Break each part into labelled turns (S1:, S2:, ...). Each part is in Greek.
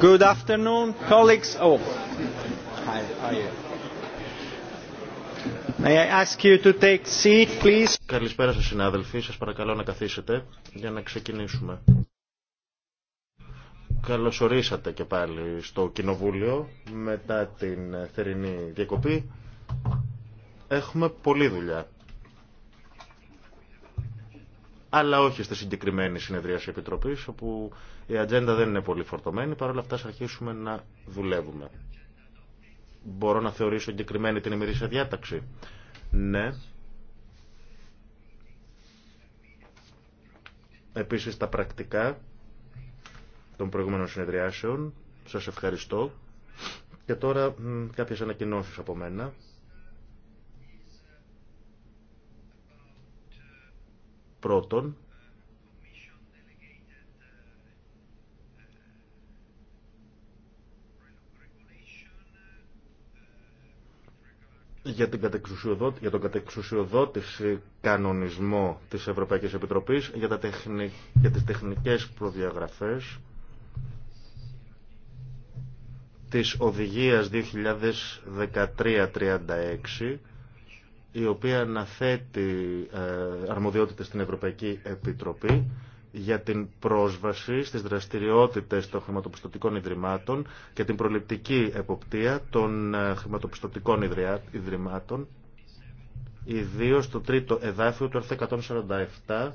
S1: Good afternoon, colleagues. Oh. ask you to take seat, please?
S2: Καλησπέρα σας συνάδελφοι, σας παρακαλώ να καθίσετε για να ξεκινήσουμε. Καλωσορίσατε και πάλι στο Κοινοβούλιο μετά την θερινή διακοπή. Έχουμε πολλή δουλειά αλλά όχι στη συγκεκριμένη συνεδρίαση Επιτροπής, όπου η ατζέντα δεν είναι πολύ φορτωμένη, Παρ' όλα αυτά αρχίσουμε να δουλεύουμε. Μπορώ να θεωρήσω εγκεκριμένη την ημερήσια διάταξη. Ναι. Επίσης τα πρακτικά των προηγούμενων συνεδριάσεων. Σας ευχαριστώ. Και τώρα κάποιες ανακοινώσεις από μένα. Πρώτον, για, την για τον κατεξουσιοδότηση κανονισμό της Ευρωπαϊκής Επιτροπής για, τα τεχνη, για τις τεχνικές προδιαγραφές της Οδηγίας 2013-36 η οποία αναθέτει ε, αρμοδιότητες στην Ευρωπαϊκή Επιτροπή για την πρόσβαση στις δραστηριότητες των χρηματοπιστωτικών ιδρυμάτων και την προληπτική εποπτεία των ε, χρηματοπιστωτικών ιδρυμάτων, ιδίω στο τρίτο εδάφιο του άρθρου 147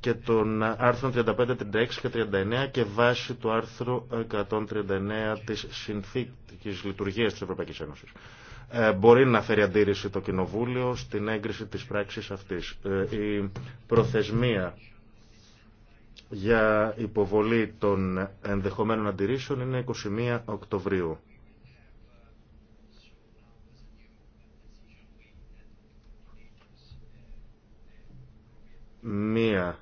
S2: και των άρθρων 35, 36 και 39 και βάση του άρθρου 139 της Συνθήκης Λειτουργίας της Ευρωπαϊκής Ένωσης. Ε, μπορεί να φέρει αντίρρηση το Κοινοβούλιο στην έγκριση της πράξης αυτής. Ε, η προθεσμία για υποβολή των ενδεχομένων αντιρρήσεων είναι 21 Οκτωβρίου. Μία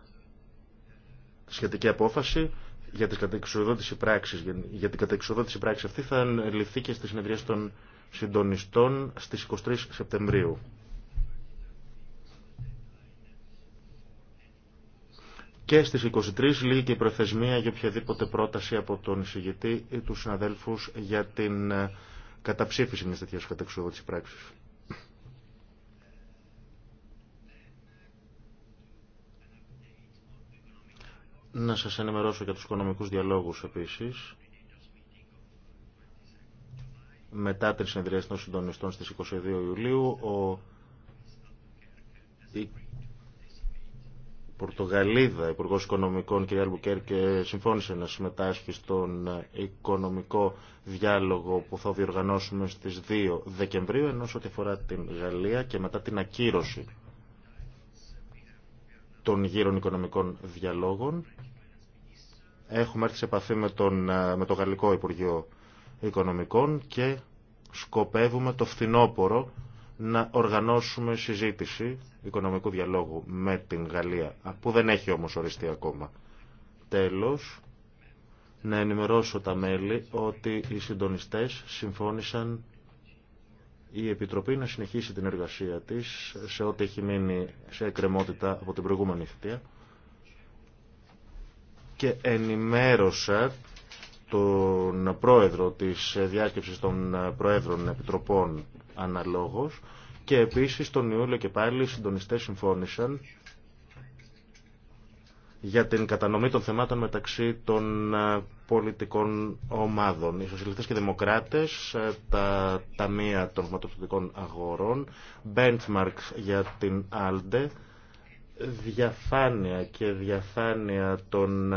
S2: σχετική απόφαση για, τις κατεξοδότηση πράξης, για την κατεξοδότηση πράξη αυτή θα ληφθεί και στη συνεδρία των συντονιστών στις 23 Σεπτεμβρίου. Και στις 23 λύγει και η προθεσμία για οποιαδήποτε πρόταση από τον εισηγητή ή τους συναδέλφους για την ε, καταψήφιση μιας τέτοιας κατεξοδότησης πράξης. Να σας ενημερώσω για τους οικονομικούς διαλόγους επίσης μετά την συνεδρία των συντονιστών στις 22 Ιουλίου ο... η Πορτογαλίδα Υπουργό Οικονομικών κ. και συμφώνησε να συμμετάσχει στον οικονομικό διάλογο που θα διοργανώσουμε στις 2 Δεκεμβρίου ενώ ό,τι αφορά την Γαλλία και μετά την ακύρωση των γύρων οικονομικών διαλόγων έχουμε έρθει σε επαφή με, τον, με το Γαλλικό Υπουργείο Οικονομικών και σκοπεύουμε το φθινόπωρο να οργανώσουμε συζήτηση οικονομικού διαλόγου με την Γαλλία, που δεν έχει όμως οριστεί ακόμα. Τέλος, να ενημερώσω τα μέλη ότι οι συντονιστές συμφώνησαν η Επιτροπή να συνεχίσει την εργασία της σε ό,τι έχει μείνει σε εκκρεμότητα από την προηγούμενη θητεία και ενημέρωσα τον πρόεδρο της διάσκεψης των προέδρων επιτροπών αναλόγως και επίσης τον Ιούλιο και πάλι οι συντονιστές συμφώνησαν για την κατανομή των θεμάτων μεταξύ των πολιτικών ομάδων. Οι σοσιαλιστές και δημοκράτες, τα ταμεία των χρηματοπιστωτικών αγορών, benchmarks για την ALDE, διαφάνεια και διαφάνεια των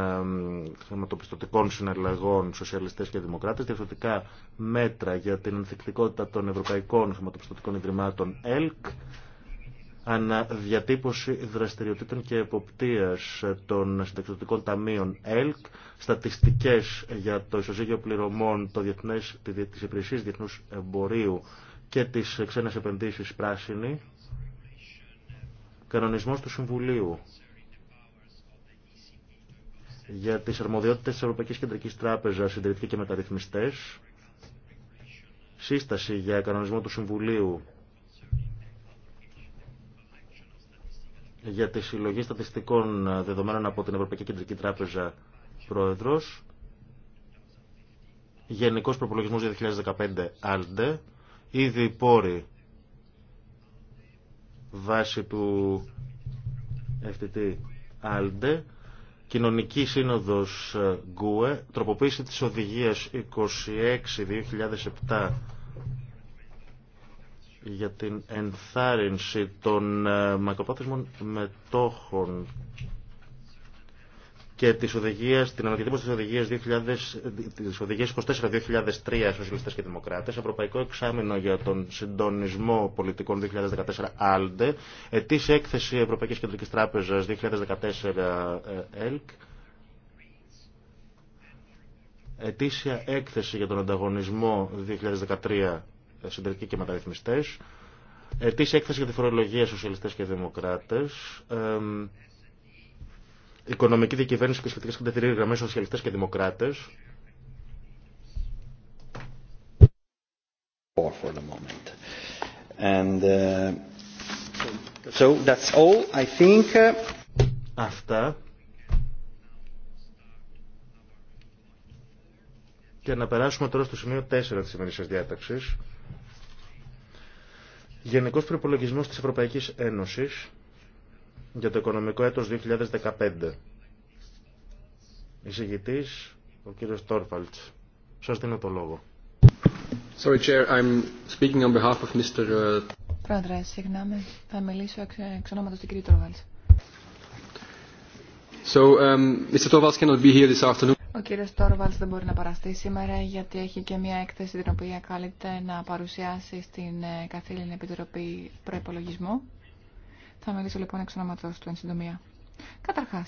S2: χρηματοπιστωτικών συναλλαγών σοσιαλιστές και δημοκράτες, διαφορετικά μέτρα για την ενθεκτικότητα των ευρωπαϊκών χρηματοπιστωτικών ιδρυμάτων ΕΛΚ, αναδιατύπωση δραστηριοτήτων και εποπτείας των συνταξιδοτικών ταμείων ΕΛΚ, στατιστικές για το ισοζύγιο πληρωμών το διεθνές, της Υπηρεσίας Διεθνούς Εμπορίου και τις ξένες επενδύσεις πράσινη, κανονισμός του Συμβουλίου για τις αρμοδιότητες της Ευρωπαϊκής Κεντρικής Τράπεζας, συντηρητικοί και μεταρρυθμιστές, σύσταση για κανονισμό του Συμβουλίου για τη συλλογή στατιστικών δεδομένων από την Ευρωπαϊκή Κεντρική Τράπεζα Πρόεδρος, Γενικός Προπολογισμός 2015 Άλντε. ήδη πόροι Βάση του FTT ALDE, Κοινωνική Σύνοδος ΓΚΟΕ, e, τροποποίηση της οδηγίας 26-2007 για την ενθάρρυνση των ε, μακροπρόθεσμων μετόχων και τις οδηγίες, την αναδιατύπωση τη οδηγία 24-2003 Σοσιαλιστές και Δημοκράτε, Ευρωπαϊκό Εξάμεινο για τον Συντονισμό Πολιτικών 2014 ALDE, Ετήσια Έκθεση Ευρωπαϊκής Κεντρικής 2014 ΕΛΚ, Ετήσια Έκθεση για τον Ανταγωνισμό 2013 2013-Συντερική και Μεταρρυθμιστέ, Ετήσια Έκθεση για τη Φορολογία Σοσιαλιστές και Δημοκράτε, οικονομική διακυβέρνηση και σχετικέ κατευθυντήριε γραμμέ σοσιαλιστέ και δημοκράτε. Uh, uh, Αυτά. Και να περάσουμε τώρα στο σημείο 4 της σημερινής διάταξης. Γενικός προπολογισμό της Ευρωπαϊκής Ένωσης για το οικονομικό έτος 2015. Εισηγητής, ο κύριος Τόρφαλτς. Σας δίνω το λόγο.
S3: Sorry, Chair, I'm speaking on behalf of Mr. Uh, Πρόεδρε, συγγνώμη, θα μιλήσω εξ, εξ ονόματος του κύριου Τόρβαλτς. So, um, Mr. Torvalds cannot be here this afternoon. Ο κύριος Τόρβαλτς δεν μπορεί να παραστεί σήμερα γιατί έχει και μια έκθεση την οποία καλείται να παρουσιάσει στην ε, Καθήλυνη Επιτροπή Προϋπολογισμού. Θα μιλήσω λοιπόν εξ ονόματος του εν συντομία. Καταρχά.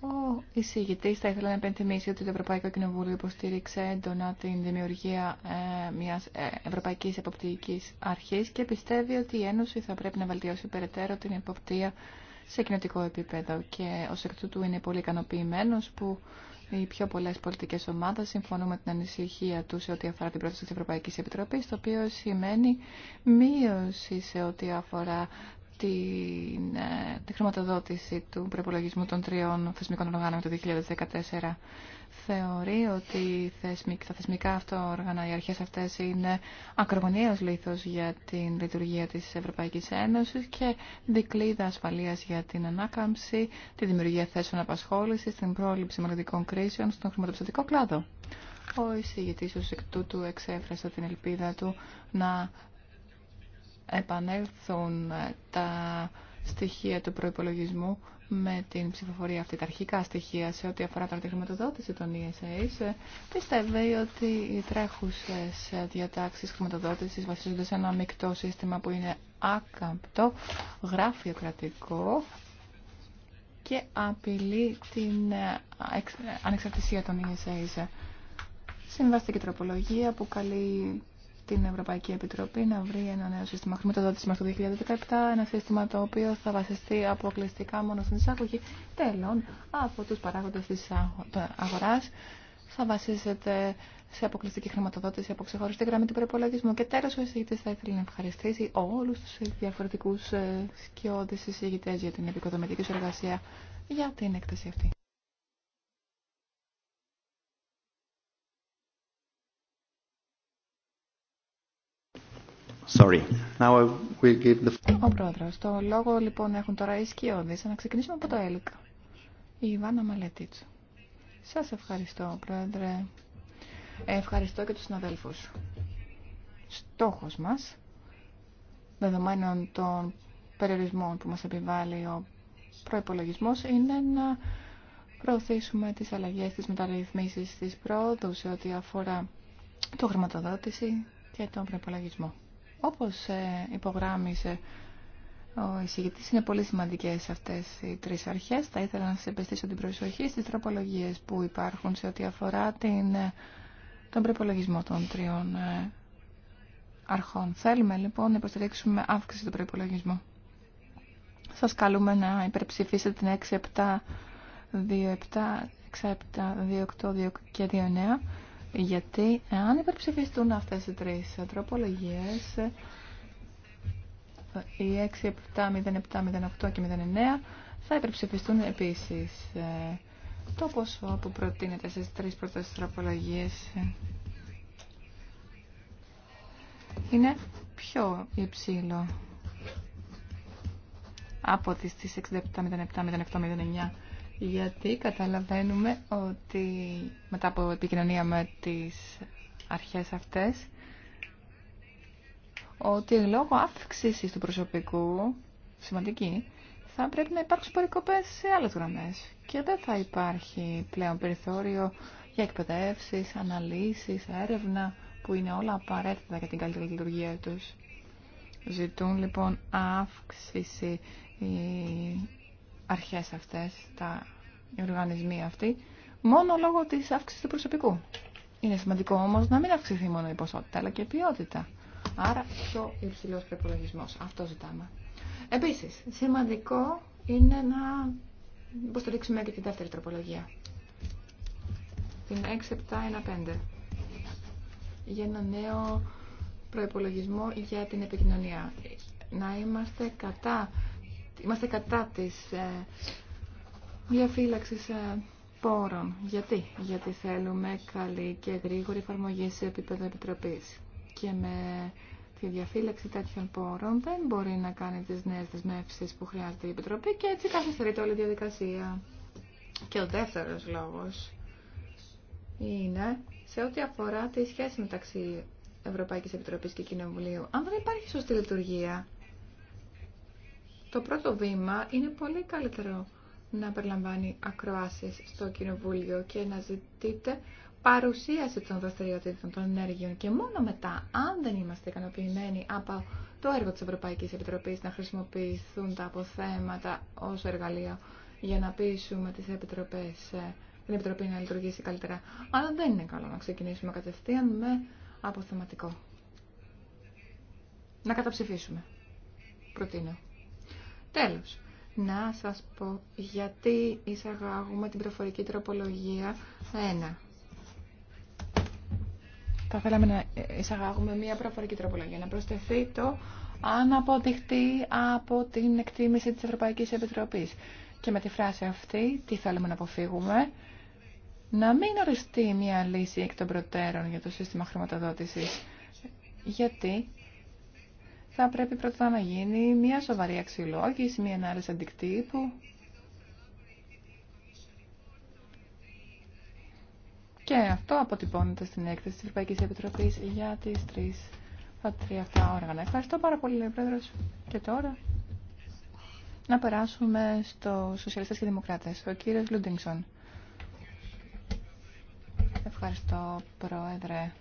S3: ο εισηγητή θα ήθελα να επενθυμίσει ότι το Ευρωπαϊκό Κοινοβούλιο υποστήριξε έντονα την δημιουργία ε, μιας ε, Ευρωπαϊκή εποπτική αρχή και πιστεύει ότι η Ένωση θα πρέπει να βελτιώσει περαιτέρω την εποπτεία σε κοινωτικό επίπεδο και ω εκ τούτου είναι πολύ ικανοποιημένο που οι πιο πολλές πολιτικές ομάδες συμφωνούν με την ανησυχία του σε ό,τι αφορά την πρόταση της Ευρωπαϊκής Επιτροπής, το οποίο σημαίνει μείωση σε ό,τι αφορά την, ε, τη χρηματοδότηση του προπολογισμού των τριών θεσμικών οργάνων το 2014. Θεωρεί ότι θεσμικ, τα θεσμικά αυτό όργανα, οι αρχές αυτές είναι ακρογωνιαίος λήθος για την λειτουργία της Ευρωπαϊκής Ένωσης και δικλείδα ασφαλείας για την ανάκαμψη, τη δημιουργία θέσεων απασχόλησης, την πρόληψη μελλοντικών κρίσεων στον χρηματοπιστωτικό κλάδο. Ο εισηγητής ως εκ τούτου εξέφρασε την ελπίδα του να επανέλθουν ε, τα στοιχεία του προϋπολογισμού με την ψηφοφορία αυτή, τα αρχικά στοιχεία σε ό,τι αφορά τα χρηματοδότηση των ESA ε, πιστεύει ότι οι τρέχουσες ε, διατάξεις χρηματοδότησης βασίζονται σε ένα μεικτό σύστημα που είναι άκαμπτο, γραφειοκρατικό και απειλεί την ανεξαρτησία των ESA. Συμβαστική τροπολογία που καλεί την Ευρωπαϊκή Επιτροπή να βρει ένα νέο σύστημα χρηματοδότηση μέχρι το 2017, ένα σύστημα το οποίο θα βασιστεί αποκλειστικά μόνο στην εισαγωγή τέλων από του παράγοντες τη αγορά, θα βασίζεται σε αποκλειστική χρηματοδότηση από ξεχωριστή γραμμή του προπολογισμού. Και τέλο, ο εισηγητή θα ήθελε να ευχαριστήσει όλου του διαφορετικού ε, σκιώδει εισηγητέ για την επικοδομητική σου εργασία για την έκθεση αυτή.
S1: Sorry. Now I give the...
S3: Ο πρόεδρος. Το λόγο λοιπόν έχουν τώρα οι σκιώδεις. Να ξεκινήσουμε από το έλικα. Η Ιβάνα Μαλετίτσου. Σας ευχαριστώ, πρόεδρε. Ευχαριστώ και τους συναδέλφους. Στόχος μας, δεδομένων των περιορισμών που μας επιβάλλει ο προϋπολογισμός, είναι να προωθήσουμε τις αλλαγές, τις μεταρρυθμίσεις, της πρόοδου σε ό,τι αφορά το χρηματοδότηση και τον προϋπολογισμό. Όπως ε, υπογράμμισε ο εισηγητής, είναι πολύ σημαντικές αυτές οι τρεις αρχές. Θα ήθελα να σας επιστήσω την προσοχή στις τροπολογίες που υπάρχουν σε ό,τι αφορά την, ε, τον προπολογισμό των τριών ε, αρχών. Θέλουμε λοιπόν να υποστηρίξουμε αύξηση του προπολογισμού. Σας καλούμε να υπερψηφίσετε την 6, 7, 2, 7, 6, 7, 2, 8, 2 και 2, 9 γιατί αν υπερψηφιστούν αυτές οι τρεις τροπολογίες, οι 6, 7, 07, 08 και 09 θα υπερψηφιστούν επίσης. Το ποσό που προτείνεται στις τρεις πρώτες τροπολογίες είναι πιο υψηλό από τις 67, 07, 08, 09 γιατί καταλαβαίνουμε ότι μετά από επικοινωνία με τις αρχές αυτές ότι λόγω αύξησης του προσωπικού σημαντική θα πρέπει να υπάρξουν περικοπές σε άλλες γραμμές και δεν θα υπάρχει πλέον περιθώριο για εκπαιδεύσει, αναλύσεις, έρευνα που είναι όλα απαραίτητα για την καλύτερη λειτουργία τους. Ζητούν λοιπόν αύξηση αρχές αυτές, τα οργανισμοί αυτοί, μόνο λόγω της αύξησης του προσωπικού. Είναι σημαντικό όμως να μην αυξηθεί μόνο η ποσότητα, αλλά και η ποιότητα. Άρα πιο υψηλό προπολογισμό. Αυτό ζητάμε. Επίσης, σημαντικό είναι να υποστηρίξουμε και τη δεύτερη τροπολογία. Την 6715. Για ένα νέο προϋπολογισμό για την επικοινωνία. Να είμαστε κατά είμαστε κατά της ε, διαφύλαξης ε, πόρων. Γιατί? Γιατί θέλουμε καλή και γρήγορη εφαρμογή σε επίπεδο επιτροπής. Και με τη διαφύλαξη τέτοιων πόρων δεν μπορεί να κάνει τις νέες δεσμεύσεις που χρειάζεται η Επιτροπή και έτσι καθυστερείται όλη η διαδικασία. Και ο δεύτερος λόγος είναι σε ό,τι αφορά τη σχέση μεταξύ Ευρωπαϊκής Επιτροπής και Κοινοβουλίου. Αν δεν υπάρχει σωστή λειτουργία, το πρώτο βήμα είναι πολύ καλύτερο να περιλαμβάνει ακροάσεις στο Κοινοβούλιο και να ζητείτε παρουσίαση των δραστηριοτήτων των ενέργειων και μόνο μετά, αν δεν είμαστε ικανοποιημένοι από το έργο της Ευρωπαϊκής Επιτροπής να χρησιμοποιηθούν τα αποθέματα ως εργαλείο για να πείσουμε τις επιτροπές, ε, την Επιτροπή να λειτουργήσει καλύτερα. Αλλά δεν είναι καλό να ξεκινήσουμε κατευθείαν με αποθεματικό. Να καταψηφίσουμε. Προτείνω. Τέλος, να σας πω γιατί εισαγάγουμε την προφορική τροπολογία 1. Θα θέλαμε να εισαγάγουμε μία προφορική τροπολογία, να προσθεθεί το αν αποδειχτεί από την εκτίμηση της Ευρωπαϊκής Επιτροπής. Και με τη φράση αυτή, τι θέλουμε να αποφύγουμε, να μην οριστεί μία λύση εκ των προτέρων για το σύστημα χρηματοδότησης. Γιατί θα πρέπει πρώτα να γίνει μια σοβαρή αξιολόγηση, μια ανάλυση αντικτύπου και αυτό αποτυπώνεται στην έκθεση της Ευρωπαϊκής Επιτροπής για τις τρεις τα αυτά όργανα. Ευχαριστώ πάρα πολύ, λέει Πρόεδρος. Και τώρα να περάσουμε στο Σοσιαλιστές και Δημοκράτες, ο κύριος Λούντινγκσον. Ευχαριστώ, Πρόεδρε.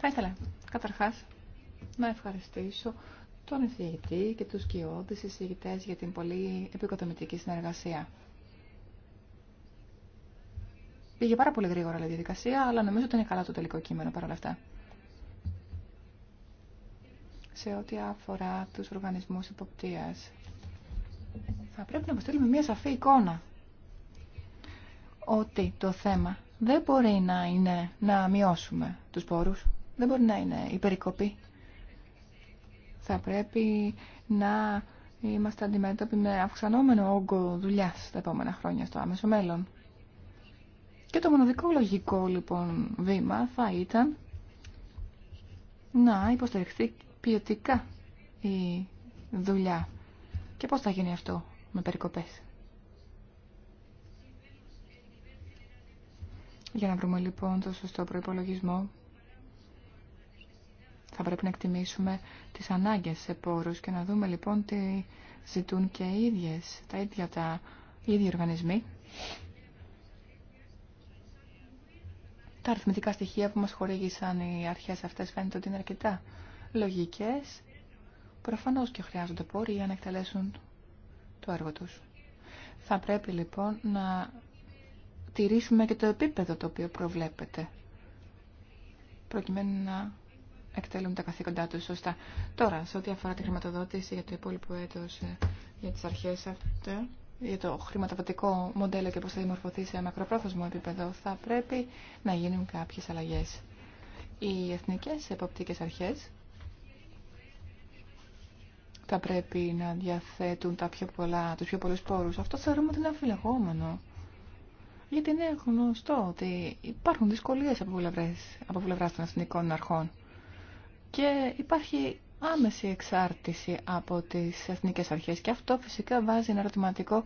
S3: Θα ήθελα, καταρχάς, να ευχαριστήσω τον εισηγητή και τους κοιόδης εισηγητές για την πολύ επικοδομητική συνεργασία. Πήγε πάρα πολύ γρήγορα η διαδικασία, αλλά νομίζω ότι είναι καλά το τελικό κείμενο παρόλα αυτά. Σε ό,τι αφορά τους οργανισμούς υποπτίας, θα πρέπει να αποστείλουμε μια σαφή εικόνα ότι το θέμα δεν μπορεί να είναι να μειώσουμε τους πόρους, δεν μπορεί να είναι υπερικοπή. Θα πρέπει να είμαστε αντιμέτωποι με αυξανόμενο όγκο δουλειά τα επόμενα χρόνια στο άμεσο μέλλον. Και το μοναδικό λογικό λοιπόν βήμα θα ήταν να υποστηριχθεί ποιοτικά η δουλειά. Και πώς θα γίνει αυτό με περικοπές. Για να βρούμε λοιπόν το σωστό προϋπολογισμό θα πρέπει να εκτιμήσουμε τις ανάγκες σε πόρους και να δούμε λοιπόν τι ζητούν και οι ίδιες, τα ίδια τα ίδια ίδιοι οργανισμοί. Τα αριθμητικά στοιχεία που μας χορήγησαν οι αρχές αυτές φαίνεται ότι είναι αρκετά λογικές. Προφανώς και χρειάζονται πόροι για να εκτελέσουν το έργο τους. Θα πρέπει λοιπόν να τηρήσουμε και το επίπεδο το οποίο προβλέπεται προκειμένου να εκτελούν τα καθήκοντά τους σωστά. Τώρα, σε ό,τι αφορά τη χρηματοδότηση για το υπόλοιπο έτος ε, για τις αρχές αυτέ, για το χρηματοδοτικό μοντέλο και πώς θα δημορφωθεί σε μακροπρόθεσμο επίπεδο, θα πρέπει να γίνουν κάποιες αλλαγές. Οι εθνικές εποπτικές αρχές θα πρέπει να διαθέτουν τα πιο πολλά, τους πιο πολλούς πόρους. Αυτό θεωρούμε ότι είναι αμφιλεγόμενο. Γιατί είναι γνωστό ότι υπάρχουν δυσκολίες από πλευρά των εθνικών αρχών και υπάρχει άμεση εξάρτηση από τις εθνικές αρχές και αυτό φυσικά βάζει ένα ερωτηματικό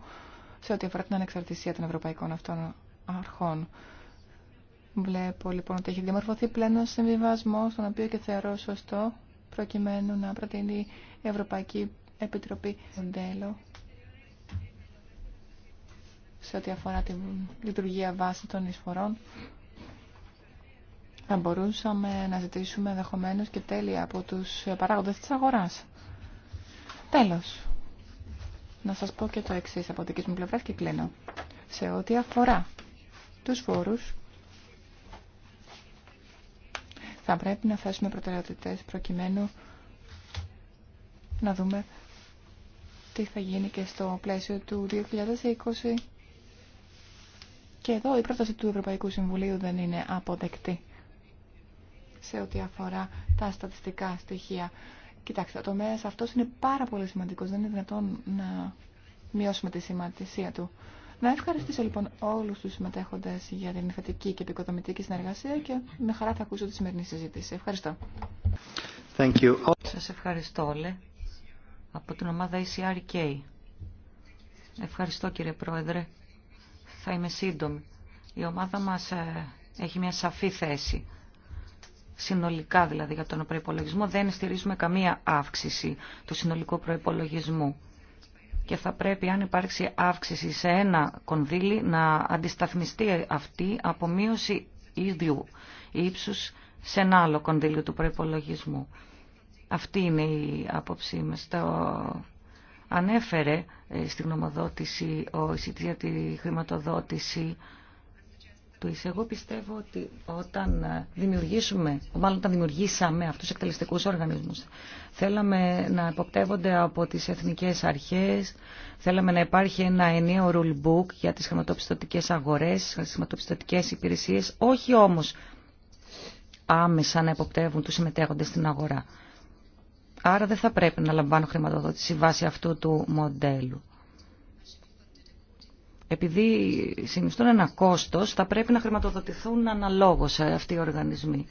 S3: σε ό,τι αφορά την ανεξαρτησία των ευρωπαϊκών αυτών αρχών. Βλέπω λοιπόν ότι έχει διαμορφωθεί πλέον συμβιβασμό, τον οποίο και θεωρώ σωστό, προκειμένου να προτείνει η Ευρωπαϊκή Επιτροπή μοντέλο σε ό,τι αφορά τη λειτουργία βάση των εισφορών θα μπορούσαμε να ζητήσουμε ενδεχομένω και τέλεια από τους παράγοντες της αγοράς. Τέλος, να σας πω και το εξής από δικής μου πλευράς και κλείνω. Σε ό,τι αφορά τους φόρους, θα πρέπει να θέσουμε προτεραιότητες προκειμένου να δούμε τι θα γίνει και στο πλαίσιο του 2020. Και εδώ η πρόταση του Ευρωπαϊκού Συμβουλίου δεν είναι αποδεκτή σε ό,τι αφορά τα στατιστικά στοιχεία. Κοιτάξτε, ο τομέα αυτό είναι πάρα πολύ σημαντικό. Δεν είναι δυνατόν να μειώσουμε τη σημασία του. Να ευχαριστήσω λοιπόν όλου του συμμετέχοντε για την θετική και επικοδομητική συνεργασία και με χαρά θα ακούσω τη σημερινή συζήτηση. Ευχαριστώ.
S4: Σα ευχαριστώ, Όλε, από την ομάδα ECRK. Ευχαριστώ, κύριε Πρόεδρε. Θα είμαι σύντομη. Η ομάδα μας ε, έχει μια σαφή θέση συνολικά δηλαδή για τον προϋπολογισμό, δεν στηρίζουμε καμία αύξηση του συνολικού προϋπολογισμού. Και θα πρέπει αν υπάρξει αύξηση σε ένα κονδύλι να αντισταθμιστεί αυτή από μείωση ίδιου ύψους σε ένα άλλο κονδύλιο του προϋπολογισμού. Αυτή είναι η άποψή μα. Το ανέφερε ε, στη γνωμοδότηση ο για τη χρηματοδότηση εγώ πιστεύω ότι όταν ε, δημιουργήσουμε, μάλλον όταν δημιουργήσαμε αυτούς τους εκτελεστικούς οργανισμούς, θέλαμε να εποπτεύονται από τις εθνικές αρχές, θέλαμε να υπάρχει ένα ενιαίο rule book για τις χρηματοπιστωτικές αγορές, τις χρηματοπιστωτικές υπηρεσίες, όχι όμως άμεσα να υποπτεύουν τους συμμετέχοντες στην αγορά. Άρα δεν θα πρέπει να λαμβάνω χρηματοδότηση βάσει αυτού του μοντέλου επειδή συνιστούν ένα κόστος, θα πρέπει να χρηματοδοτηθούν αναλόγως ε, αυτοί οι οργανισμοί.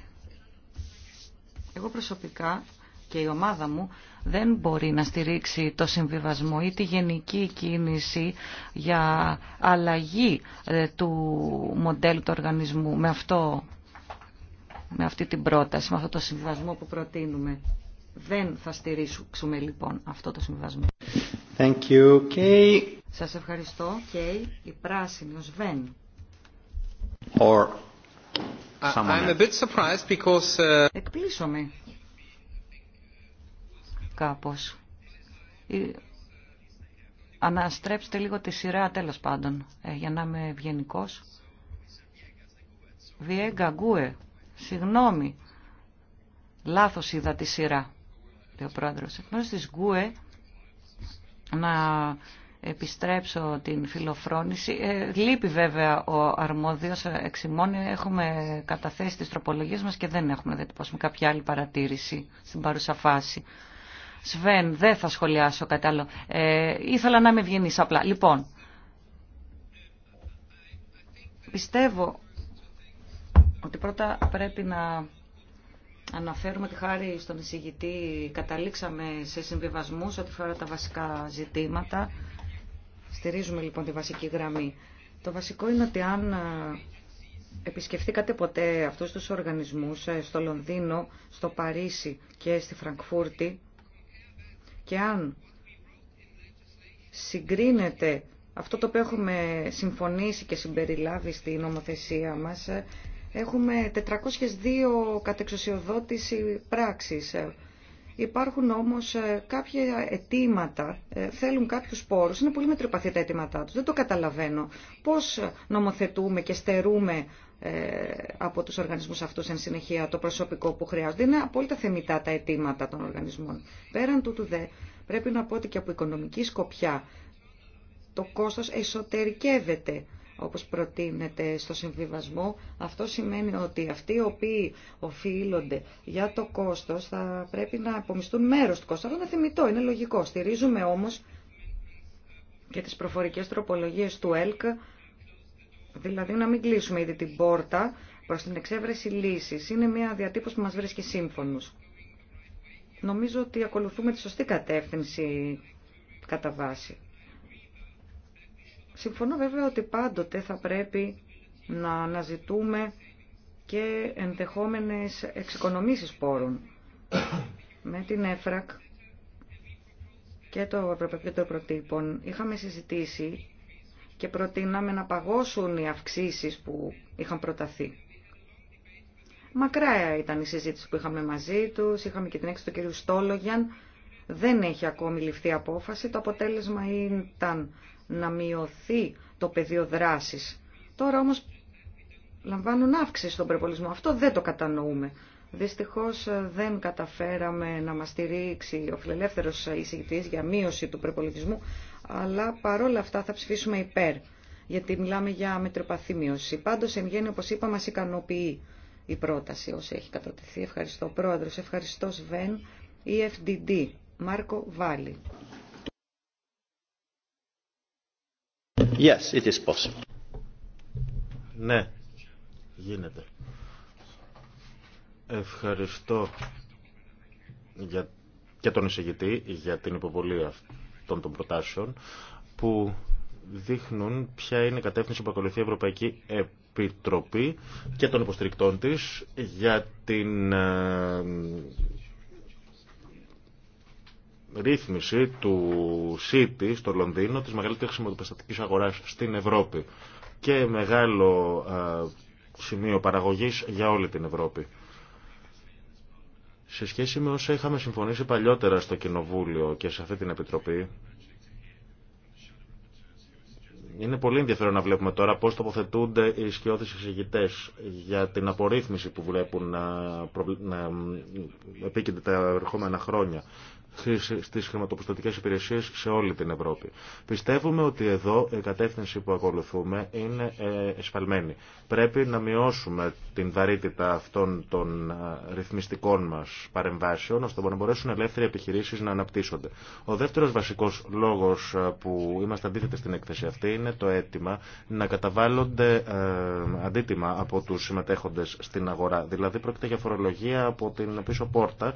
S4: Εγώ προσωπικά και η ομάδα μου δεν μπορεί να στηρίξει το συμβιβασμό ή τη γενική κίνηση για αλλαγή ε, του μοντέλου του οργανισμού με, αυτό, με αυτή την πρόταση, με αυτό το συμβιβασμό που προτείνουμε. Δεν θα στηρίξουμε λοιπόν αυτό το συμβιβασμό. Thank you, Kay. Σας ευχαριστώ, Κέι. Η πράσινη, ο Σβέν.
S1: Or someone I'm a bit
S4: surprised because... Uh, Εκπλήσωμαι. Κάπως. Αναστρέψτε λίγο τη σειρά, τέλος πάντων, ε, για να είμαι ευγενικό. Βιέγκα Γκούε, συγγνώμη. Λάθος είδα τη σειρά, λέει ο πρόεδρος. Εκ της Γκούε, να επιστρέψω την φιλοφρόνηση. Ε, λείπει βέβαια ο αρμόδιος ε, εξημών. Έχουμε καταθέσει τις τροπολογίες μας και δεν έχουμε διατυπώσει κάποια άλλη παρατήρηση στην παρούσα Σβέν, δεν θα σχολιάσω κάτι άλλο. Ε, ήθελα να με ευγενής απλά. Λοιπόν, πιστεύω ότι πρώτα πρέπει να αναφέρουμε ότι χάρη στον εισηγητή καταλήξαμε σε συμβιβασμούς ό,τι φορά τα βασικά ζητήματα. Στηρίζουμε λοιπόν τη βασική γραμμή. Το βασικό είναι ότι αν ε, επισκεφτήκατε ποτέ αυτούς τους οργανισμούς ε, στο Λονδίνο, στο Παρίσι και στη Φραγκφούρτη και αν συγκρίνετε αυτό το οποίο έχουμε συμφωνήσει και συμπεριλάβει στη νομοθεσία μας ε, Έχουμε 402 κατεξοσιοδότηση πράξης. Ε, υπάρχουν όμως ε, κάποια αιτήματα, ε, θέλουν κάποιους πόρους, είναι πολύ μετριοπαθή τα αιτήματά τους. Δεν το καταλαβαίνω. Πώς νομοθετούμε και στερούμε από τους οργανισμούς αυτούς εν συνεχεία το προσωπικό που χρειάζονται. Είναι απόλυτα θεμητά τα αιτήματα των οργανισμών. Πέραν τούτου δε, πρέπει να πω ότι και από οικονομική σκοπιά το κόστος εσωτερικεύεται όπως προτείνεται στο συμβιβασμό. Αυτό σημαίνει ότι αυτοί οι οποίοι οφείλονται για το κόστος θα πρέπει να απομιστούν μέρος του κόστος. Αυτό είναι θεμητό, είναι λογικό. Στηρίζουμε όμως και τις προφορικές τροπολογίες του ΕΛΚ, δηλαδή να μην κλείσουμε ήδη την πόρτα προς την εξέβρεση λύσης. Είναι μια διατύπωση που μας βρίσκει σύμφωνος. Νομίζω ότι ακολουθούμε τη σωστή κατεύθυνση κατά βάση. Συμφωνώ βέβαια ότι πάντοτε θα πρέπει να αναζητούμε και ενδεχόμενες εξοικονομήσεις πόρων. Με την ΕΦΡΑΚ και το Ευρωπαϊκό Προτύπων είχαμε συζητήσει και προτείναμε να παγώσουν οι αυξήσεις που είχαν προταθεί. Μακρά ήταν η συζήτηση που είχαμε μαζί τους, είχαμε και την έξω του κ. Στόλογιαν, δεν έχει ακόμη ληφθεί απόφαση, το αποτέλεσμα ήταν να μειωθεί το πεδίο δράσης. Τώρα όμως λαμβάνουν αύξηση στον προπολισμό. Αυτό δεν το κατανοούμε. Δυστυχώς ε, δεν καταφέραμε να μας στηρίξει ο φιλελεύθερος εισηγητής για μείωση του προπολογισμού, αλλά παρόλα αυτά θα ψηφίσουμε υπέρ, γιατί μιλάμε για μετροπαθή μείωση. Πάντως, εν γέννη, όπως είπα, μας ικανοποιεί η πρόταση όσο έχει κατατεθεί. Ευχαριστώ, Πρόεδρος. Ευχαριστώ, Σβέν. EFDD. Μάρκο Βάλι.
S2: Yes, it is possible. Ναι, γίνεται. Ευχαριστώ για, και τον εισηγητή για την υποβολή αυτών των προτάσεων που δείχνουν ποια είναι η κατεύθυνση που ακολουθεί η Ευρωπαϊκή Επιτροπή και των υποστηρικτών της για την ε, ρύθμιση του City στο Λονδίνο, της μεγαλύτερης χρηματοπιστωτικής αγοράς στην Ευρώπη και μεγάλο σημείο παραγωγής για όλη την Ευρώπη. Σε σχέση με όσα είχαμε συμφωνήσει παλιότερα στο Κοινοβούλιο και σε αυτή την Επιτροπή, είναι πολύ ενδιαφέρον να βλέπουμε τώρα πώς τοποθετούνται οι σκιώδεις εισηγητές για την απορρίθμιση που βλέπουν να, προβλ... να τα ερχόμενα χρόνια στις χρηματοπιστωτικές υπηρεσίες σε όλη την Ευρώπη. Πιστεύουμε ότι εδώ η κατεύθυνση που ακολουθούμε είναι ε, εσφαλμένη. Πρέπει να μειώσουμε την βαρύτητα αυτών των ε, ρυθμιστικών μας παρεμβάσεων, ώστε να μπορέσουν ελεύθεροι επιχειρήσεις να αναπτύσσονται. Ο δεύτερος βασικός λόγος ε, που είμαστε αντίθετοι στην έκθεση αυτή είναι το αίτημα να καταβάλλονται αντίτιμα από τους συμμετέχοντες στην αγορά. Δηλαδή πρόκειται για φορολογία από την πίσω πόρτα,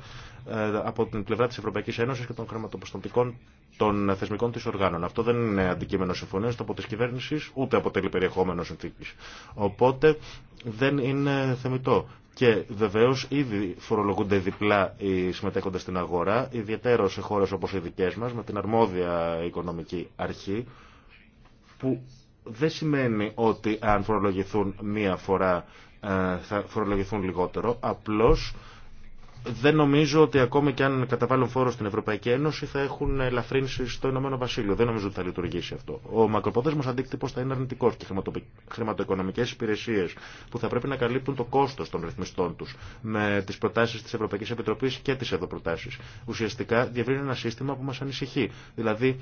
S2: από την πλευρά της Ευρωπαϊκής Ευρωπαϊκή Ένωση και των χρηματοπιστωτικών των θεσμικών τη οργάνων. Αυτό δεν είναι αντικείμενο συμφωνία από τη κυβέρνηση, ούτε αποτελεί περιεχόμενο συνθήκη. Οπότε δεν είναι θεμητό. Και βεβαίω ήδη φορολογούνται διπλά οι συμμετέχοντε στην αγορά, ιδιαίτερα σε χώρε όπω οι δικέ μα, με την αρμόδια οικονομική αρχή, που δεν σημαίνει ότι αν φορολογηθούν μία φορά ε, θα φορολογηθούν λιγότερο, απλώς δεν νομίζω ότι ακόμη και αν καταβάλουν φόρο στην Ευρωπαϊκή Ένωση θα έχουν ελαφρύνσει στο Ηνωμένο Βασίλειο. Δεν νομίζω ότι θα λειτουργήσει αυτό. Ο μακροπρόθεσμο αντίκτυπο θα είναι αρνητικό και χρηματοοικονομικέ υπηρεσίε που θα πρέπει να καλύπτουν το κόστο των ρυθμιστών του με τι προτάσει τη Ευρωπαϊκή Επιτροπή και τι ευρωπροτάσει. Ουσιαστικά διευρύνει ένα σύστημα που μα ανησυχεί. Δηλαδή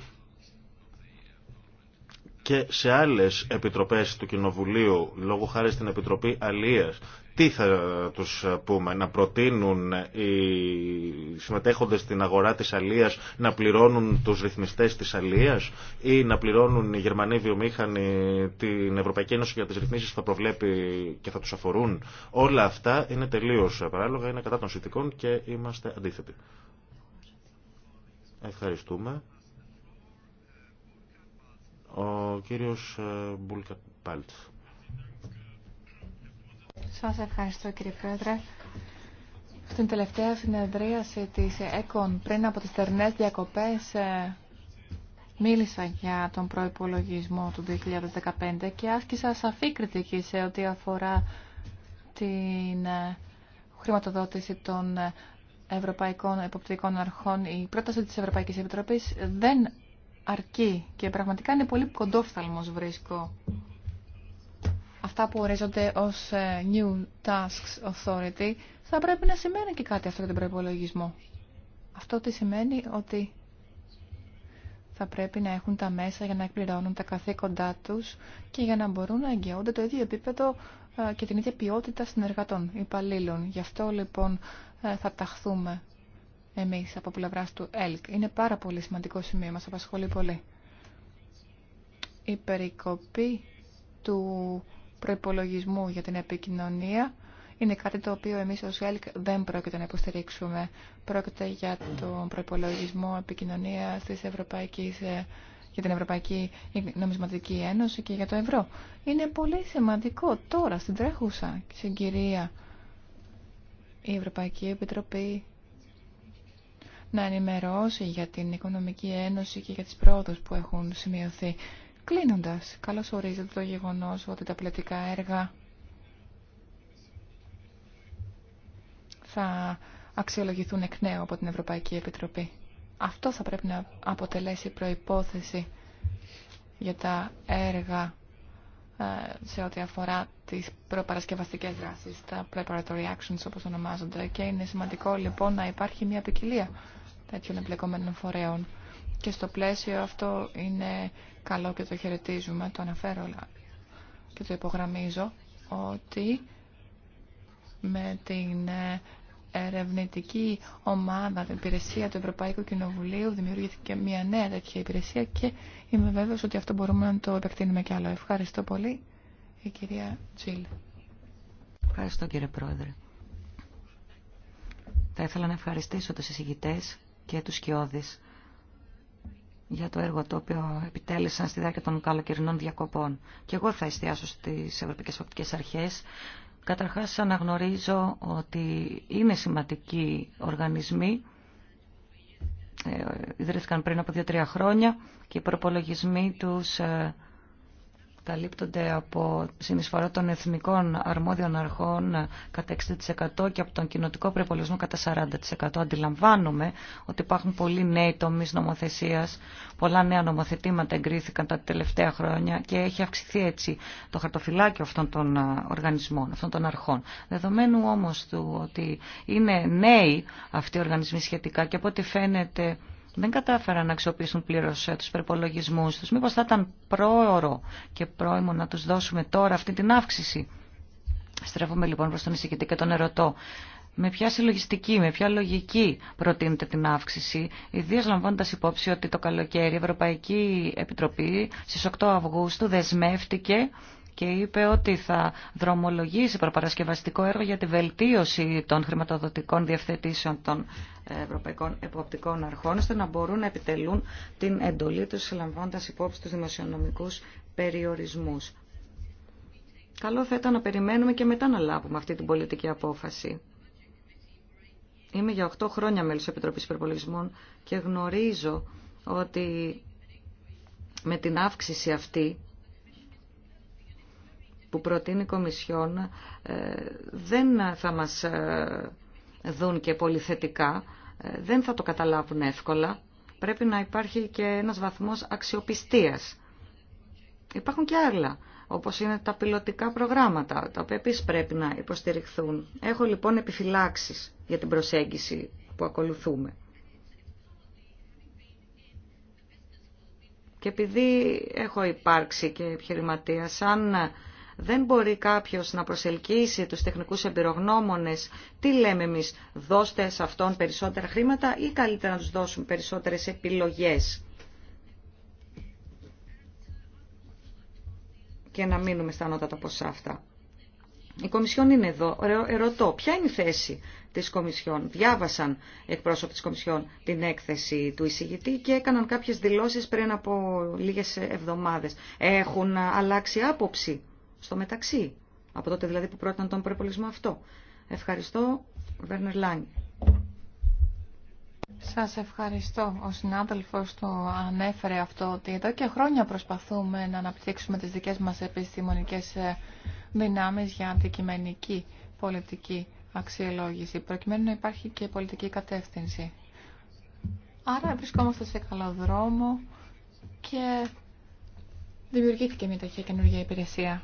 S2: και σε άλλες επιτροπές του Κοινοβουλίου, λόγω χάρη στην Επιτροπή Αλίας, τι θα τους πούμε, να προτείνουν οι συμμετέχοντες στην αγορά της Αλίας να πληρώνουν τους ρυθμιστές της Αλίας ή να πληρώνουν οι Γερμανοί βιομήχανοι την Ευρωπαϊκή Ένωση για τις ρυθμίσεις που θα προβλέπει και θα τους αφορούν. Όλα αυτά είναι τελείως παράλογα, είναι κατά των συνθηκών και είμαστε αντίθετοι. Ευχαριστούμε. Ο κύριος ε, Μπούλκα
S3: Πάλτς. Σας ευχαριστώ κύριε Πρόεδρε. Στην τελευταία συνεδρίαση της ΕΚΟΝ πριν από τις τερνές διακοπές ε, μίλησα για τον προϋπολογισμό του 2015 και άσκησα σαφή κριτική σε ό,τι αφορά την ε, χρηματοδότηση των Ευρωπαϊκών Εποπτικών Αρχών. Η πρόταση της Ευρωπαϊκής Επιτροπής δεν αρκεί και πραγματικά είναι πολύ κοντόφθαλμος βρίσκω αυτά που ορίζονται ως ε, New Tasks Authority θα πρέπει να σημαίνει και κάτι αυτό για τον προϋπολογισμό. Αυτό τι σημαίνει ότι θα πρέπει να έχουν τα μέσα για να εκπληρώνουν τα καθήκοντά τους και για να μπορούν να εγγυώνται το ίδιο επίπεδο ε, και την ίδια ποιότητα συνεργατών, υπαλλήλων. Γι' αυτό λοιπόν ε, θα ταχθούμε εμείς από πλευρά του ΕΛΚ. Είναι πάρα πολύ σημαντικό σημείο, μας απασχολεί πολύ. Η περικοπή του προϋπολογισμού για την επικοινωνία είναι κάτι το οποίο εμείς ως ΕΛΚ δεν πρόκειται να υποστηρίξουμε. Πρόκειται για τον προϋπολογισμό επικοινωνίας για την Ευρωπαϊκή Νομισματική Ένωση και για το ευρώ. Είναι πολύ σημαντικό τώρα στην τρέχουσα συγκυρία η Ευρωπαϊκή Επιτροπή να ενημερώσει για την Οικονομική Ένωση και για τις πρόοδους που έχουν σημειωθεί. Κλείνοντας, καλώς ορίζεται το γεγονός ότι τα πλατικά έργα θα αξιολογηθούν εκ νέου από την Ευρωπαϊκή Επιτροπή. Αυτό θα πρέπει να αποτελέσει προϋπόθεση για τα έργα ε, σε ό,τι αφορά τις προπαρασκευαστικές δράσεις, τα preparatory actions όπως ονομάζονται και είναι σημαντικό λοιπόν να υπάρχει μια ποικιλία τέτοιων εμπλεκόμενων φορέων. Και στο πλαίσιο αυτό είναι καλό και το χαιρετίζουμε, το αναφέρω και το υπογραμμίζω, ότι με την ε, ερευνητική ομάδα, την υπηρεσία του Ευρωπαϊκού Κοινοβουλίου, δημιουργήθηκε μια νέα τέτοια υπηρεσία και είμαι βέβαιος ότι αυτό μπορούμε να το επεκτείνουμε κι άλλο. Ευχαριστώ πολύ, η κυρία Τζιλ.
S4: Ευχαριστώ κύριε Πρόεδρε. Θα ήθελα να ευχαριστήσω τους εισηγητές και τους κιόδες για το έργο το οποίο επιτέλεσαν στη διάρκεια των καλοκαιρινών διακοπών. Και εγώ θα εστιάσω στις Ευρωπαϊκές οπτικέ Αρχές. Καταρχάς αναγνωρίζω ότι είναι σημαντικοί οργανισμοί ε, ιδρύθηκαν πριν απο δυο 2-3 χρόνια και οι προπολογισμοί τους ε, καλύπτονται από συνεισφορά των εθνικών αρμόδιων αρχών κατά 60% και από τον κοινοτικό προπολογισμό κατά 40%. Αντιλαμβάνομαι ότι υπάρχουν πολλοί νέοι τομεί νομοθεσία, πολλά νέα νομοθετήματα εγκρίθηκαν τα τελευταία χρόνια και έχει αυξηθεί έτσι το χαρτοφυλάκιο αυτών των οργανισμών, αυτών των αρχών. Δεδομένου όμω του ότι είναι νέοι αυτοί οι οργανισμοί σχετικά και από ό,τι φαίνεται δεν κατάφεραν να αξιοποιήσουν πλήρως ε, τους προπολογισμού. τους. Μήπως θα ήταν πρόωρο και πρόημο να τους δώσουμε τώρα αυτή την αύξηση. Στρεφούμε λοιπόν προ τον εισηγητή και τον ερωτώ. Με ποια συλλογιστική, με ποια λογική προτείνεται την αύξηση, ιδίω λαμβάνοντα υπόψη ότι το καλοκαίρι η Ευρωπαϊκή Επιτροπή στι 8 Αυγούστου δεσμεύτηκε και είπε ότι θα δρομολογήσει προπαρασκευαστικό έργο για τη βελτίωση των χρηματοδοτικών διευθετήσεων των ε, Ευρωπαϊκών Εποπτικών Αρχών, ώστε να μπορούν να επιτελούν την εντολή τους, λαμβάνοντας υπόψη τους δημοσιονομικούς περιορισμούς. Καλό θα ήταν να περιμένουμε και μετά να λάβουμε αυτή την πολιτική απόφαση. Είμαι για 8 χρόνια μέλος Επιτροπής Υπερπολογισμών και γνωρίζω ότι με την αύξηση αυτή που προτείνει η Κομισιόν ε, δεν θα μας ε, δουν και πολυθετικά, ε, δεν θα το καταλάβουν εύκολα. Πρέπει να υπάρχει και ένας βαθμός αξιοπιστίας. Υπάρχουν και άλλα, όπως είναι τα πιλωτικά προγράμματα, τα οποία επίσης πρέπει να υποστηριχθούν. Έχω λοιπόν επιφυλάξεις για την προσέγγιση που ακολουθούμε. Και επειδή έχω υπάρξει και επιχειρηματία, σαν δεν μπορεί κάποιος να προσελκύσει τους τεχνικούς εμπειρογνώμονες. Τι λέμε εμείς, δώστε σε αυτόν περισσότερα χρήματα ή καλύτερα να τους δώσουν περισσότερες επιλογές. Και να μείνουμε στα ανώτατα ποσά αυτά. Η Κομισιόν είναι εδώ. Ερωτώ, ποια είναι η θέση της Κομισιόν. Διάβασαν εκπρόσωποι της Κομισιόν την έκθεση του εισηγητή και έκαναν κάποιες δηλώσεις πριν από λίγες εβδομάδες. Έχουν αλλάξει άποψη στο μεταξύ, από τότε δηλαδή που πρότειναν τον προπολογισμό αυτό. Ευχαριστώ,
S3: Βέρνερ Λάγκ. Σας ευχαριστώ. Ο συνάδελφος το ανέφερε αυτό ότι εδώ και χρόνια προσπαθούμε να αναπτύξουμε τις δικές μας επιστημονικές ε, δυνάμεις για αντικειμενική πολιτική αξιολόγηση, προκειμένου να υπάρχει και πολιτική κατεύθυνση. Άρα βρισκόμαστε σε καλό δρόμο και δημιουργήθηκε μια τέτοια καινούργια υπηρεσία.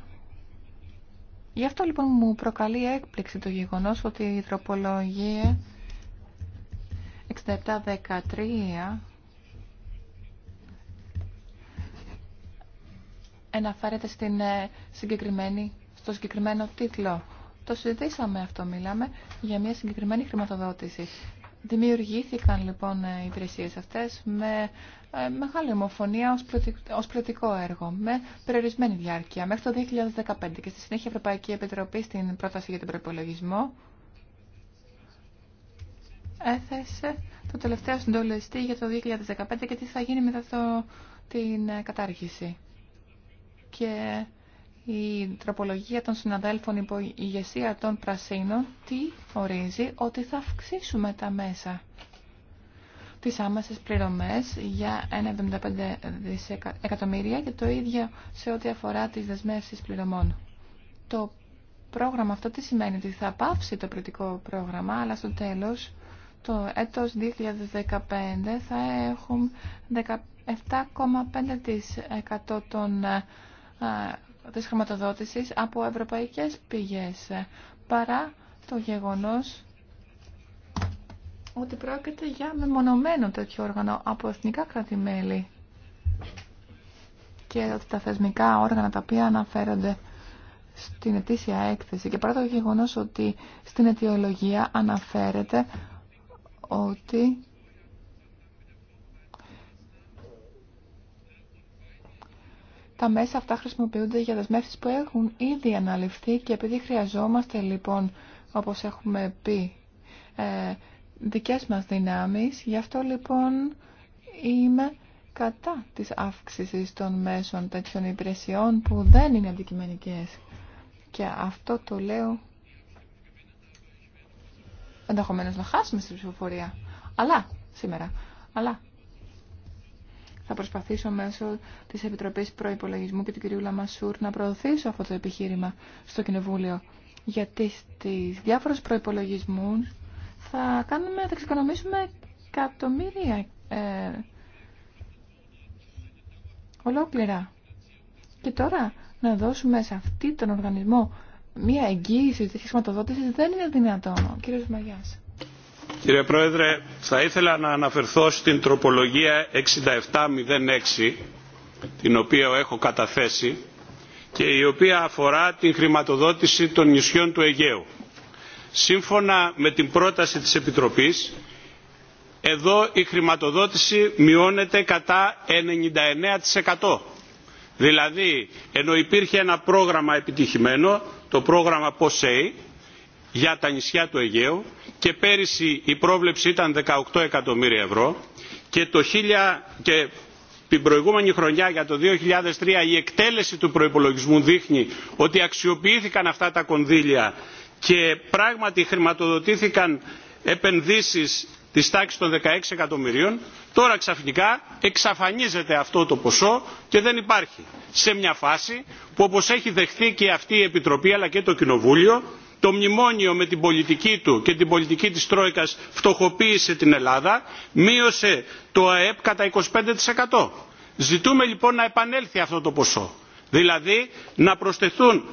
S3: Γι' αυτό λοιπόν μου προκαλεί έκπληξη το γεγονός ότι η τροπολογία 6713 αναφέρεται στην ε, συγκεκριμένη, στο συγκεκριμένο τίτλο. Το συζητήσαμε αυτό, μιλάμε για μια συγκεκριμένη χρηματοδότηση. Δημιουργήθηκαν λοιπόν οι ε, υπηρεσίες αυτές με ε, μεγάλη ομοφωνία ως πλωτικό έργο, με περιορισμένη διάρκεια μέχρι το 2015 και στη συνέχεια η Ευρωπαϊκή Επιτροπή στην πρόταση για τον προπολογισμό έθεσε το τελευταίο συντολιστή για το 2015 και τι θα γίνει μετά το, την ε, κατάργηση. Και η τροπολογία των συναδέλφων υπό ηγεσία των πρασίνων τι ορίζει ότι θα αυξήσουμε τα μέσα τις άμεσες πληρωμές για 1,75 εκατομμύρια και το ίδιο σε ό,τι αφορά τις δεσμεύσεις πληρωμών. Το πρόγραμμα αυτό τι σημαίνει ότι θα πάυσει το πρωτικό πρόγραμμα, αλλά στο τέλος το έτος 2015 θα έχουν 17,5% των ε, της χρηματοδότησης από ευρωπαϊκές πηγές, παρά το γεγονός ότι πρόκειται για μεμονωμένο τέτοιο όργανο από εθνικά κράτη-μέλη και ότι τα θεσμικά όργανα τα οποία αναφέρονται στην ετήσια έκθεση και παρά το γεγονός ότι στην αιτιολογία αναφέρεται ότι Τα μέσα αυτά χρησιμοποιούνται για δεσμεύσεις που έχουν ήδη αναλυφθεί και επειδή χρειαζόμαστε λοιπόν, όπως έχουμε πει, ε, δικές μας δυνάμεις, γι' αυτό λοιπόν είμαι κατά της αύξησης των μέσων τέτοιων υπηρεσιών που δεν είναι αντικειμενικές. Και αυτό το λέω ενδεχομένως να χάσουμε στην ψηφοφορία. Αλλά, σήμερα, αλλά θα προσπαθήσω μέσω τη Επιτροπή Προπολογισμού και του κυρίου Λαμασούρ να προωθήσω αυτό το επιχείρημα στο Κοινοβούλιο. Γιατί στι διάφορου προπολογισμού θα, κάνουμε, θα ξεκονομήσουμε εκατομμύρια ε, ολόκληρα. Και τώρα να δώσουμε σε αυτή τον οργανισμό μία εγγύηση τη χρηματοδότηση δεν είναι δυνατόν. κύριος
S5: Κύριε Πρόεδρε, θα ήθελα να αναφερθώ στην τροπολογία 6706, την οποία έχω καταθέσει και η οποία αφορά την χρηματοδότηση των νησιών του Αιγαίου. Σύμφωνα με την πρόταση της Επιτροπής, εδώ η χρηματοδότηση μειώνεται κατά 99%. Δηλαδή, ενώ υπήρχε ένα πρόγραμμα επιτυχημένο, το πρόγραμμα POSEI, για τα νησιά του Αιγαίου και πέρυσι η πρόβλεψη ήταν 18 εκατομμύρια ευρώ και, το και την προηγούμενη χρονιά για το 2003 η εκτέλεση του προϋπολογισμού δείχνει ότι αξιοποιήθηκαν αυτά τα κονδύλια και πράγματι χρηματοδοτήθηκαν επενδύσεις της τάξης των 16 εκατομμυρίων, τώρα ξαφνικά εξαφανίζεται αυτό το ποσό και δεν υπάρχει. Σε μια φάση που όπως έχει δεχθεί και αυτή η Επιτροπή αλλά και το Κοινοβούλιο το μνημόνιο με την πολιτική του και την πολιτική της τρόικας φτωχοποίησε την ελλάδα μείωσε το αεπ κατά. 25%. ζητούμε λοιπόν να επανέλθει αυτό το ποσό δηλαδή να προσθεθούν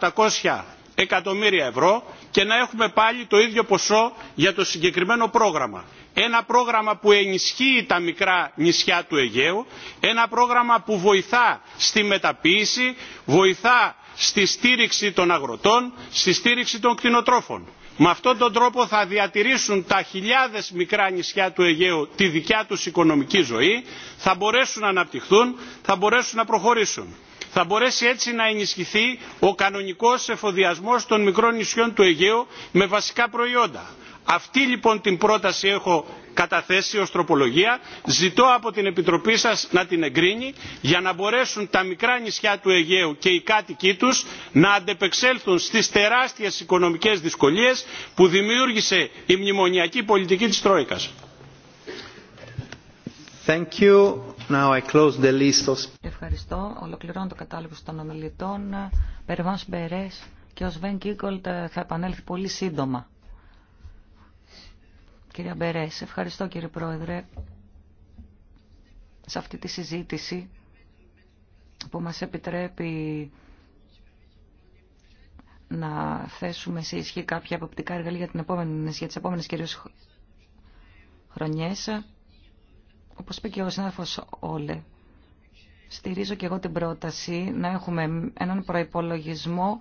S5: 17,800 εκατομμύρια ευρώ και να έχουμε πάλι το ίδιο ποσό για το συγκεκριμένο πρόγραμμα. Ένα πρόγραμμα που ενισχύει τα μικρά νησιά του Αιγαίου, ένα πρόγραμμα που βοηθά στη μεταποίηση, βοηθά στη στήριξη των αγροτών, στη στήριξη των κτηνοτρόφων. Με αυτόν τον τρόπο θα διατηρήσουν τα χιλιάδες μικρά νησιά του Αιγαίου τη δικιά τους οικονομική ζωή, θα μπορέσουν να αναπτυχθούν, θα μπορέσουν να προχωρήσουν. Θα μπορέσει έτσι να ενισχυθεί ο κανονικός εφοδιασμός των μικρών νησιών του Αιγαίου με βασικά προϊόντα. Αυτή λοιπόν την πρόταση έχω καταθέσει ως τροπολογία. Ζητώ από την Επιτροπή σας να την εγκρίνει για να μπορέσουν τα μικρά νησιά του Αιγαίου και οι κάτοικοί τους να αντεπεξέλθουν στις τεράστιες οικονομικές δυσκολίες που δημιούργησε η μνημονιακή πολιτική της Τρόικας.
S4: Ευχαριστώ. Ολοκληρώνω το κατάλογο των ομιλητών. και ο Σβέν Κίγκολτ ε, θα επανέλθει πολύ σύντομα. Κυρία Μπερές, ευχαριστώ κύριε Πρόεδρε σε αυτή τη συζήτηση που μας επιτρέπει να θέσουμε σε ισχύ κάποια αποπτικά εργαλεία για, την επόμενη, για τις επόμενες κυρίως χρονιές. Όπως είπε και ο συνάδελφος Όλε, στηρίζω και εγώ την πρόταση να έχουμε έναν προϋπολογισμό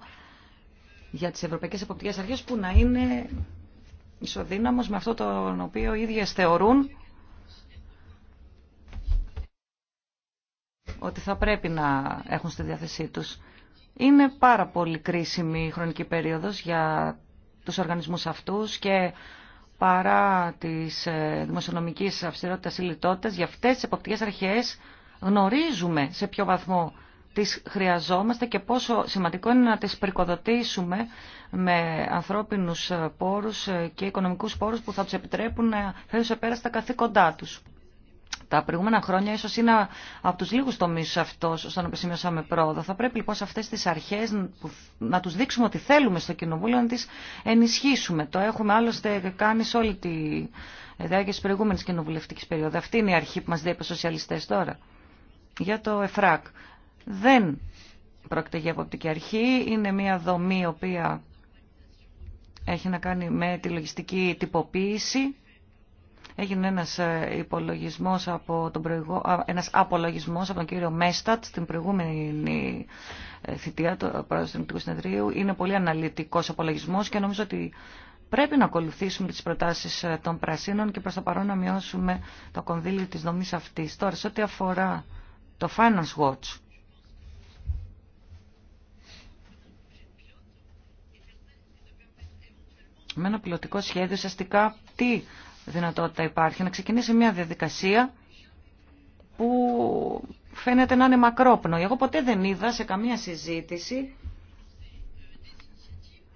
S4: για τις Ευρωπαϊκές Εποπτικές Αρχές που να είναι ισοδύναμος με αυτό τον οποίο οι ίδιες θεωρούν ότι θα πρέπει να έχουν στη διάθεσή τους. Είναι πάρα πολύ κρίσιμη η χρονική περίοδος για τους οργανισμούς αυτούς και παρά της ε, δημοσιονομικές αυστηρότητας ή λιτότητας, για αυτές τις εποπτικές αρχές γνωρίζουμε σε ποιο βαθμό τις χρειαζόμαστε και πόσο σημαντικό είναι να τις περικοδοτήσουμε με ανθρώπινους πόρους και οικονομικούς πόρους που θα τους επιτρέπουν να φέρουν σε πέρα στα καθήκοντά τους. Τα προηγούμενα χρόνια ίσω είναι από του λίγου τομεί αυτό, όταν επισημιώσαμε πρόοδο. Θα πρέπει λοιπόν σε αυτέ τι αρχέ να του δείξουμε ότι θέλουμε στο Κοινοβούλιο να τι ενισχύσουμε. Το έχουμε άλλωστε κάνει σε όλη τη διάρκεια τη προηγούμενη κοινοβουλευτική περίοδου. Αυτή είναι η αρχή που μα διέπει οι σοσιαλιστέ τώρα. Για το ΕΦΡΑΚ δεν πρόκειται για εποπτική αρχή, είναι μια δομή η οποία έχει να κάνει με τη λογιστική τυποποίηση. Έγινε ένας ε, υπολογισμός από τον προηγο... ένας απολογισμός από τον κύριο Μέστατ στην προηγούμενη ε, θητεία του Ελληνικού Συνεδρίου. Είναι πολύ αναλυτικός απολογισμός και νομίζω ότι πρέπει να ακολουθήσουμε τις προτάσεις ε, των πρασίνων και προς το παρόν να μειώσουμε το κονδύλι της δομής αυτής. Τώρα, σε ό,τι αφορά το Finance Watch, με ένα πιλωτικό σχέδιο ουσιαστικά τι δυνατότητα υπάρχει να ξεκινήσει μια διαδικασία που φαίνεται να είναι μακρόπνοη. Εγώ ποτέ δεν είδα σε καμία συζήτηση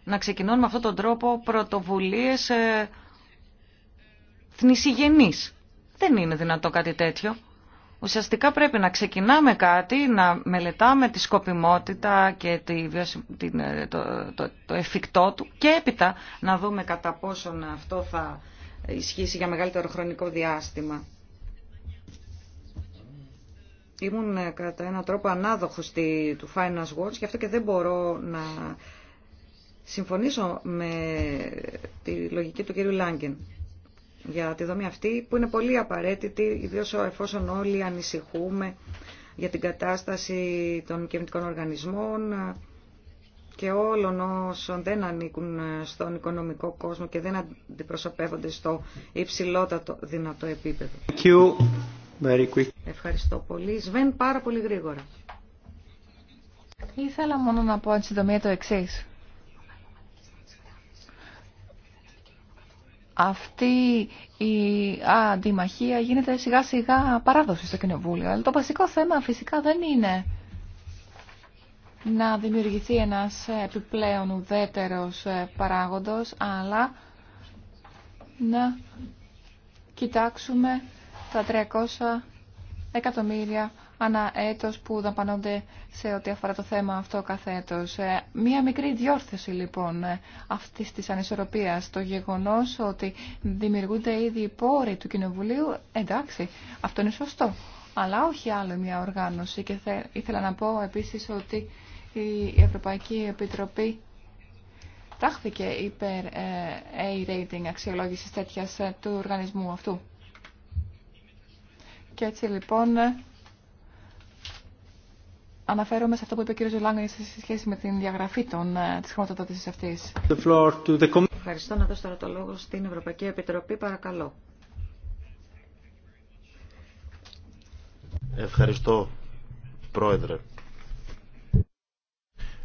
S4: να ξεκινώνουν με αυτόν τον τρόπο πρωτοβουλίες ε, θνησιγενείς. Δεν είναι δυνατό κάτι τέτοιο. Ουσιαστικά πρέπει να ξεκινάμε κάτι, να μελετάμε τη σκοπιμότητα και τη, την, ε, το, το, εφικτό του και έπειτα να δούμε κατά πόσον αυτό θα ισχύσει για μεγαλύτερο χρονικό διάστημα. Ήμουν ε, κατά έναν τρόπο ανάδοχος του Finance Watch, και αυτό και δεν μπορώ να συμφωνήσω με τη λογική του κ. Λάγκεν για τη δομή αυτή που είναι πολύ απαραίτητη, ιδίως εφόσον όλοι ανησυχούμε για την κατάσταση των κυβερνητικών οργανισμών και όλων όσων δεν ανήκουν στον οικονομικό κόσμο και δεν αντιπροσωπεύονται στο υψηλότατο δυνατό επίπεδο. Very quick. Ευχαριστώ πολύ. Σβέν πάρα πολύ γρήγορα.
S3: Ήθελα μόνο να πω εν συντομία το εξής. αυτή η αντιμαχία γίνεται σιγά σιγά παράδοση στο Κοινοβούλιο. Αλλά το βασικό θέμα φυσικά δεν είναι να δημιουργηθεί ένας επιπλέον ουδέτερος παράγοντος, αλλά να κοιτάξουμε τα 300 εκατομμύρια ανά έτος που δαπανώνται σε ό,τι αφορά το θέμα αυτό κάθε έτος. Ε, μία μικρή διόρθωση λοιπόν ε, αυτής της ανισορροπίας. Το γεγονός ότι δημιουργούνται ήδη οι πόροι του Κοινοβουλίου, μια μικρη διορθωση λοιπον αυτης της ανισορροπιας το γεγονος οτι δημιουργουνται ηδη οι ποροι του κοινοβουλιου ενταξει αυτο ειναι σωστο αλλα οχι αλλο μια οργανωση και ήθελα να πω επίσης ότι η Ευρωπαϊκή Επιτροπή τάχθηκε υπέρ ε, A-rating αξιολόγησης τέτοιας του οργανισμού αυτού. Και έτσι λοιπόν Αναφέρομαι σε αυτό που είπε ο κ. σε σχέση με την διαγραφή των, ε, της χρηματοδότησης αυτής. Ευχαριστώ να δώσω τώρα το λόγο στην Ευρωπαϊκή Επιτροπή. Παρακαλώ.
S2: Ευχαριστώ, Πρόεδρε.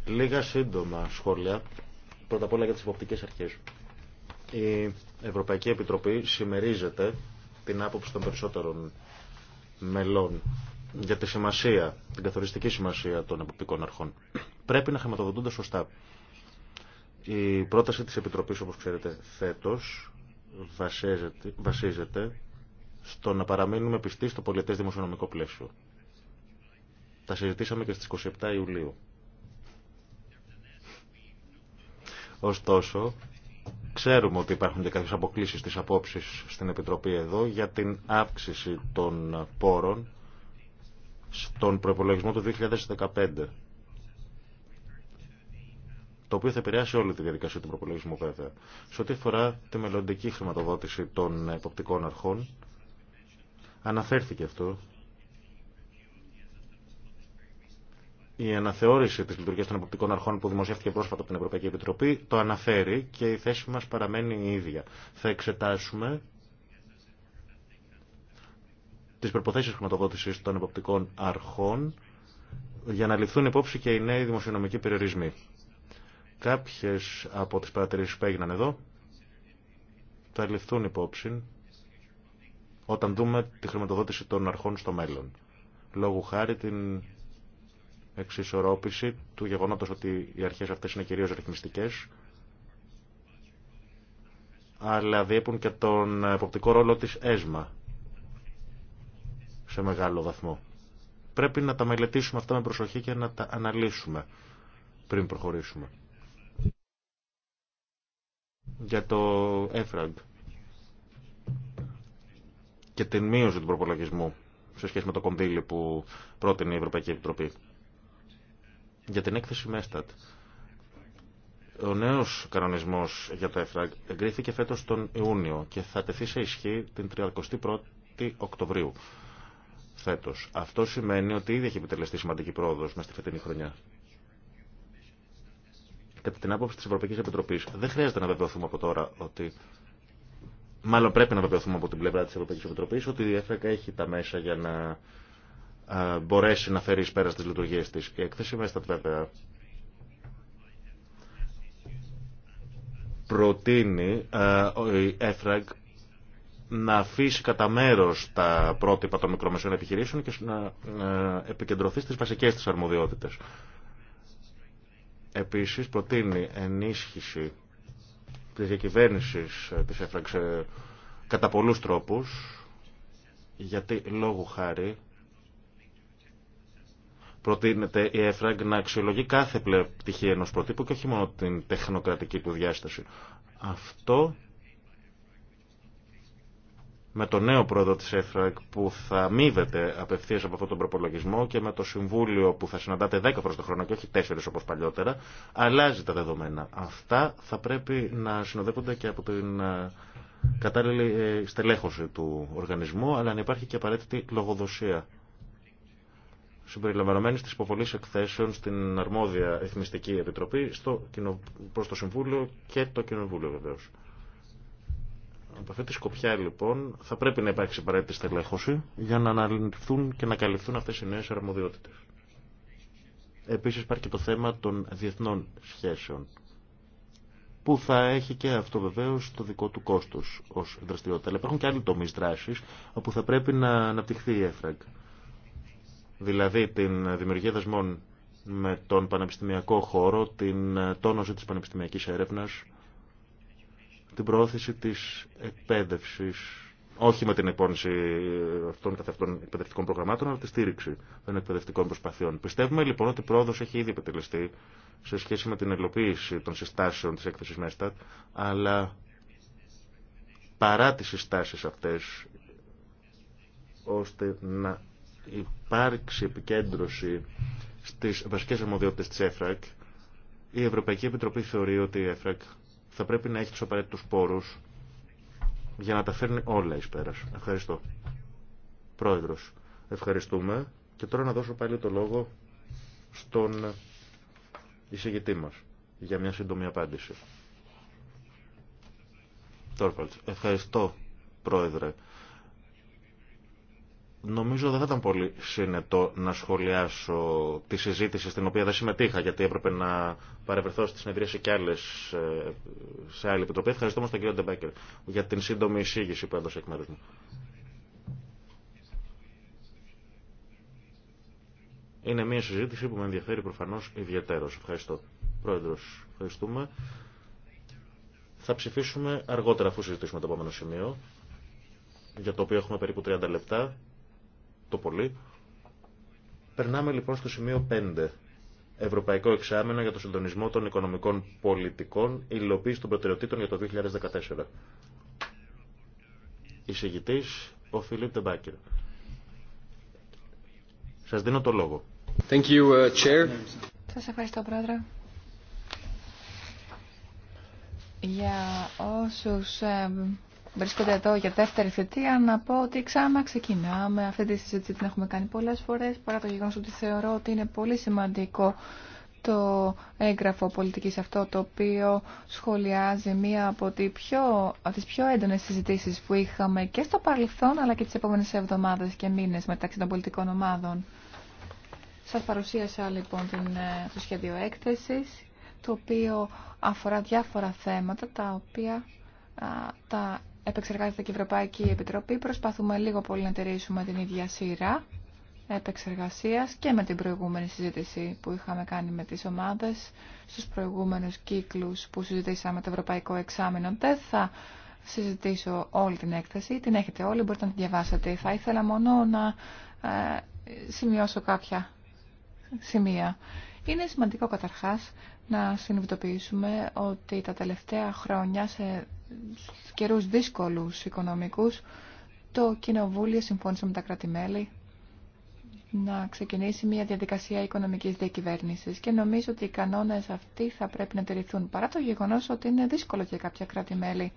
S2: Λίγα σύντομα σχόλια. Πρώτα απ' όλα για τις υποπτικές αρχές. Η Ευρωπαϊκή Επιτροπή συμμερίζεται την άποψη των περισσότερων μελών για τη σημασία, την καθοριστική σημασία των εποπτικών αρχών. Πρέπει να χρηματοδοτούνται σωστά. Η πρόταση της Επιτροπής, όπως ξέρετε, φέτος βασίζεται, βασίζεται στο να παραμείνουμε πιστοί στο πολιτές δημοσιονομικό πλαίσιο. Τα συζητήσαμε και στις 27 Ιουλίου. Ωστόσο, ξέρουμε ότι υπάρχουν και κάποιες αποκλήσεις της απόψης στην Επιτροπή εδώ για την αύξηση των πόρων στον προπολογισμό του 2015 το οποίο θα επηρεάσει όλη τη διαδικασία του προπολογισμού βέβαια. Σε ό,τι αφορά τη μελλοντική χρηματοδότηση των εποπτικών αρχών, αναφέρθηκε αυτό. Η αναθεώρηση της λειτουργίας των εποπτικών αρχών που δημοσιεύτηκε πρόσφατα από την Ευρωπαϊκή Επιτροπή το αναφέρει και η θέση μας παραμένει η ίδια. Θα εξετάσουμε τις προποθέσεις χρηματοδότησης των εποπτικών αρχών για να ληφθούν υπόψη και οι νέοι δημοσιονομικοί περιορισμοί. Κάποιες από τις παρατηρήσεις που έγιναν εδώ θα ληφθούν υπόψη όταν δούμε τη χρηματοδότηση των αρχών στο μέλλον. λόγω χάρη την εξισορρόπηση του γεγονότος ότι οι αρχές αυτές είναι κυρίως ρυθμιστικές αλλά διέπουν και τον εποπτικό ρόλο της ΕΣΜΑ σε μεγάλο βαθμό. Πρέπει να τα μελετήσουμε αυτά με προσοχή και να τα αναλύσουμε πριν προχωρήσουμε. Για το ΕΦΡΑΓ και την μείωση του προπολογισμού σε σχέση με το κονδύλι που πρότεινε η Ευρωπαϊκή Επιτροπή. Για την έκθεση Μέστατ. Ο νέος κανονισμός για το ΕΦΡΑΓ εγκρίθηκε φέτος τον Ιούνιο και θα τεθεί σε ισχύ την 31η Οκτωβρίου. Αυτό σημαίνει ότι ήδη έχει επιτελεστεί σημαντική πρόοδο μέσα στη φετινή χρονιά. Κατά την άποψη τη Ευρωπαϊκή Επιτροπή, δεν χρειάζεται να βεβαιωθούμε από τώρα ότι. Μάλλον πρέπει να βεβαιωθούμε από την πλευρά τη Ευρωπαϊκή Επιτροπή ότι η ΕΦΕΚΑ έχει τα μέσα για να μπορέσει να φέρει πέρα στι λειτουργίε τη. Η έκθεση μέσα βέβαια προτείνει η ΕΦΡΑΚ να αφήσει κατά μέρο τα πρότυπα των μικρομεσαίων επιχειρήσεων και να επικεντρωθεί στις βασικές της αρμοδιότητες. Επίσης, προτείνει ενίσχυση της διακυβέρνησης ε, της έφραξε κατά πολλούς τρόπους, γιατί λόγου χάρη προτείνεται η ΕΦΡΑΓ να αξιολογεί κάθε πτυχή ενός προτύπου και όχι μόνο την τεχνοκρατική του διάσταση. Αυτό με το νέο πρόεδρο της ΕΦΡΑΚ που θα αμείβεται απευθείας από αυτόν τον προπολογισμό και με το συμβούλιο που θα συναντάτε 10 φορές το χρόνο και όχι 4 όπως παλιότερα, αλλάζει τα δεδομένα. Αυτά θα πρέπει να συνοδεύονται και από την ε, κατάλληλη ε, στελέχωση του οργανισμού, αλλά να υπάρχει και απαραίτητη λογοδοσία συμπεριλαμβανομένη τη υποβολή εκθέσεων στην αρμόδια Εθνιστική Επιτροπή προ το Συμβούλιο και το Κοινοβούλιο βεβαίω. Από αυτή τη σκοπιά λοιπόν θα πρέπει να υπάρξει απαραίτητη στελέχωση για να αναλυνθούν και να καλυφθούν αυτές οι νέες αρμοδιότητες. Επίσης υπάρχει και το θέμα των διεθνών σχέσεων που θα έχει και αυτό βεβαίω το δικό του κόστο ω δραστηριότητα. Αλλά υπάρχουν και άλλοι τομεί δράση όπου θα πρέπει να αναπτυχθεί η ΕΦΡΑΚ. Δηλαδή την δημιουργία δεσμών με τον πανεπιστημιακό χώρο, την τόνωση τη πανεπιστημιακή έρευνα, την πρόθεση της εκπαίδευσης, όχι με την εκπόνηση αυτών καθ' αυτών εκπαιδευτικών προγραμμάτων, αλλά τη στήριξη των εκπαιδευτικών προσπαθειών. Πιστεύουμε λοιπόν ότι η πρόοδος έχει ήδη επιτελεστεί σε σχέση με την ελοποίηση των συστάσεων της έκθεση ΜΕΣΤΑΤ, αλλά παρά τι συστάσεις αυτέ, ώστε να υπάρξει επικέντρωση στι βασικέ αρμοδιότητε τη ΕΦΡΑΚ, η Ευρωπαϊκή Επιτροπή θεωρεί ότι η ΕΦΡΑΚ θα πρέπει να έχει τους απαραίτητου πόρου για να τα φέρνει όλα εις πέρας. Ευχαριστώ. Πρόεδρος, ευχαριστούμε. Και τώρα να δώσω πάλι το λόγο στον εισηγητή μας για μια σύντομη απάντηση. ευχαριστώ πρόεδρε. Νομίζω δεν θα ήταν πολύ συνετό να σχολιάσω τη συζήτηση στην οποία δεν συμμετείχα, γιατί έπρεπε να παρευρεθώ στη συνεδρίαση και άλλες, ε, σε άλλη επιτροπή. Ευχαριστώ όμως τον κύριο Ντεμπέκερ για την σύντομη εισήγηση που έδωσε εκ μέρους μου. Είναι μια συζήτηση που με ενδιαφέρει προφανώς ιδιαίτερος. Ευχαριστώ. Πρόεδρος, ευχαριστούμε. Θα ψηφίσουμε αργότερα αφού συζητήσουμε το επόμενο σημείο, για το οποίο έχουμε περίπου 30 λεπτά το πολύ. Περνάμε λοιπόν στο σημείο 5. Ευρωπαϊκό εξάμεινο για το συντονισμό των οικονομικών πολιτικών, υλοποίηση των προτεραιοτήτων για το 2014. Εισηγητή ο Φιλίπ Τεμπάκερ. Σα δίνω το λόγο. Thank you, uh, Chair.
S3: Σας ευχαριστώ, Πρόεδρε. Για όσους βρίσκονται εδώ για δεύτερη θητεία να πω ότι ξανά ξεκινάμε. Αυτή τη συζήτηση την έχουμε κάνει πολλές φορές παρά το γεγονός ότι θεωρώ ότι είναι πολύ σημαντικό το έγγραφο πολιτικής αυτό το οποίο σχολιάζει μία από τις πιο, τις πιο έντονες συζητήσεις που είχαμε και στο παρελθόν αλλά και τις επόμενες εβδομάδες και μήνες μεταξύ των πολιτικών ομάδων. Σας παρουσίασα λοιπόν την, ε, το σχέδιο έκθεσης το οποίο αφορά διάφορα θέματα τα οποία τα επεξεργάζεται και η Ευρωπαϊκή Επιτροπή. Προσπαθούμε λίγο πολύ να τηρήσουμε την ίδια σειρά επεξεργασία και με την προηγούμενη συζήτηση που είχαμε κάνει με τις ομάδες στους προηγούμενους κύκλους που συζητήσαμε το Ευρωπαϊκό Εξάμεινο. Δεν θα συζητήσω όλη την έκθεση, την έχετε όλοι, μπορείτε να την διαβάσετε. Θα ήθελα μόνο να ε, σημειώσω κάποια σημεία. Είναι σημαντικό καταρχάς να συνειδητοποιήσουμε ότι τα τελευταία χρόνια σε καιρούς δύσκολους οικονομικούς το Κοινοβούλιο συμφώνησε με τα κράτη-μέλη να ξεκινήσει μια διαδικασία οικονομικής διακυβέρνησης και νομίζω ότι οι κανόνες αυτοί θα πρέπει να τηρηθούν παρά το γεγονός ότι είναι δύσκολο για κάποια κράτη-μέλη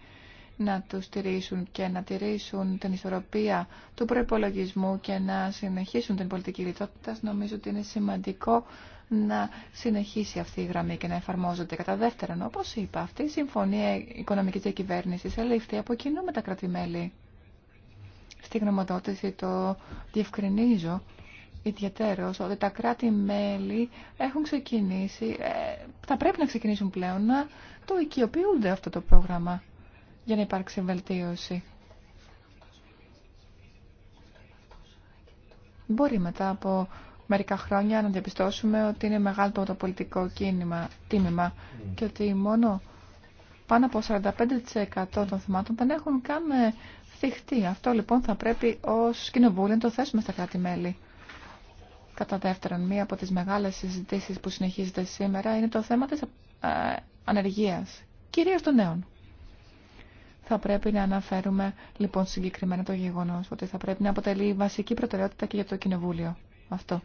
S3: να του στηρίσουν και να τηρήσουν την ισορροπία του προπολογισμού και να συνεχίσουν την πολιτική λιτότητα, νομίζω ότι είναι σημαντικό να συνεχίσει αυτή η γραμμή και να εφαρμόζεται. Κατά δεύτερον, όπως είπα, αυτή η Συμφωνία Οικονομικής διακυβέρνηση ελήφθη από κοινού με τα κρατημέλη. Στη γνωμοδότηση το διευκρινίζω ιδιαίτερω ότι τα κράτη-μέλη έχουν ξεκινήσει, ε, θα πρέπει να ξεκινήσουν πλέον να το οικειοποιούνται αυτό το πρόγραμμα για να υπάρξει βελτίωση. Μπορεί μετά από μερικά χρόνια να διαπιστώσουμε ότι είναι μεγάλο το πολιτικό κίνημα, τίμημα mm. και ότι μόνο πάνω από 45% των θεμάτων δεν έχουν καν ε, θυχτεί. Αυτό λοιπόν θα πρέπει ως κοινοβούλιο να το θέσουμε στα κράτη-μέλη. Κατά δεύτερον, μία από τις μεγάλες συζητήσεις που συνεχίζεται σήμερα είναι το θέμα της ε, ανεργίας, κυρίως των νέων. Θα πρέπει να αναφέρουμε λοιπόν συγκεκριμένα το γεγονός ότι θα πρέπει να αποτελεί βασική προτεραιότητα και για το Κοινοβούλιο αυτό.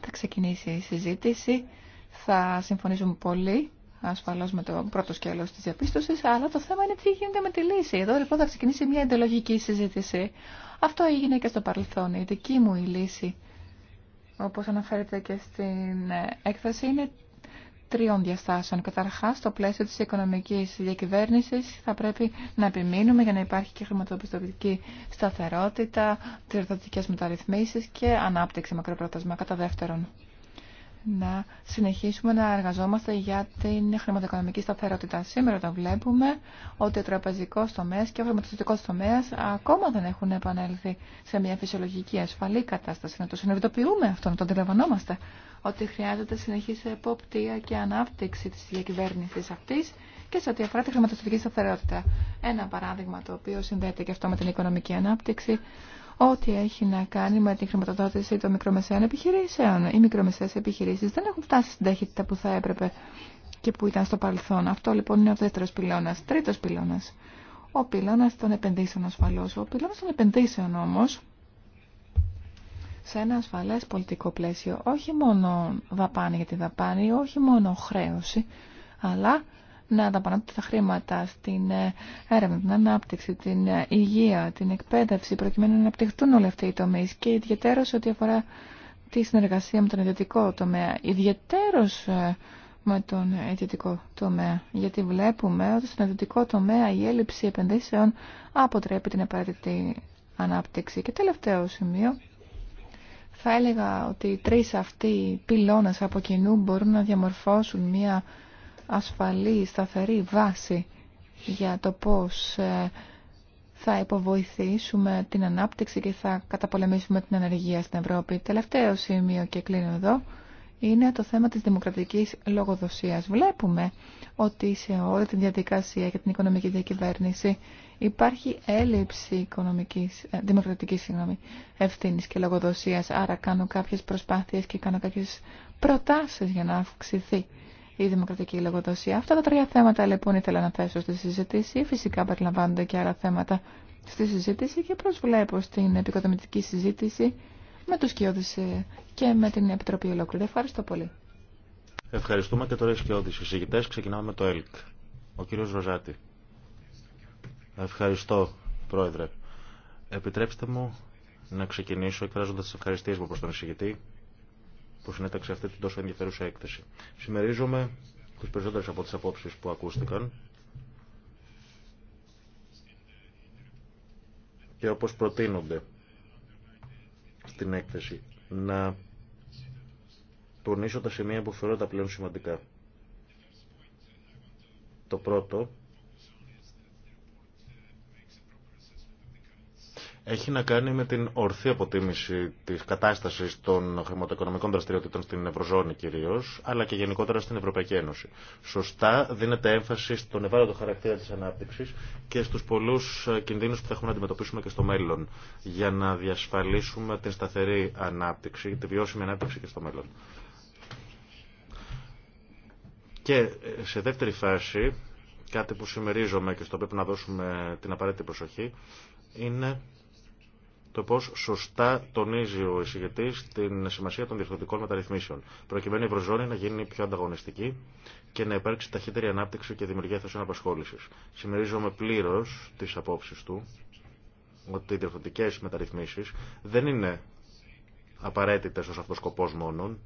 S3: Θα ξεκινήσει η συζήτηση. Θα συμφωνήσουμε πολύ ασφαλώ με το πρώτο σκέλο τη διαπίστωση, αλλά το θέμα είναι τι γίνεται με τη λύση. Εδώ λοιπόν θα ξεκινήσει μια εντελογική συζήτηση. Αυτό έγινε και στο παρελθόν. Η δική μου η λύση, όπω αναφέρεται και στην έκθεση, είναι τριών διαστάσεων. Καταρχά, στο πλαίσιο τη οικονομική διακυβέρνηση θα πρέπει να επιμείνουμε για να υπάρχει και χρηματοπιστωτική σταθερότητα, τριορθωτικέ μεταρρυθμίσει και ανάπτυξη μακροπρόθεσμα. Κατά δεύτερον, να συνεχίσουμε να εργαζόμαστε για την χρηματοοικονομική σταθερότητα. Σήμερα το βλέπουμε ότι ο τραπεζικό τομέα και ο χρηματοπιστωτικό τομέα ακόμα δεν έχουν επανέλθει σε μια φυσιολογική ασφαλή κατάσταση. Να το συνειδητοποιούμε αυτό, να το αντιλαμβανόμαστε ότι χρειάζεται συνεχής εποπτεία και ανάπτυξη της διακυβέρνηση αυτής και σε ό,τι αφορά τη χρηματοδοτική σταθερότητα. Ένα παράδειγμα το οποίο συνδέεται και αυτό με την οικονομική ανάπτυξη, ό,τι έχει να κάνει με την χρηματοδότηση των μικρομεσαίων επιχειρήσεων. Οι μικρομεσαίες επιχειρήσεις δεν έχουν φτάσει στην ταχύτητα που θα έπρεπε και που ήταν στο παρελθόν. Αυτό λοιπόν είναι ο δεύτερο πυλώνας. Τρίτος πυλώνας. Ο πυλώνας των επενδύσεων ασφαλώς. Ο πυλώνας των επενδύσεων όμως σε ένα ασφαλές πολιτικό πλαίσιο. Όχι μόνο δαπάνη για τη δαπάνη, όχι μόνο χρέωση, αλλά να δαπανάτε τα χρήματα στην ε, έρευνα, την ανάπτυξη, την ε, υγεία, την εκπαίδευση, προκειμένου να αναπτυχθούν όλοι αυτοί οι τομείς και ιδιαιτέρως ό,τι αφορά τη συνεργασία με τον ιδιωτικό τομέα. ιδιαιτέρως ε, με τον ιδιωτικό τομέα. Γιατί βλέπουμε ότι στον ιδιωτικό τομέα η έλλειψη επενδύσεων αποτρέπει την απαραίτητη ανάπτυξη. Και τελευταίο σημείο, θα έλεγα ότι οι τρεις αυτοί οι πυλώνες από κοινού μπορούν να διαμορφώσουν μια ασφαλή, σταθερή βάση για το πώς ε, θα υποβοηθήσουμε την ανάπτυξη και θα καταπολεμήσουμε την ανεργία στην Ευρώπη. Τελευταίο σημείο και κλείνω εδώ είναι το θέμα της δημοκρατικής λογοδοσίας. Βλέπουμε ότι σε όλη τη διαδικασία για την οικονομική διακυβέρνηση υπάρχει έλλειψη οικονομικής, ε, δημοκρατικής συγγνώμη, ευθύνης και λογοδοσίας. Άρα κάνω κάποιες προσπάθειες και κάνω κάποιες προτάσεις για να αυξηθεί η δημοκρατική λογοδοσία. Αυτά τα τρία θέματα λοιπόν ήθελα να θέσω στη συζήτηση. Φυσικά περιλαμβάνονται και άλλα θέματα στη συζήτηση και προσβλέπω στην επικοδομητική συζήτηση με το Κιώδης ε, και με την Επιτροπή Ολόκληρη. Ευχαριστώ πολύ.
S2: Ευχαριστούμε και τώρα οι Σκιώδης Συγητές, Ξεκινάμε με το ΕΛΚ. Ο κύριος Ροζάτη. Ευχαριστώ, Πρόεδρε. Επιτρέψτε μου να ξεκινήσω εκφράζοντα τις ευχαριστίες μου προς τον εισηγητή που συνέταξε αυτή την τόσο ενδιαφέρουσα έκθεση. Συμμερίζομαι τις περισσότερες από τις απόψεις που ακούστηκαν και όπως προτείνονται στην έκθεση. Να τονίσω τα σημεία που θεωρώ τα πλέον σημαντικά. Το πρώτο έχει να κάνει με την ορθή αποτίμηση τη κατάσταση των χρηματοοικονομικών δραστηριοτήτων στην Ευρωζώνη κυρίω, αλλά και γενικότερα στην Ευρωπαϊκή Ένωση. Σωστά δίνεται έμφαση στον ευάλωτο χαρακτήρα τη ανάπτυξη και στου πολλού ε, κινδύνου που θα έχουμε να αντιμετωπίσουμε και στο μέλλον, για να διασφαλίσουμε την σταθερή ανάπτυξη, τη βιώσιμη ανάπτυξη και στο μέλλον. Και ε, σε δεύτερη φάση, κάτι που συμμερίζομαι και στο οποίο πρέπει να δώσουμε την απαραίτητη προσοχή, είναι το πώ σωστά τονίζει ο εισηγητή την σημασία των διευθυντικών μεταρρυθμίσεων, προκειμένου η Ευρωζώνη να γίνει πιο ανταγωνιστική και να υπάρξει ταχύτερη ανάπτυξη και δημιουργία θέσεων απασχόληση. Συμμερίζομαι πλήρω τι απόψει του ότι οι διευθυντικέ μεταρρυθμίσει δεν είναι απαραίτητε ω αυτό σκοπό μόνον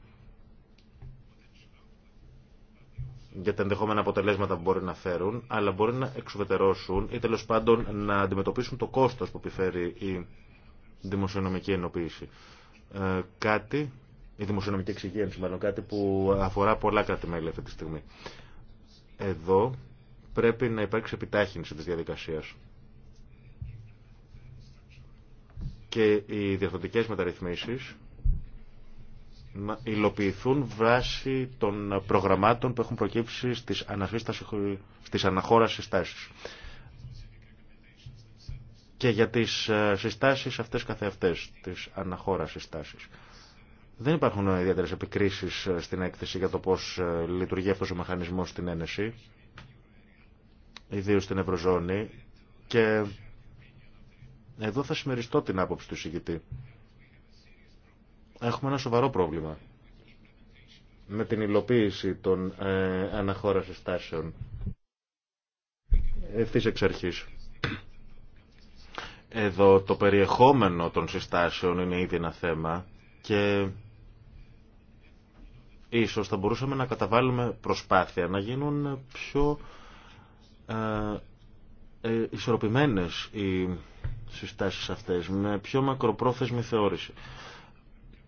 S2: για τα ενδεχόμενα αποτελέσματα που μπορεί να φέρουν, αλλά μπορεί να εξουδετερώσουν ή τέλο πάντων να αντιμετωπίσουν το κόστο που επιφέρει η δημοσιονομική ενοποίηση. Ε, κάτι, η δημοσιονομική εξυγίανση μάλλον, κάτι που αφορά πολλά κράτη-μέλη αυτή τη στιγμή. Εδώ πρέπει να υπάρξει επιτάχυνση της διαδικασίας. Και οι διαφορετικές μεταρρυθμίσεις να υλοποιηθούν βάσει των προγραμμάτων που έχουν προκύψει στις, στις αναχώρας και για τις ε, συστάσεις αυτές καθεαυτές, τις αναχώρα συστάσεις. Δεν υπάρχουν ιδιαίτερες επικρίσεις ε, στην έκθεση για το πώς ε, λειτουργεί αυτός ο μηχανισμός στην Ένεση, ιδίως στην Ευρωζώνη και εδώ θα συμμεριστώ την άποψη του συγκητή. Έχουμε ένα σοβαρό πρόβλημα με την υλοποίηση των ε, αναχώρα συστάσεων ευθύς εξ αρχής. Εδώ το περιεχόμενο των συστάσεων είναι ήδη ένα θέμα και ίσως θα μπορούσαμε να καταβάλουμε προσπάθεια να γίνουν πιο ε, ε ισορροπημένες οι συστάσεις αυτές, με πιο μακροπρόθεσμη θεώρηση.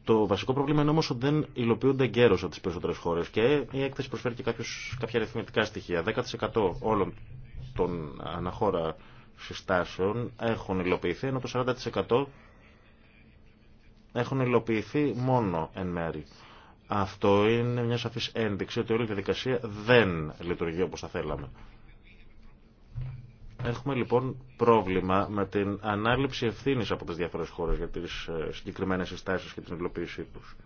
S2: Το βασικό πρόβλημα είναι όμως ότι δεν υλοποιούνται εγκαίρως από τι περισσότερες χώρες και η έκθεση προσφέρει και κάποιους, κάποια αριθμητικά στοιχεία. 10% όλων των αναχώρα συστάσεων έχουν υλοποιηθεί, ενώ το 40% έχουν υλοποιηθεί μόνο εν μέρη. Αυτό είναι μια σαφής ένδειξη ότι όλη η διαδικασία δεν λειτουργεί όπως θα θέλαμε. Έχουμε λοιπόν πρόβλημα με την ανάληψη ευθύνης από τις διάφορε χώρες για τις ε, συγκεκριμένες συστάσεις και την υλοποίησή τους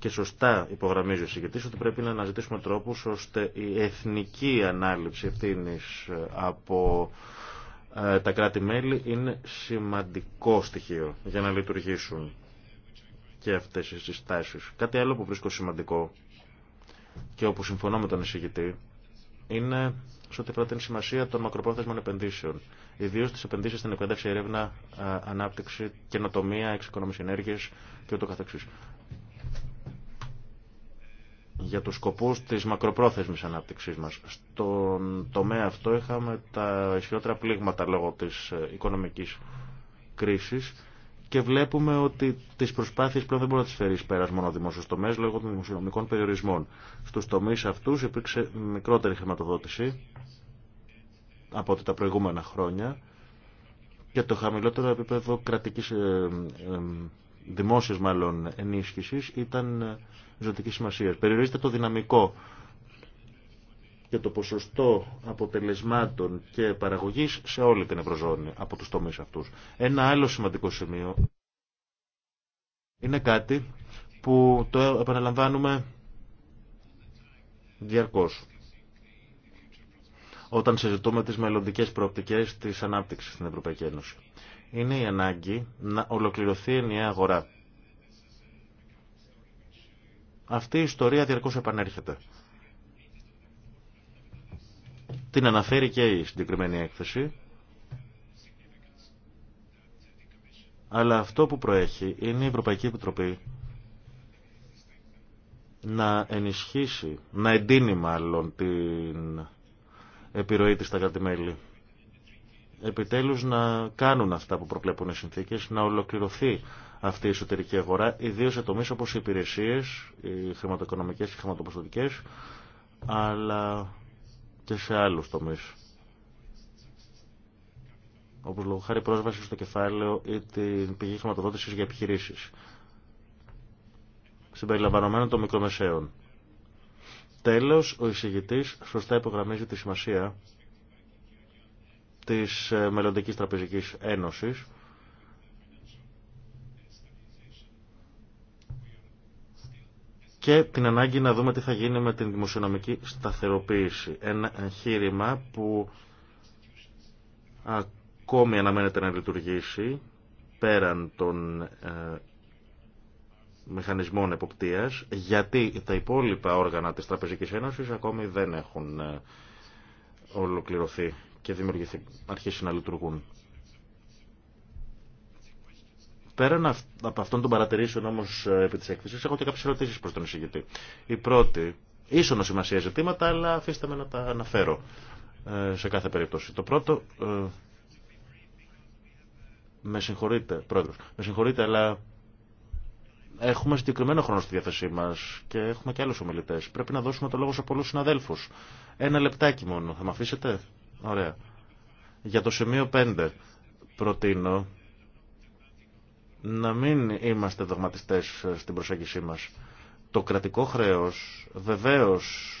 S2: και σωστά υπογραμμίζει ο συγκεκριτής ότι πρέπει να αναζητήσουμε τρόπους ώστε η εθνική ανάληψη ευθύνη ε, από ε, τα κράτη-μέλη είναι σημαντικό στοιχείο για να λειτουργήσουν και αυτές οι συστάσεις. Κάτι άλλο που βρίσκω σημαντικό και όπου συμφωνώ με τον εισηγητή είναι σε ό,τι αφορά την σημασία των μακροπρόθεσμων επενδύσεων. Ιδίω τι επενδύσει στην εκπαίδευση, έρευνα, ε, ανάπτυξη, καινοτομία, εξοικονόμηση ενέργεια και για τους σκοπούς της μακροπρόθεσμης ανάπτυξής μας. Στον τομέα αυτό είχαμε τα ισχυρότερα πλήγματα λόγω της ε, οικονομικής κρίσης και βλέπουμε ότι τις προσπάθειες πλέον δεν μπορεί να τις φέρει πέρα μόνο ο δημόσιος λόγω των δημοσιονομικών περιορισμών. Στους τομείς αυτούς υπήρξε μικρότερη χρηματοδότηση από ό,τι τα προηγούμενα χρόνια και το χαμηλότερο επίπεδο κρατικής, ε, ε, δημόσιας μάλλον ενίσχυσης ήταν ζωτικής σημασίας. Περιορίζεται το δυναμικό και το ποσοστό αποτελεσμάτων και παραγωγής σε όλη την Ευρωζώνη από τους τομείς αυτούς. Ένα άλλο σημαντικό σημείο είναι κάτι που το επαναλαμβάνουμε διαρκώς όταν συζητούμε τις μελλοντικές προοπτικές της ανάπτυξης στην Ευρωπαϊκή Ένωση. Είναι η ανάγκη να ολοκληρωθεί η ενιαία αγορά αυτή η ιστορία διαρκώς επανέρχεται. Την αναφέρει και η συγκεκριμένη έκθεση. Αλλά αυτό που προέχει είναι η Ευρωπαϊκή Επιτροπή να ενισχύσει, να εντείνει μάλλον την επιρροή της στα κατημέλη. Επιτέλους να κάνουν αυτά που προκλέπουν οι συνθήκες, να ολοκληρωθεί αυτή η εσωτερική αγορά, ιδίω σε τομεί όπω οι υπηρεσίε, οι χρηματοοικονομικέ και χρηματοποστοτικέ, αλλά και σε άλλου τομεί. Όπω λόγω χάρη πρόσβαση στο κεφάλαιο ή την πηγή χρηματοδότηση για επιχειρήσει. Συμπεριλαμβανομένων των μικρομεσαίων. Τέλο, ο εισηγητή σωστά υπογραμμίζει τη σημασία τη ε, Μελλοντική Τραπεζική Ένωση και την ανάγκη να δούμε τι θα γίνει με την δημοσιονομική σταθεροποίηση. Ένα εγχείρημα που ακόμη αναμένεται να λειτουργήσει πέραν των ε, μηχανισμών εποπτείας, γιατί τα υπόλοιπα όργανα της Τραπεζικής Ένωσης ακόμη δεν έχουν ε, ολοκληρωθεί και δημιουργηθεί, αρχίσει να λειτουργούν. Πέραν από αυτών των παρατηρήσεων όμω ε, επί τη έκθεση, έχω και κάποιε ερωτήσει προ τον εισηγητή. Η πρώτη, ίσονο σημασία ζητήματα, αλλά αφήστε με να τα αναφέρω ε, σε κάθε περίπτωση. Το πρώτο, ε, με συγχωρείτε, πρόεδρο. με συγχωρείτε, αλλά έχουμε συγκεκριμένο χρόνο στη διάθεσή μα και έχουμε και άλλου ομιλητέ. Πρέπει να δώσουμε το λόγο σε πολλού συναδέλφου. Ένα λεπτάκι μόνο. Θα με αφήσετε. Ωραία. Για το σημείο 5 προτείνω να μην είμαστε δογματιστές στην προσέγγιση μας. Το κρατικό χρέος βεβαίως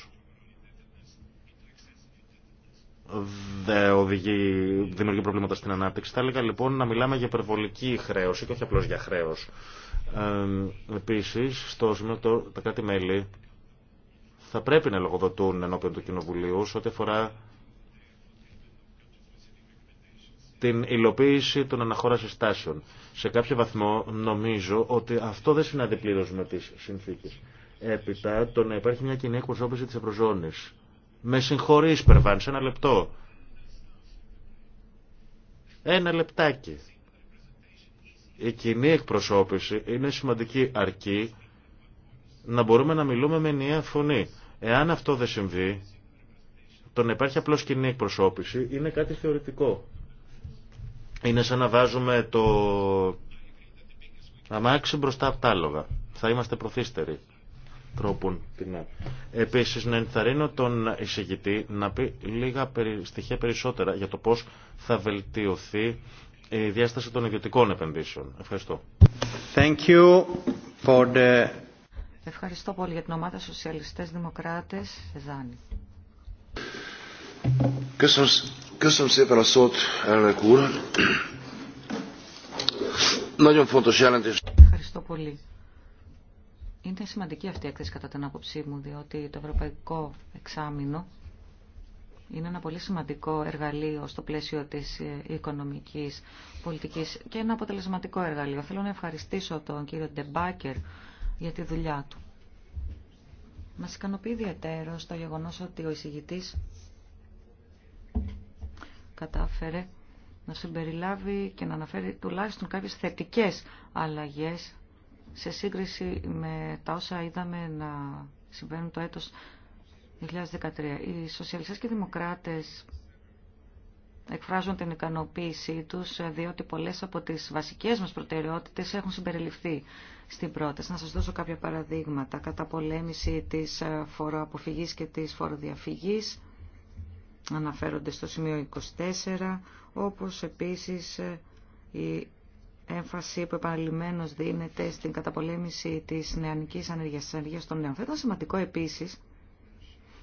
S2: δεν δημιουργεί προβλήματα στην ανάπτυξη. Θα έλεγα λοιπόν να μιλάμε για υπερβολική χρέωση και όχι απλώς για χρέος. Ε, επίσης, στο σημείο το, τα κράτη-μέλη θα πρέπει να λογοδοτούν ενώπιον του Κοινοβουλίου σε ό,τι αφορά την υλοποίηση των αναχώρα στάσεων Σε κάποιο βαθμό νομίζω ότι αυτό δεν συνάδει πλήρω με τι συνθήκε. Έπειτα το να υπάρχει μια κοινή εκπροσώπηση τη Ευρωζώνη. Με συγχωρεί, Περβάν, σε ένα λεπτό. Ένα λεπτάκι. Η κοινή εκπροσώπηση είναι σημαντική αρκεί να μπορούμε να μιλούμε με ενιαία φωνή. Εάν αυτό δεν συμβεί, το να υπάρχει απλώ κοινή εκπροσώπηση είναι κάτι θεωρητικό. Είναι σαν να βάζουμε το αμάξι μπροστά από τα άλογα. Θα είμαστε προθύστεροι τρόπον. Επίσης να ενθαρρύνω τον εισηγητή να πει λίγα στοιχεία περισσότερα για το πώς θα βελτιωθεί η διάσταση των ιδιωτικών επενδύσεων. Ευχαριστώ.
S1: Thank you for the...
S4: Ευχαριστώ πολύ για την ομάδα Σοσιαλιστές Δημοκράτες
S6: Ευχαριστώ. Köszönöm szépen
S4: Nagyon fontos jelentés. Ευχαριστώ πολύ. Είναι σημαντική αυτή η έκθεση κατά την άποψή μου, διότι το Ευρωπαϊκό Εξάμεινο είναι ένα πολύ σημαντικό εργαλείο στο πλαίσιο της ε, οικονομικής πολιτικής και ένα αποτελεσματικό εργαλείο. Θέλω να ευχαριστήσω τον κύριο Ντεμπάκερ για τη δουλειά του. Μας ικανοποιεί ιδιαίτερο το γεγονός ότι ο εισηγητής κατάφερε να συμπεριλάβει και να αναφέρει τουλάχιστον κάποιες θετικές αλλαγές σε σύγκριση με τα όσα είδαμε να συμβαίνουν το έτος 2013. Οι σοσιαλιστές και οι δημοκράτες εκφράζουν την ικανοποίησή τους, διότι πολλές από τις βασικές μας προτεραιότητες έχουν συμπεριληφθεί στην πρόταση. Να σας δώσω κάποια παραδείγματα. Κατά πολέμηση της ε, φοροαποφυγής και της φοροδιαφυγής, αναφέρονται στο σημείο 24, όπως επίσης η έμφαση που επαναλημμένως δίνεται στην καταπολέμηση της νεανικής ανεργίας, της ανεργίας των νέων. Θα ήταν σημαντικό επίσης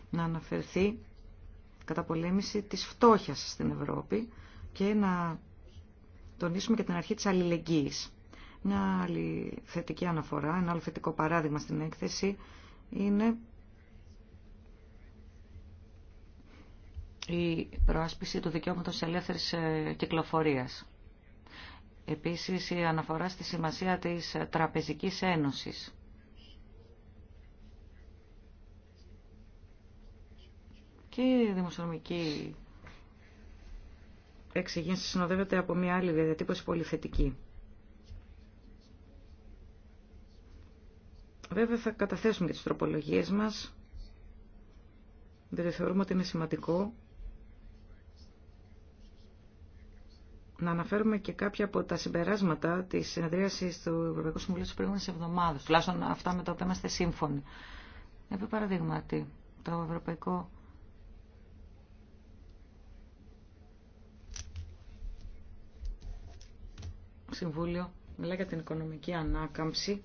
S4: να αναφερθεί καταπολέμηση της φτώχειας στην Ευρώπη και να τονίσουμε και την αρχή της αλληλεγγύης. Μια άλλη θετική αναφορά, ένα άλλο θετικό παράδειγμα στην έκθεση είναι η προάσπιση του δικαιώματος ελεύθερης ε, κυκλοφορίας. Επίσης, η αναφορά στη σημασία της ε, Τραπεζικής Ένωσης. Και η δημοσιονομική εξηγήνση συνοδεύεται από μια άλλη διατύπωση θετική. Βέβαια θα καταθέσουμε και τις τροπολογίες μας, διότι θεωρούμε ότι είναι σημαντικό να αναφέρουμε και κάποια από τα συμπεράσματα τη συνεδρίαση του Ευρωπαϊκού Συμβουλίου τη προηγούμενη εβδομάδα, τουλάχιστον αυτά με τα οποία είμαστε σύμφωνοι. Επί παραδείγματι, το Ευρωπαϊκό Συμβούλιο μιλάει για την οικονομική ανάκαμψη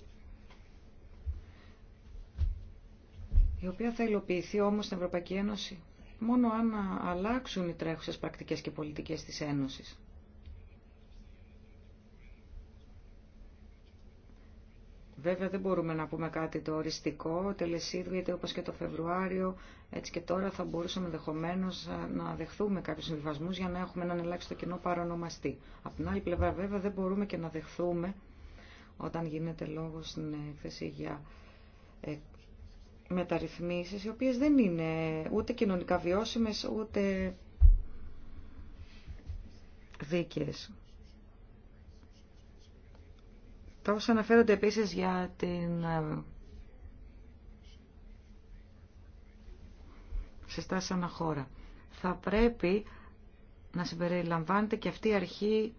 S4: η οποία θα υλοποιηθεί όμως στην Ευρωπαϊκή Ένωση μόνο αν αλλάξουν οι τρέχουσες πρακτικές και πολιτικές της Ένωσης. Βέβαια δεν μπορούμε να πούμε κάτι το οριστικό, τελεσίδου, γιατί όπως και το Φεβρουάριο, έτσι και τώρα θα μπορούσαμε ενδεχομένω ε, να δεχθούμε κάποιους συμβιβασμούς για να έχουμε έναν ελάχιστο κοινό παρονομαστή. Από την άλλη πλευρά βέβαια δεν μπορούμε και να δεχθούμε όταν γίνεται λόγος στην έκθεση για ε, μεταρρυθμίσεις οι οποίες δεν είναι ούτε κοινωνικά βιώσιμες ούτε δίκαιες. Τα όσα αναφέρονται επίσης για την ε, συστάση χώρα. Θα πρέπει να συμπεριλαμβάνεται και αυτή η αρχή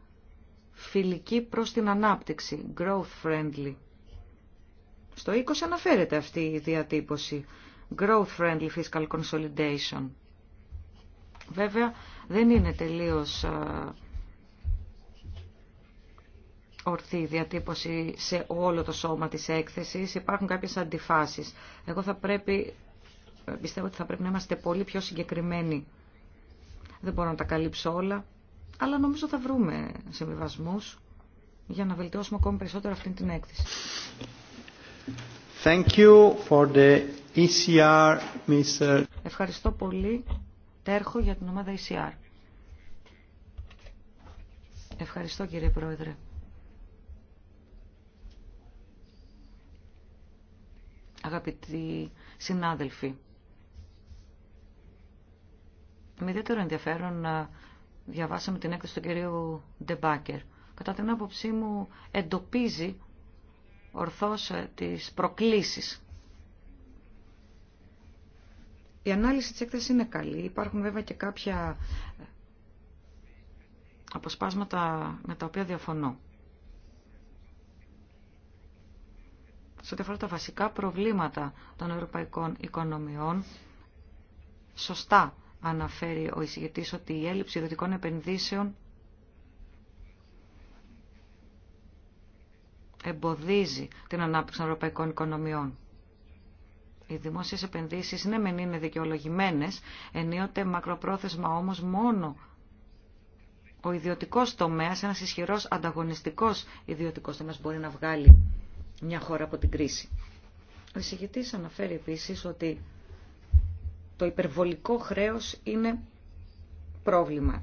S4: φιλική προς την ανάπτυξη, growth friendly. Στο 20 αναφέρεται αυτή η διατύπωση, growth friendly fiscal consolidation. Βέβαια δεν είναι τελείως ε, ορθή διατύπωση σε όλο το σώμα της έκθεσης. Υπάρχουν κάποιες αντιφάσεις. Εγώ θα πρέπει, πιστεύω ότι θα πρέπει να είμαστε πολύ πιο συγκεκριμένοι. Δεν μπορώ να τα καλύψω όλα, αλλά νομίζω θα βρούμε συμβιβασμού για να βελτιώσουμε ακόμη περισσότερο αυτή την έκθεση.
S1: Thank you for the ECR, Mr. Ευχαριστώ πολύ,
S4: Τέρχο, για την ομάδα ECR. Ευχαριστώ, κύριε Πρόεδρε. Αγαπητοί συνάδελφοι, με ιδιαίτερο ενδιαφέρον ε, διαβάσαμε την έκθεση του κυρίου Ντεμπάκερ. Κατά την άποψή μου εντοπίζει ορθώς ε, τις προκλήσεις. Η ανάλυση της έκθεσης είναι καλή. Υπάρχουν βέβαια και κάποια ε, αποσπάσματα με τα οποία διαφωνώ. σε ό,τι αφορά τα βασικά προβλήματα των ευρωπαϊκών οικονομιών, σωστά αναφέρει ο εισηγητής ότι η έλλειψη ιδιωτικών επενδύσεων εμποδίζει την ανάπτυξη των ευρωπαϊκών οικονομιών. Οι δημόσιες επενδύσεις ναι μεν είναι δικαιολογημένες, ενίοτε μακροπρόθεσμα όμως μόνο ο ιδιωτικός τομέας, ένας ισχυρός ανταγωνιστικός ιδιωτικός τομέας μπορεί να βγάλει μια χώρα από την κρίση. Ο εισηγητής αναφέρει επίσης ότι το υπερβολικό χρέος είναι πρόβλημα.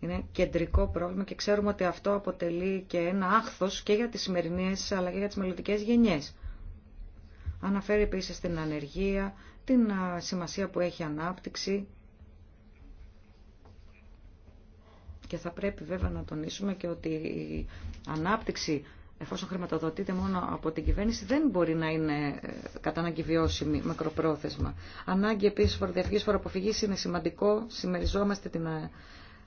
S4: Είναι κεντρικό πρόβλημα και ξέρουμε ότι αυτό αποτελεί και ένα άχθος και για τις σημερινές αλλά και για τις μελλοντικές γενιές. Αναφέρει επίσης την ανεργία, την σημασία που έχει ανάπτυξη και θα πρέπει βέβαια να τονίσουμε και ότι η ανάπτυξη εφόσον χρηματοδοτείται μόνο από την κυβέρνηση, δεν μπορεί να είναι ε, κατά ανάγκη βιώσιμη μακροπρόθεσμα. Ανάγκη επίση φοροδιαφυγή φοροαποφυγή είναι σημαντικό. Συμμεριζόμαστε την ε,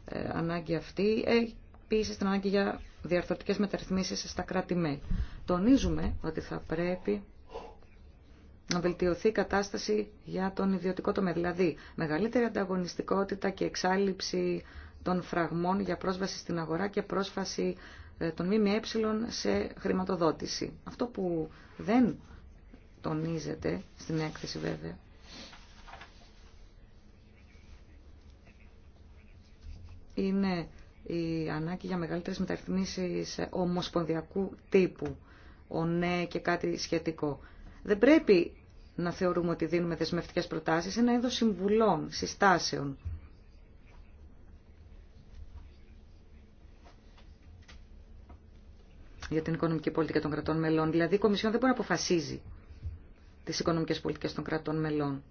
S4: ε, ανάγκη αυτή. Επίση την ανάγκη για διαρθρωτικέ μεταρρυθμίσει στα κράτη-μέλη. Τονίζουμε ότι θα πρέπει να βελτιωθεί η κατάσταση για τον ιδιωτικό τομέα. Δηλαδή, μεγαλύτερη ανταγωνιστικότητα και εξάλληψη των φραγμών για πρόσβαση στην αγορά και πρόσβαση ε, των ΜΜΕ σε χρηματοδότηση. Αυτό που δεν τονίζεται στην έκθεση βέβαια είναι η ανάγκη για μεγαλύτερες μεταρρυθμίσεις ομοσπονδιακού τύπου, ο ναι και κάτι σχετικό. Δεν πρέπει να θεωρούμε ότι δίνουμε δεσμευτικές προτάσεις, είναι ένα είδος συμβουλών, συστάσεων. για την οικονομική πολιτική των κρατών μελών. Δηλαδή η Κομισιόν δεν μπορεί να αποφασίζει τι οικονομικέ πολιτικέ των κρατών μελών.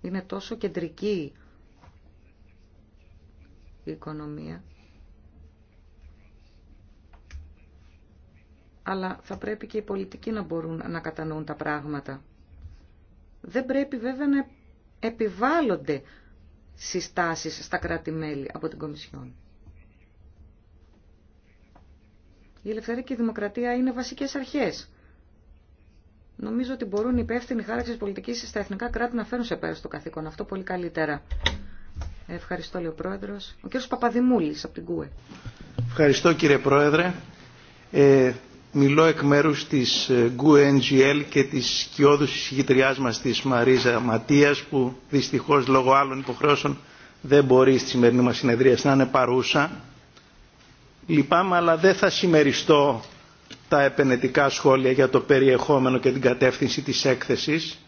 S4: Είναι τόσο κεντρική η οικονομία. Αλλά θα πρέπει και οι πολιτικοί να μπορούν να κατανοούν τα πράγματα. Δεν πρέπει βέβαια να επιβάλλονται συστάσεις στα κράτη-μέλη από την Κομισιόν. Η ελευθερία και η δημοκρατία είναι βασικές αρχές. Νομίζω ότι μπορούν οι υπεύθυνοι χάραξη πολιτική στα εθνικά κράτη να φέρουν σε πέρα στο καθήκον αυτό πολύ καλύτερα. Ευχαριστώ, λέει ο Πρόεδρο. Ο κ. Παπαδημούλη από την ΚΟΕ.
S1: Ευχαριστώ, κύριε Πρόεδρε. Ε, μιλώ εκ μέρου τη ε, ΚΟΕ NGL και τη σκιώδου εισηγητριά μα τη Μαρίζα Ματία, που δυστυχώ λόγω άλλων υποχρεώσεων δεν μπορεί στη σημερινή μα συνεδρία να είναι παρούσα Λυπάμαι αλλά δεν θα συμμεριστώ τα επενετικά σχόλια για το περιεχόμενο και την κατεύθυνση της έκθεσης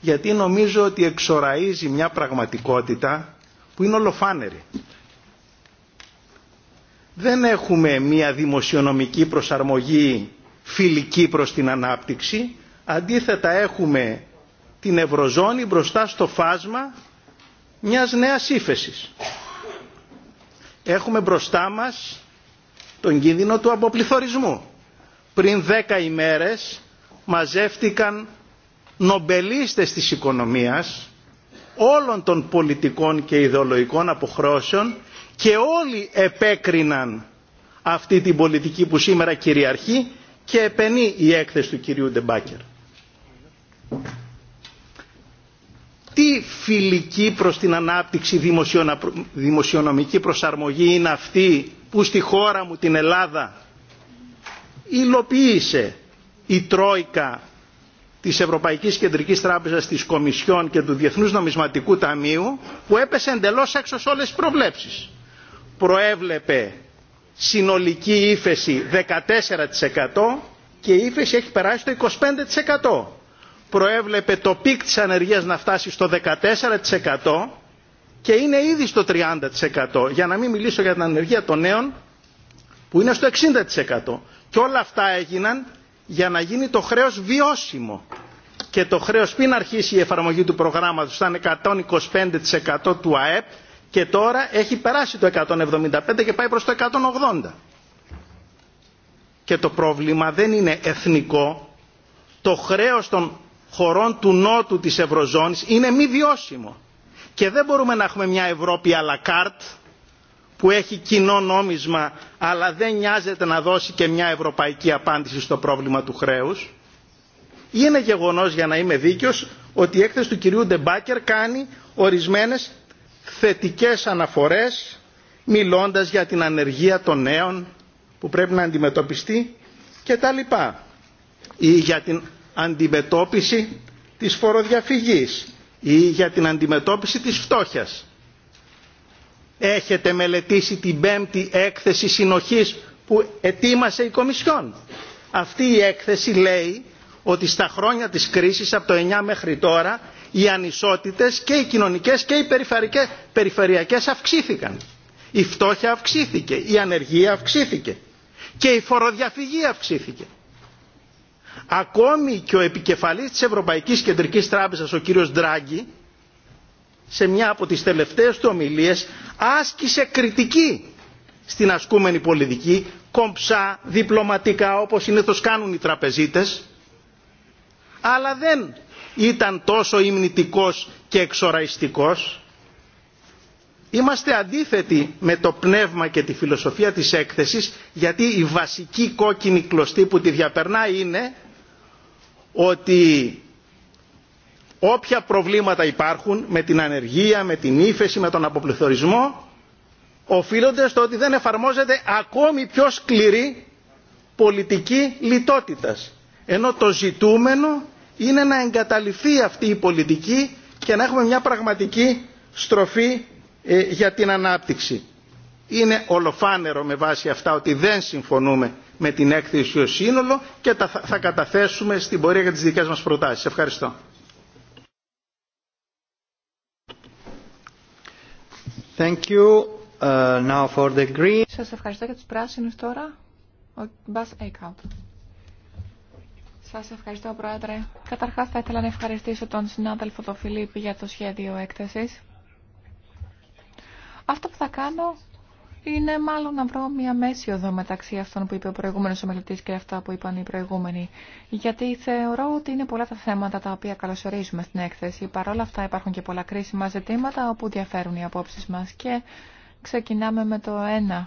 S1: γιατί νομίζω ότι εξοραίζει μια πραγματικότητα που είναι ολοφάνερη. Δεν έχουμε μια δημοσιονομική προσαρμογή φιλική προς την ανάπτυξη, αντίθετα έχουμε την Ευρωζώνη μπροστά στο φάσμα μιας νέας ύφεσης. Έχουμε μπροστά μας τον κίνδυνο του αποπληθωρισμού. Πριν δέκα ημέρες μαζεύτηκαν νομπελίστες της οικονομίας όλων των πολιτικών και ιδεολογικών αποχρώσεων και όλοι επέκριναν αυτή την πολιτική που σήμερα κυριαρχεί και επενεί η έκθεση του κυρίου Ντεμπάκερ. Τι φιλική προς την ανάπτυξη δημοσιονομική προσαρμογή είναι αυτή που στη χώρα μου την Ελλάδα υλοποίησε η Τρόικα της Ευρωπαϊκής Κεντρικής Τράπεζας της Κομισιόν και του Διεθνούς Νομισματικού Ταμείου που έπεσε εντελώς έξω σε όλες τις προβλέψεις. Προέβλεπε συνολική ύφεση 14% και η ύφεση έχει περάσει το 25%. Προέβλεπε το πικ της ανεργίας να φτάσει στο 14% και είναι ήδη στο 30%. Για να μην μιλήσω για την ανεργία των νέων που είναι στο 60%. Και όλα αυτά έγιναν για να γίνει το χρέος βιώσιμο. Και το χρέος πριν αρχίσει η εφαρμογή του προγράμματος ήταν 125% του ΑΕΠ και τώρα έχει περάσει το 175% και πάει προς το 180%. Και το πρόβλημα δεν είναι εθνικό. Το χρέος των χωρών του νότου της Ευρωζώνης είναι μη βιώσιμο και δεν μπορούμε να έχουμε μια Ευρώπη à που έχει κοινό νόμισμα αλλά δεν νοιάζεται να δώσει και μια ευρωπαϊκή απάντηση στο πρόβλημα του χρέους. Είναι γεγονός για να είμαι δίκαιος ότι η έκθεση του κυρίου Ντεμπάκερ κάνει ορισμένες θετικές αναφορές μιλώντας για την ανεργία των νέων που πρέπει να αντιμετωπιστεί και τα λοιπά ή για την αντιμετώπιση της φοροδιαφυγής ή για την αντιμετώπιση της φτώχειας. Έχετε μελετήσει την πέμπτη έκθεση συνοχής που ετοίμασε η Κομισιόν. Αυτή η έκθεση λέει ότι στα χρόνια της κρίσης από το 9 μέχρι τώρα οι ανισότητες και οι κοινωνικές και οι περιφερειακές αυξήθηκαν. Η φτώχεια αυξήθηκε, η ανεργία αυξήθηκε και η φοροδιαφυγή αυξήθηκε ακόμη και ο επικεφαλής της Ευρωπαϊκής Κεντρικής Τράπεζας, ο κύριος Ντράγκη, σε μια από τις τελευταίες του ομιλίες, άσκησε κριτική στην ασκούμενη πολιτική, κομψά, διπλωματικά, όπως συνήθως κάνουν οι τραπεζίτες, αλλά δεν ήταν τόσο υμνητικός και εξοραϊστικός. Είμαστε αντίθετοι με το πνεύμα και τη φιλοσοφία της έκθεσης γιατί η βασική κόκκινη κλωστή που τη διαπερνά είναι ότι όποια προβλήματα υπάρχουν με την ανεργία, με την ύφεση, με τον αποπληθωρισμό οφείλονται στο ότι δεν εφαρμόζεται ακόμη πιο σκληρή πολιτική λιτότητας. Ενώ το ζητούμενο είναι να εγκαταληφθεί αυτή η πολιτική και να έχουμε μια πραγματική στροφή ε, για την ανάπτυξη είναι ολοφάνερο με βάση αυτά ότι δεν συμφωνούμε με την έκθεση ως σύνολο και θα καταθέσουμε στην πορεία για τις δικές μας προτάσεις. Ευχαριστώ. Thank you. Uh, now for the green.
S3: Σας ευχαριστώ για τους πράσινους τώρα. Ο Μπάς Σας ευχαριστώ Πρόεδρε. Καταρχάς θα ήθελα να ευχαριστήσω τον συνάδελφο τον Φιλίπ για το σχέδιο έκθεσης. Αυτό που θα κάνω είναι μάλλον να βρω μια μέση οδό μεταξύ αυτών που είπε ο προηγούμενος ομιλητής και αυτά που είπαν οι προηγούμενοι. Γιατί θεωρώ ότι είναι πολλά τα θέματα τα οποία καλωσορίζουμε στην έκθεση. Παρ' όλα αυτά υπάρχουν και πολλά κρίσιμα ζητήματα όπου διαφέρουν οι απόψεις μας. Και ξεκινάμε με το 1,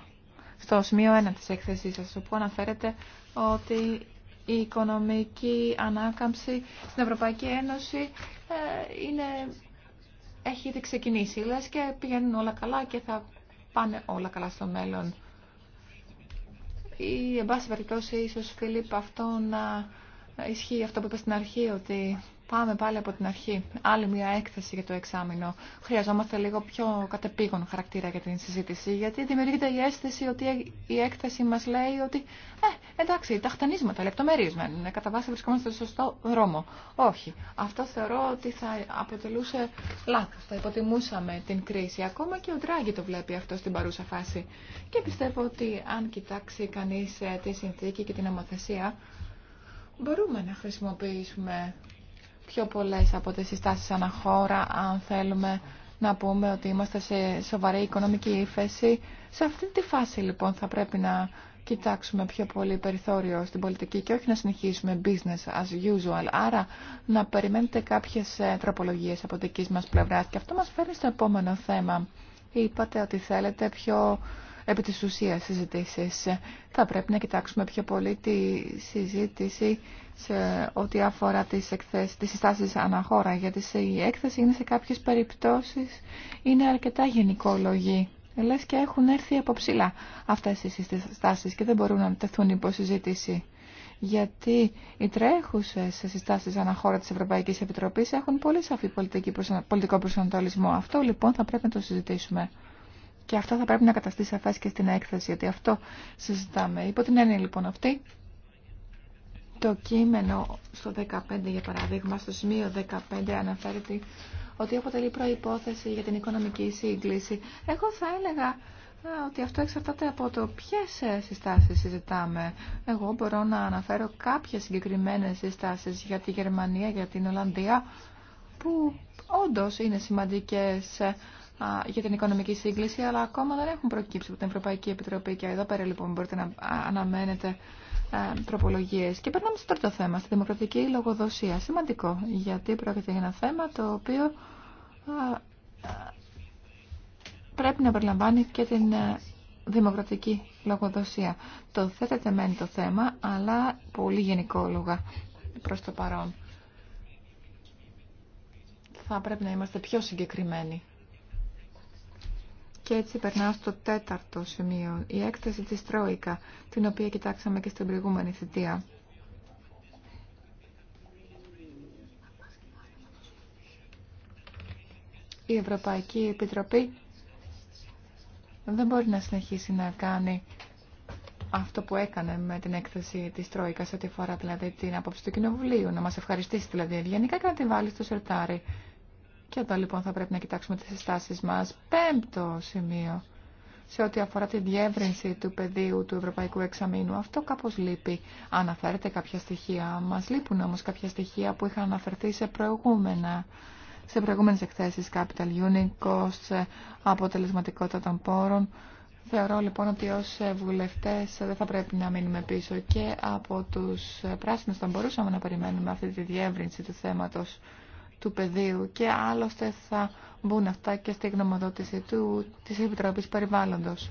S3: στο σημείο 1 της έκθεσής σας, όπου αναφέρεται ότι η οικονομική ανάκαμψη στην Ευρωπαϊκή Ένωση ε, είναι έχει ήδη ξεκινήσει. Λες και πηγαίνουν όλα καλά και θα πάνε όλα καλά στο μέλλον. Ή, εν πάση περιπτώσει, ίσως, Φίλιπ, αυτό να ισχύει αυτό που είπα στην αρχή, ότι Πάμε πάλι από την αρχή. Άλλη μια έκθεση για το εξάμεινο. Χρειαζόμαστε λίγο πιο κατεπήγον χαρακτήρα για την συζήτηση, γιατί δημιουργείται η αίσθηση ότι η έκθεση μας λέει ότι ε, εντάξει, τα χτανίσματα, τα μένουν, ε, κατά βάση βρισκόμαστε στο σωστό δρόμο. Όχι. Αυτό θεωρώ ότι θα αποτελούσε λάθος, θα υποτιμούσαμε την κρίση. Ακόμα και ο Ντράγκη το βλέπει αυτό στην παρούσα φάση. Και πιστεύω ότι αν κοιτάξει κανείς ε, τη συνθήκη και την νομοθεσία, μπορούμε να χρησιμοποιήσουμε πιο πολλές από τις συστάσεις αναχώρα, αν θέλουμε να πούμε ότι είμαστε σε σοβαρή οικονομική ύφεση. Σε αυτή τη φάση λοιπόν θα πρέπει να κοιτάξουμε πιο πολύ περιθώριο στην πολιτική και όχι να συνεχίσουμε business as usual. Άρα να περιμένετε κάποιες ε, τροπολογίες από δική μας πλευράς. Και αυτό μας φέρνει στο επόμενο θέμα. Είπατε ότι θέλετε πιο επί της ουσίας συζητήσεις. Θα πρέπει να κοιτάξουμε πιο πολύ τη συζήτηση σε ό,τι αφορά τις, εκθέσεις, τις συστάσεις αναχώρα, γιατί η έκθεση είναι σε κάποιες περιπτώσεις είναι αρκετά γενικόλογη. Λες και έχουν έρθει από ψηλά αυτές οι συστάσεις και δεν μπορούν να τεθούν υπό συζήτηση γιατί οι τρέχουσε συστάσει αναχώρα τη Ευρωπαϊκή Επιτροπή έχουν πολύ σαφή πολιτικό προσανατολισμό. Αυτό λοιπόν θα πρέπει να το συζητήσουμε. Και αυτό θα πρέπει να καταστήσει σαφές και στην έκθεση, γιατί αυτό συζητάμε. Υπό την έννοια λοιπόν αυτή, το κείμενο στο 15 για παράδειγμα, στο σημείο 15 αναφέρεται ότι αποτελεί προϋπόθεση για την οικονομική σύγκληση. Εγώ θα έλεγα ότι αυτό εξαρτάται από το ποιες ε, συστάσεις συζητάμε. Εγώ μπορώ να αναφέρω κάποιες συγκεκριμένες συστάσεις για τη Γερμανία, για την Ολλανδία, που όντως είναι σημαντικές ε, για την οικονομική σύγκληση, αλλά ακόμα δεν έχουν προκύψει από την Ευρωπαϊκή Επιτροπή και εδώ πέρα λοιπόν μπορείτε να αναμένετε ε, τροπολογίες. Και περνάμε στο τρίτο θέμα, στη δημοκρατική λογοδοσία. Σημαντικό, γιατί πρόκειται για ένα θέμα το οποίο πρέπει να περιλαμβάνει και την ε, δημοκρατική λογοδοσία. Το θέτεται μεν το θέμα, αλλά πολύ γενικόλογα προς το παρόν. Θα πρέπει να είμαστε πιο συγκεκριμένοι. Και έτσι περνάω στο τέταρτο σημείο, η έκθεση της Τρόικα, την οποία κοιτάξαμε και στην προηγούμενη θητεία. Η Ευρωπαϊκή Επιτροπή δεν μπορεί να συνεχίσει να κάνει αυτό που έκανε με την έκθεση της Τρόικας, ό,τι φορά δηλαδή την άποψη του Κοινοβουλίου, να μας ευχαριστήσει δηλαδή ευγενικά και να την βάλει στο σερτάρι. Και εδώ λοιπόν θα πρέπει να κοιτάξουμε τις συστάσεις μας. Πέμπτο σημείο, σε ό,τι αφορά τη διεύρυνση του πεδίου του Ευρωπαϊκού Εξαμήνου, αυτό κάπως λείπει. Αναφέρεται κάποια στοιχεία, μας λείπουν όμως κάποια στοιχεία που είχαν αναφερθεί σε προηγούμενα σε προηγούμενες εκθέσεις Capital Union, Costs, αποτελεσματικότητα των πόρων. Θεωρώ λοιπόν ότι ως βουλευτές δεν θα πρέπει να μείνουμε πίσω και από τους πράσινους θα μπορούσαμε να περιμένουμε αυτή τη διεύρυνση του θέματος του πεδίου και άλλωστε θα μπουν αυτά και στη γνωμοδότηση του, της Επιτροπής Περιβάλλοντος.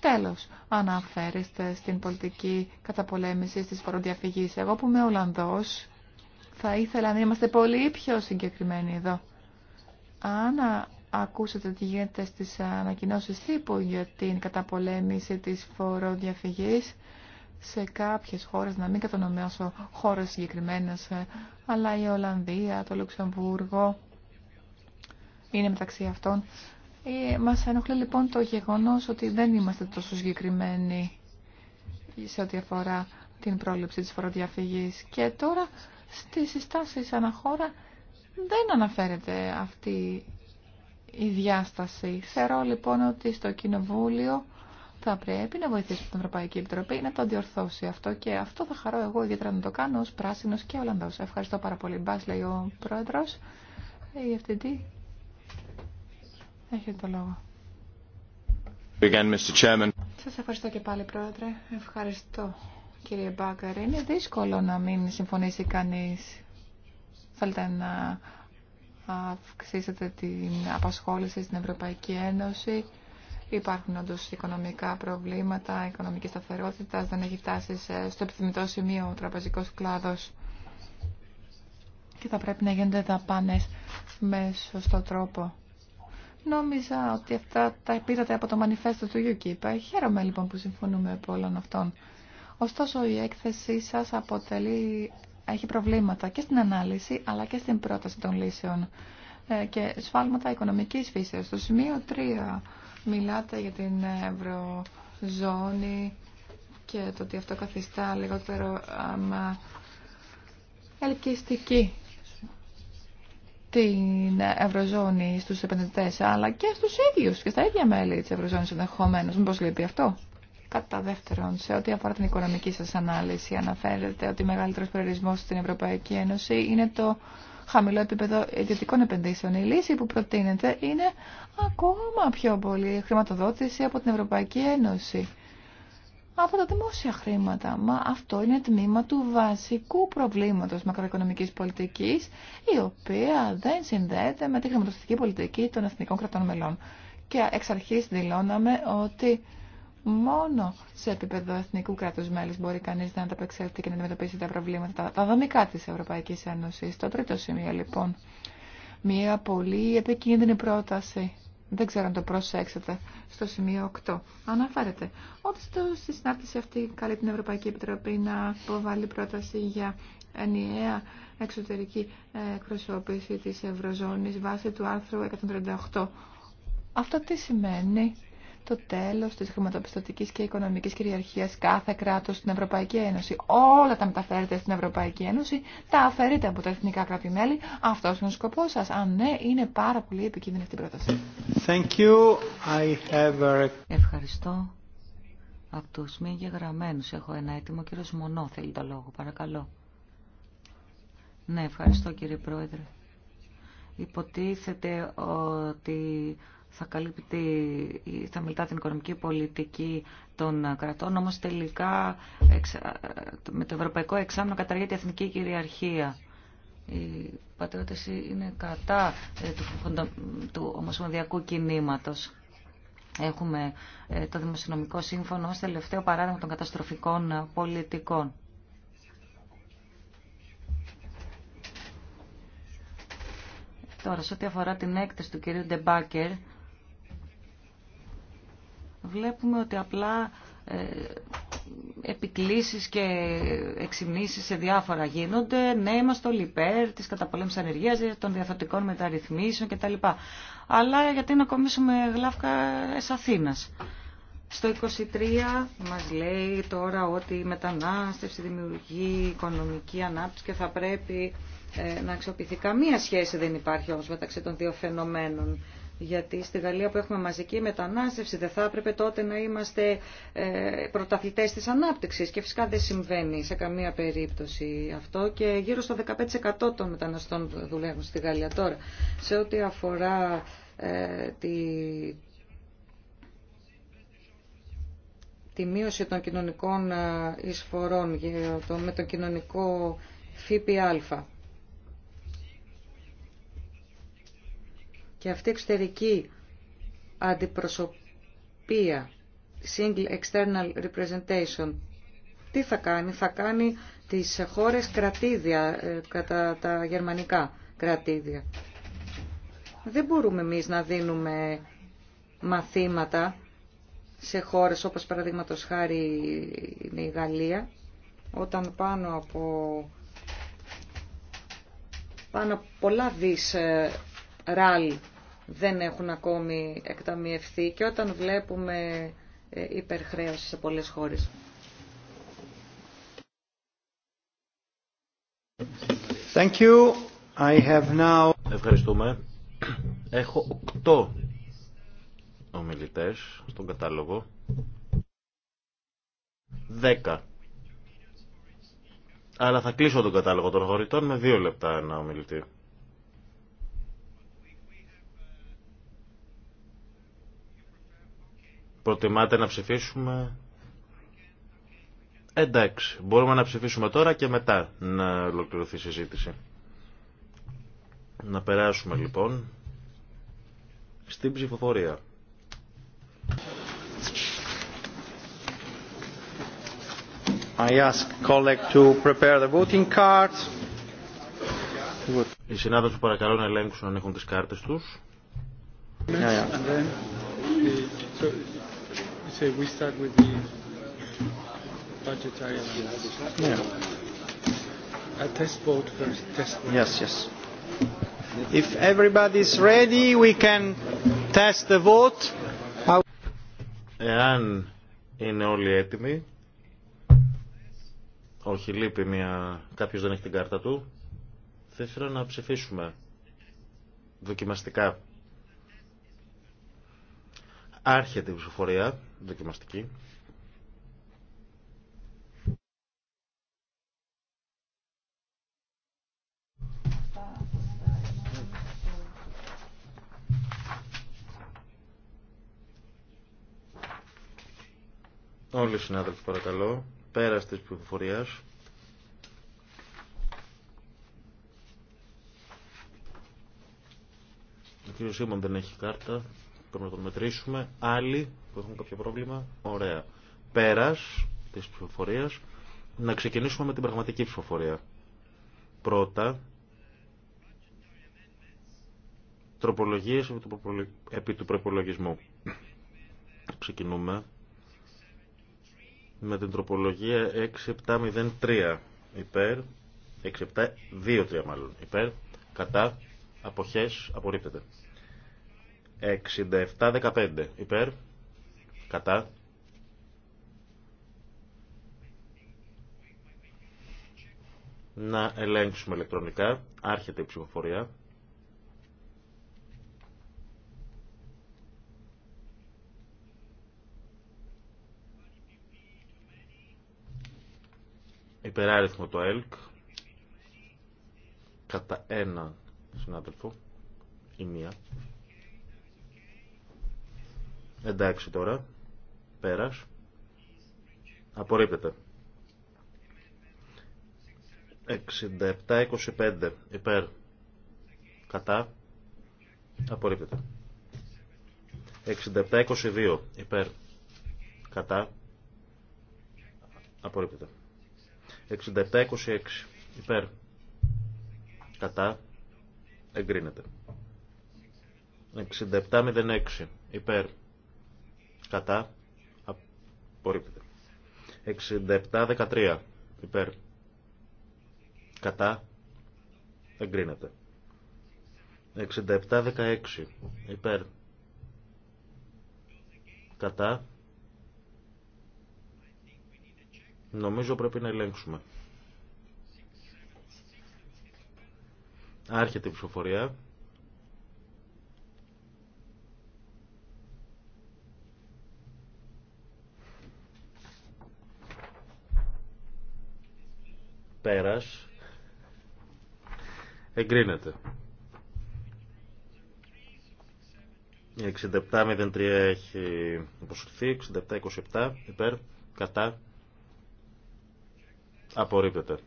S3: Τέλος, αναφέρεστε στην πολιτική καταπολέμηση της φοροδιαφυγής. Εγώ που είμαι Ολλανδός, θα ήθελα να είμαστε πολύ πιο συγκεκριμένοι εδώ. Αν ακούσετε τι γίνεται στις ανακοινώσεις τύπου για την καταπολέμηση της φοροδιαφυγής, σε κάποιες χώρες, να μην κατονομιώσω χώρες συγκεκριμένες ε, αλλά η Ολλανδία, το Λουξεμβούργο είναι μεταξύ αυτών. Ε, μας ενοχλεί λοιπόν το γεγονός ότι δεν είμαστε τόσο συγκεκριμένοι σε ό,τι αφορά την πρόληψη της φοροδιαφυγής. Και τώρα στις συστάσεις αναχώρα δεν αναφέρεται αυτή η διάσταση. Θεωρώ λοιπόν ότι στο Κοινοβούλιο θα πρέπει να βοηθήσει την Ευρωπαϊκή Επιτροπή να το διορθώσει αυτό και αυτό θα χαρώ εγώ ιδιαίτερα να το κάνω ως πράσινος και Ολλανδός. Ευχαριστώ πάρα πολύ. Μπάς λέει ο Πρόεδρος. Η FTD. Έχετε το λόγο. Σα Σας ευχαριστώ και πάλι Πρόεδρε. Ευχαριστώ κύριε Μπάκερ. Είναι δύσκολο να μην συμφωνήσει κανείς. Θέλετε να αυξήσετε την απασχόληση στην Ευρωπαϊκή Ένωση Υπάρχουν όντω οικονομικά προβλήματα, οικονομική σταθερότητα, δεν έχει φτάσει στο επιθυμητό σημείο ο τραπεζικό κλάδο και θα πρέπει να γίνονται δαπάνε με σωστό τρόπο. Νόμιζα ότι αυτά τα πήρατε από το μανιφέστο του UKIP. Χαίρομαι λοιπόν που συμφωνούμε από όλων αυτών. Ωστόσο η έκθεσή σα αποτελεί, έχει προβλήματα και στην ανάλυση αλλά και στην πρόταση των λύσεων ε, και σφάλματα οικονομικής φύσεως. Στο σημείο 3 Μιλάτε για την ευρωζώνη και το ότι αυτό καθιστά λιγότερο αμα, ελκυστική την Ευρωζώνη στους επενδυτές αλλά και στους ίδιους και στα ίδια μέλη της Ευρωζώνης ενδεχομένω. Μήπως λείπει αυτό. Κατά δεύτερον, σε ό,τι αφορά την οικονομική σας ανάλυση, αναφέρετε ότι μεγαλύτερος περιορισμός στην Ευρωπαϊκή Ένωση είναι το χαμηλό επίπεδο ιδιωτικών επενδύσεων. Η λύση που προτείνεται είναι ακόμα πιο πολύ χρηματοδότηση από την Ευρωπαϊκή Ένωση. Από τα δημόσια χρήματα. Μα αυτό είναι τμήμα του βασικού προβλήματο μακροοικονομική πολιτική, η οποία δεν συνδέεται με τη χρηματοδοτική πολιτική των εθνικών κρατών μελών. Και εξ αρχή δηλώναμε ότι Μόνο σε επίπεδο εθνικού κρατου μέλη μπορεί κανεί να ανταπεξέλθει και να αντιμετωπίσει τα προβλήματα, τα δομικά τη Ευρωπαϊκή Ένωση. Το τρίτο σημείο λοιπόν, μια πολύ επικίνδυνη πρόταση. Δεν ξέρω αν το προσέξετε στο σημείο 8. Αναφέρεται ότι στη συνάρτηση αυτή καλεί την Ευρωπαϊκή Επιτροπή να υποβάλει πρόταση για ενιαία εξωτερική εκπροσώπηση της Ευρωζώνης βάσει του άρθρου 138. Αυτό τι σημαίνει το τέλος της χρηματοπιστωτικής και οικονομικής κυριαρχίας κάθε κράτος στην Ευρωπαϊκή Ένωση. Όλα τα μεταφέρετε στην Ευρωπαϊκή Ένωση, τα αφαιρείτε από τα εθνικά κράτη-μέλη. Αυτός είναι ο σκοπός σας. Αν ναι, είναι πάρα πολύ επικίνδυνη αυτή η πρόταση.
S4: Ευχαριστώ. Από τους μη εγγεγραμμένους έχω ένα έτοιμο. Ο κύριος Μονό θέλει το λόγο. Παρακαλώ. Ναι, ευχαριστώ κύριε Πρόεδρε. Υποτίθεται ότι θα καλύπτει, θα μιλτά την οικονομική πολιτική των κρατών, όμως τελικά με το ευρωπαϊκό εξάμεινο καταργείται η εθνική κυριαρχία. Η πατριώτες είναι κατά ε, του, του ομοσπονδιακού κινήματος. Έχουμε ε, το Δημοσιονομικό Σύμφωνο ως τελευταίο παράδειγμα των καταστροφικών πολιτικών. Τώρα, σε ό,τι αφορά την έκθεση του κυρίου Ντεμπάκερ, βλέπουμε ότι απλά ε, επικλήσεις και εξυμνήσεις σε διάφορα γίνονται. Ναι, είμαστε όλοι υπέρ της καταπολέμησης ανεργίας, των διαθοτικών μεταρρυθμίσεων κτλ. Αλλά γιατί να κομίσουμε γλάφκα εσ' Αθήνας. Στο 23 μας λέει τώρα ότι η μετανάστευση δημιουργεί οικονομική ανάπτυξη και θα πρέπει ε, να αξιοποιηθεί. Καμία σχέση δεν υπάρχει όμως μεταξύ των δύο φαινομένων γιατί στη Γαλλία που έχουμε μαζική μετανάστευση δεν θα έπρεπε τότε να είμαστε ε, πρωταθλητές της ανάπτυξης και φυσικά δεν συμβαίνει σε καμία περίπτωση αυτό και γύρω στο 15% των μεταναστών δουλεύουν στη Γαλλία τώρα. Σε ό,τι αφορά ε, τη... τη μείωση των κοινωνικών ε, εισφορών με τον κοινωνικό ΦΠΑ Και αυτή η εξωτερική αντιπροσωπεία, single external representation, τι θα κάνει, θα κάνει τις χώρες κρατήδια, ε, κατά τα γερμανικά κρατήδια. Δεν μπορούμε εμείς να δίνουμε μαθήματα σε χώρες όπως παραδείγματο χάρη είναι η Γαλλία, όταν πάνω από πάνω πολλά δις ε, ράλι δεν έχουν ακόμη εκταμιευθεί και όταν βλέπουμε ε, υπερχρέωση σε πολλές χώρες.
S1: Thank you. I have now...
S2: Ευχαριστούμε. Έχω οκτώ ομιλητές στον κατάλογο. Δέκα. Αλλά θα κλείσω τον κατάλογο των χωριτών με δύο λεπτά ένα ομιλητή. Προτιμάτε να ψηφίσουμε. Εντάξει, μπορούμε να ψηφίσουμε τώρα και μετά να ολοκληρωθεί η συζήτηση. Να περάσουμε λοιπόν στην ψηφοφορία.
S1: I ask to prepare the voting cards.
S2: Οι συνάδελφοι παρακαλώ να ελέγξουν αν έχουν τις κάρτες τους. Yeah, yeah
S6: say we start with the budgetary amendments. Yeah. A test vote first. Test
S1: vote. Yes, yes. If everybody is ready, we can test the vote.
S2: Εάν είναι όλοι έτοιμοι, όχι λείπει μια, κάποιος δεν έχει την κάρτα του, θα ήθελα να ψηφίσουμε δοκιμαστικά. Άρχεται η ψηφοφορία δοκιμαστική. Όλοι οι συνάδελφοι παρακαλώ, πέρα τη πληροφορία. Ο κύριος Σίμων δεν έχει κάρτα, πρέπει να τον μετρήσουμε. Άλλοι που έχουν κάποιο πρόβλημα. Ωραία. Πέρας της ψηφοφορία να ξεκινήσουμε με την πραγματική ψηφοφορία. Πρώτα, Τροπολογίε επί του προπολογισμού. Ξεκινούμε με την τροπολογία 6703 υπέρ, 6723 μάλλον υπέρ, κατά, αποχές, απορρίπτεται. 6715 υπέρ, Κατά. Να ελέγξουμε ηλεκτρονικά. Άρχεται η ψηφοφορία. Υπεράριθμο το ΕΛΚ. Κατά ένα συνάδελφο. Η μία. Εντάξει τώρα. Πέρας. Απορρίπτεται. 67-25 υπέρ. Κατά. Απορρίπτεται. 67-22 υπέρ. Κατά. Απορρίπτεται. 67-26 υπέρ. Κατά. Εγκρίνεται. 67-06 υπέρ. Κατά. Απορρίπτεται. 67-13. Υπέρ. Κατά. Εγκρίνεται. 67-16. Υπέρ. Κατά. Νομίζω πρέπει να ελέγξουμε. Άρχεται η ψηφοφορία. Πέρας. Εγκρίνεται. 67-03 έχει υποσχεθει 67-27 υπέρ. Κατά. Απορρίπτεται.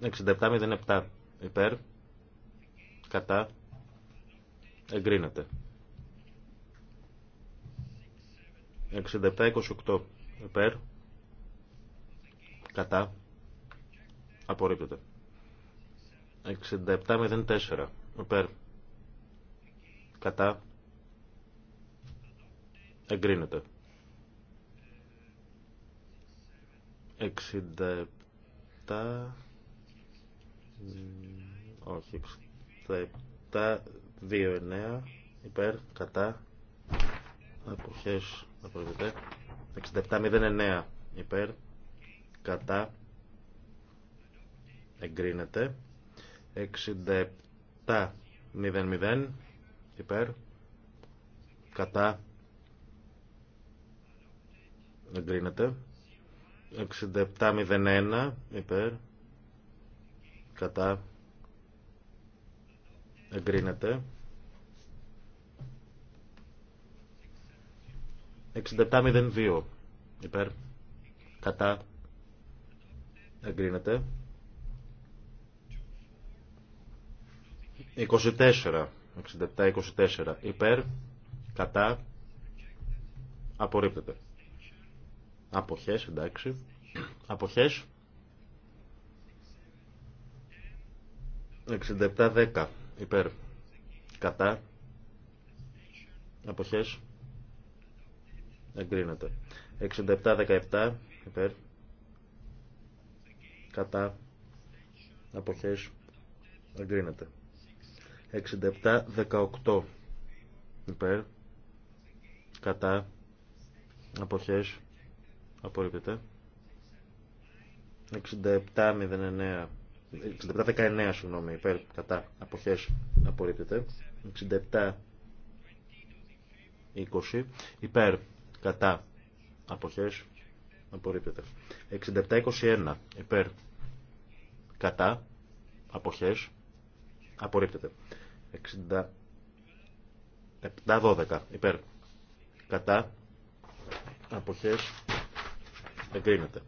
S2: 67-07 υπέρ. Κατά. Εγκρίνεται. 67-28 υπέρ κατά απορρίπτεται 67-04 υπέρ κατά εγκρίνεται 67 όχι, 67, 2, υπέρ, κατά, αποχές, απορριβητέ, 67, 0, 9, υπέρ, 67, κατά εγκρίνεται 67 67.00 υπέρ κατά εγκρίνεται 67.01 υπέρ κατά εγκρίνεται Εγκρίνεται. 67.02 υπέρ κατά Εγκρίνεται. 24. 67-24. Υπέρ. Κατά. Απορρίπτεται. Αποχές, εντάξει. Αποχές. 67-10. Υπέρ. Κατά. Αποχές. Εγκρίνεται. 67-17. Υπέρ κατά αποχές εγκρίνεται 67-18 υπέρ κατά αποχές απορρίπτεται 67 67-19 συγγνώμη υπέρ κατά αποχές απορρίπτεται 67-20 υπέρ κατά αποχές απορρίπτεται 67-21 υπέρ Κατά. Αποχές. Απορρίπτεται. 67-12. Υπέρ. Κατά. Αποχές. Εγκρίνεται.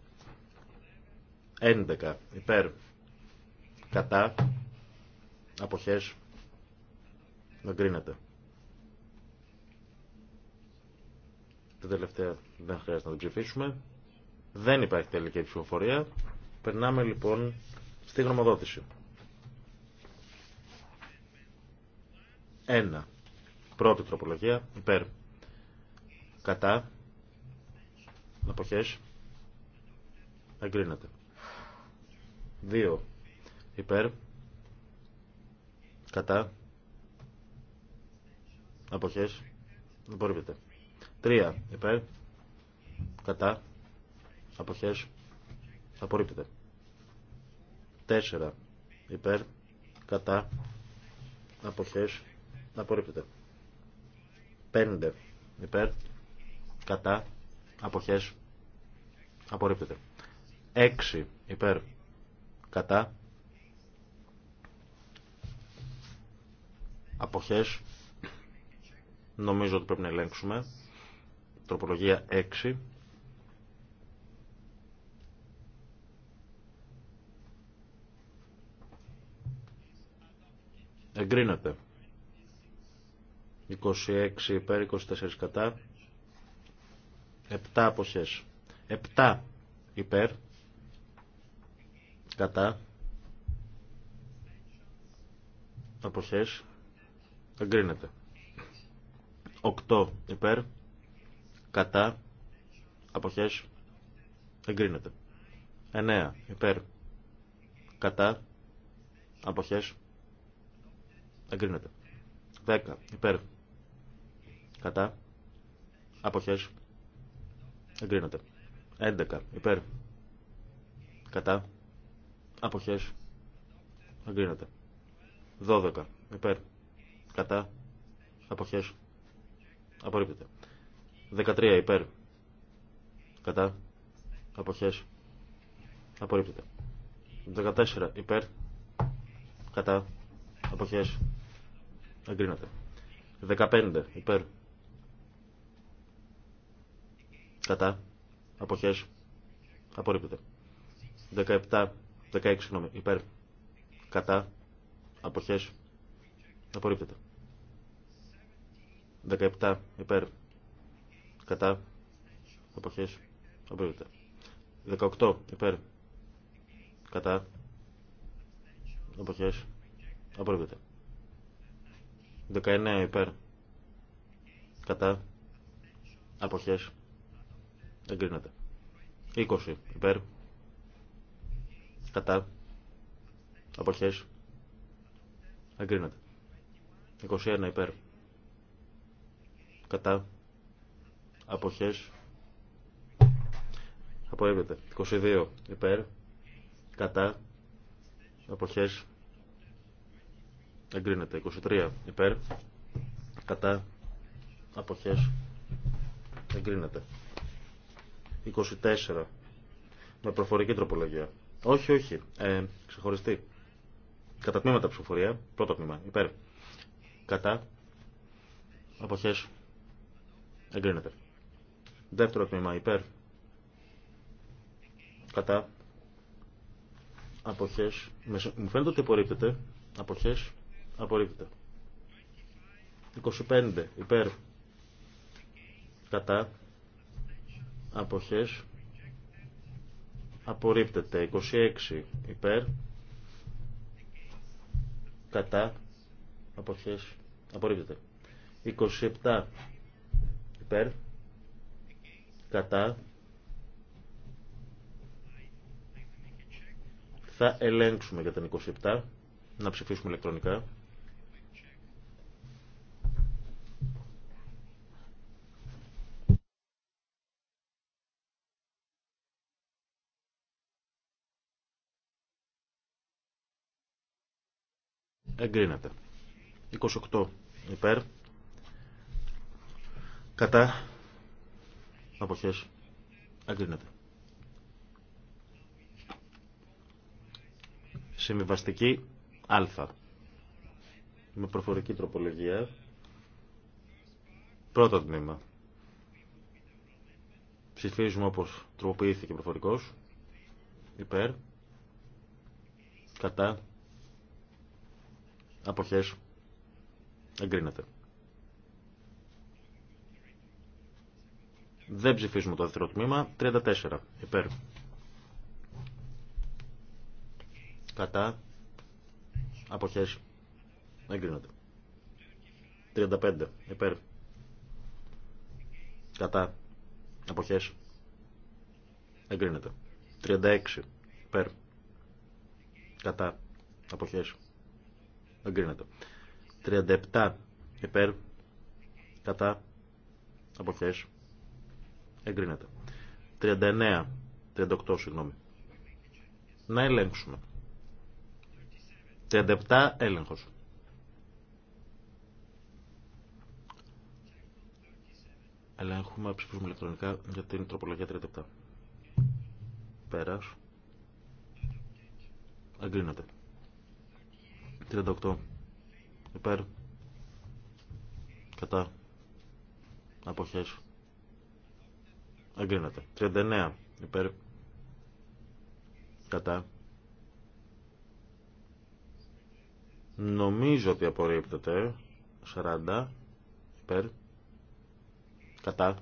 S2: 11. Υπέρ. Κατά. Αποχές. Εγκρίνεται. Τα τελευταία δεν χρειάζεται να την ψηφίσουμε. Δεν υπάρχει τελική ψηφοφορία. Περνάμε λοιπόν Στη γνωμοδότηση. 1. Πρώτη τροπολογία. Υπέρ. Κατά. Αποχέ. εγκρίνεται. 2. Υπέρ. Κατά. Αποχέ. Απορρίπτεται. 3. Υπέρ. Κατά. Αποχέ. Απορρίπτεται. 4 υπέρ κατά αποχές απορρίπτεται 5 υπέρ κατά αποχές απορρίπτεται 6 υπέρ κατά αποχές νομίζω ότι πρέπει να ελέγξουμε τροπολογία 6 Εγκρίνεται. 26 υπέρ 24 κατά. 7 αποχές. 7 υπέρ κατά. Αποχές. Εγκρίνεται. 8 υπέρ κατά. Αποχές. Εγκρίνεται. 9 υπέρ κατά. Αποχές Εγκρίνεται. 10. Υπέρ. Κατά. Αποχέ. Εγκρίνεται. 11. Υπέρ. Κατά. απόχέ, Εγκρίνεται. 12. Υπέρ. Κατά. Αποχέ. Απορρίπτεται. 13. Υπέρ. Κατά. Αποχέ. Απορρίπτεται. 14. Υπέρ. Κατά. αποχέ. Εγκρίνεται. 15 υπέρ. Κατά. Αποχές. Απορρίπτεται. 17, 16 συγγνώμη, υπέρ. Κατά. Αποχές. Απορρίπτεται. 17 υπέρ. Κατά. Αποχές. Απορρίπτεται. 18 υπέρ. Κατά. Αποχές. Απορρίπτεται. 19 υπέρ. Κατά. αποχέ, Εγκρίνεται. 20 υπέρ. Κατά. αποχέ. Εγκρίνεται. 21 υπέρ. Κατά. Αποχέ. Απορρίπτεται. 22 υπέρ. Κατά. Αποχέ εγκρίνεται 23 υπέρ κατά αποχές εγκρίνεται 24 με προφορική τροπολογία όχι όχι ε, ξεχωριστή κατά τμήματα ψηφοφορία πρώτο τμήμα υπέρ κατά αποχές εγκρίνεται δεύτερο τμήμα υπέρ κατά αποχές μου φαίνεται ότι απορρίπτεται αποχές Απορρίπτεται. 25 υπέρ κατά αποχές απορρίπτεται 26 υπέρ κατά αποχές απορρίπτεται 27 υπέρ κατά θα ελέγξουμε για την 27 να ψηφίσουμε ηλεκτρονικά εγκρίνεται. 28 υπέρ, κατά, αποχές, εγκρίνεται. Συμβιβαστική α, με προφορική τροπολογία, πρώτο τμήμα. Ψηφίζουμε όπως τροποποιήθηκε προφορικός, υπέρ, κατά, Αποχές. Εγκρίνεται. Δεν ψηφίζουμε το δεύτερο τμήμα. 34. Υπέρ. Κατά. Αποχές. Εγκρίνεται. 35. Υπέρ. Κατά. Αποχές. Εγκρίνεται. 36. Υπέρ. Κατά. Αποχές εγκρίνεται. 37 υπέρ κατά αποχές εγκρίνεται. 39, 38 συγγνώμη. Να ελέγξουμε. 37 έλεγχος. Ελέγχουμε, ψηφίζουμε ηλεκτρονικά για την τροπολογία 37. Πέρας. Εγκρίνεται. 38. Υπέρ. Κατά. Αποχές. Εγκρίνεται. 39. Υπέρ. Κατά. Νομίζω ότι απορρίπτεται. 40. Υπέρ. Κατά.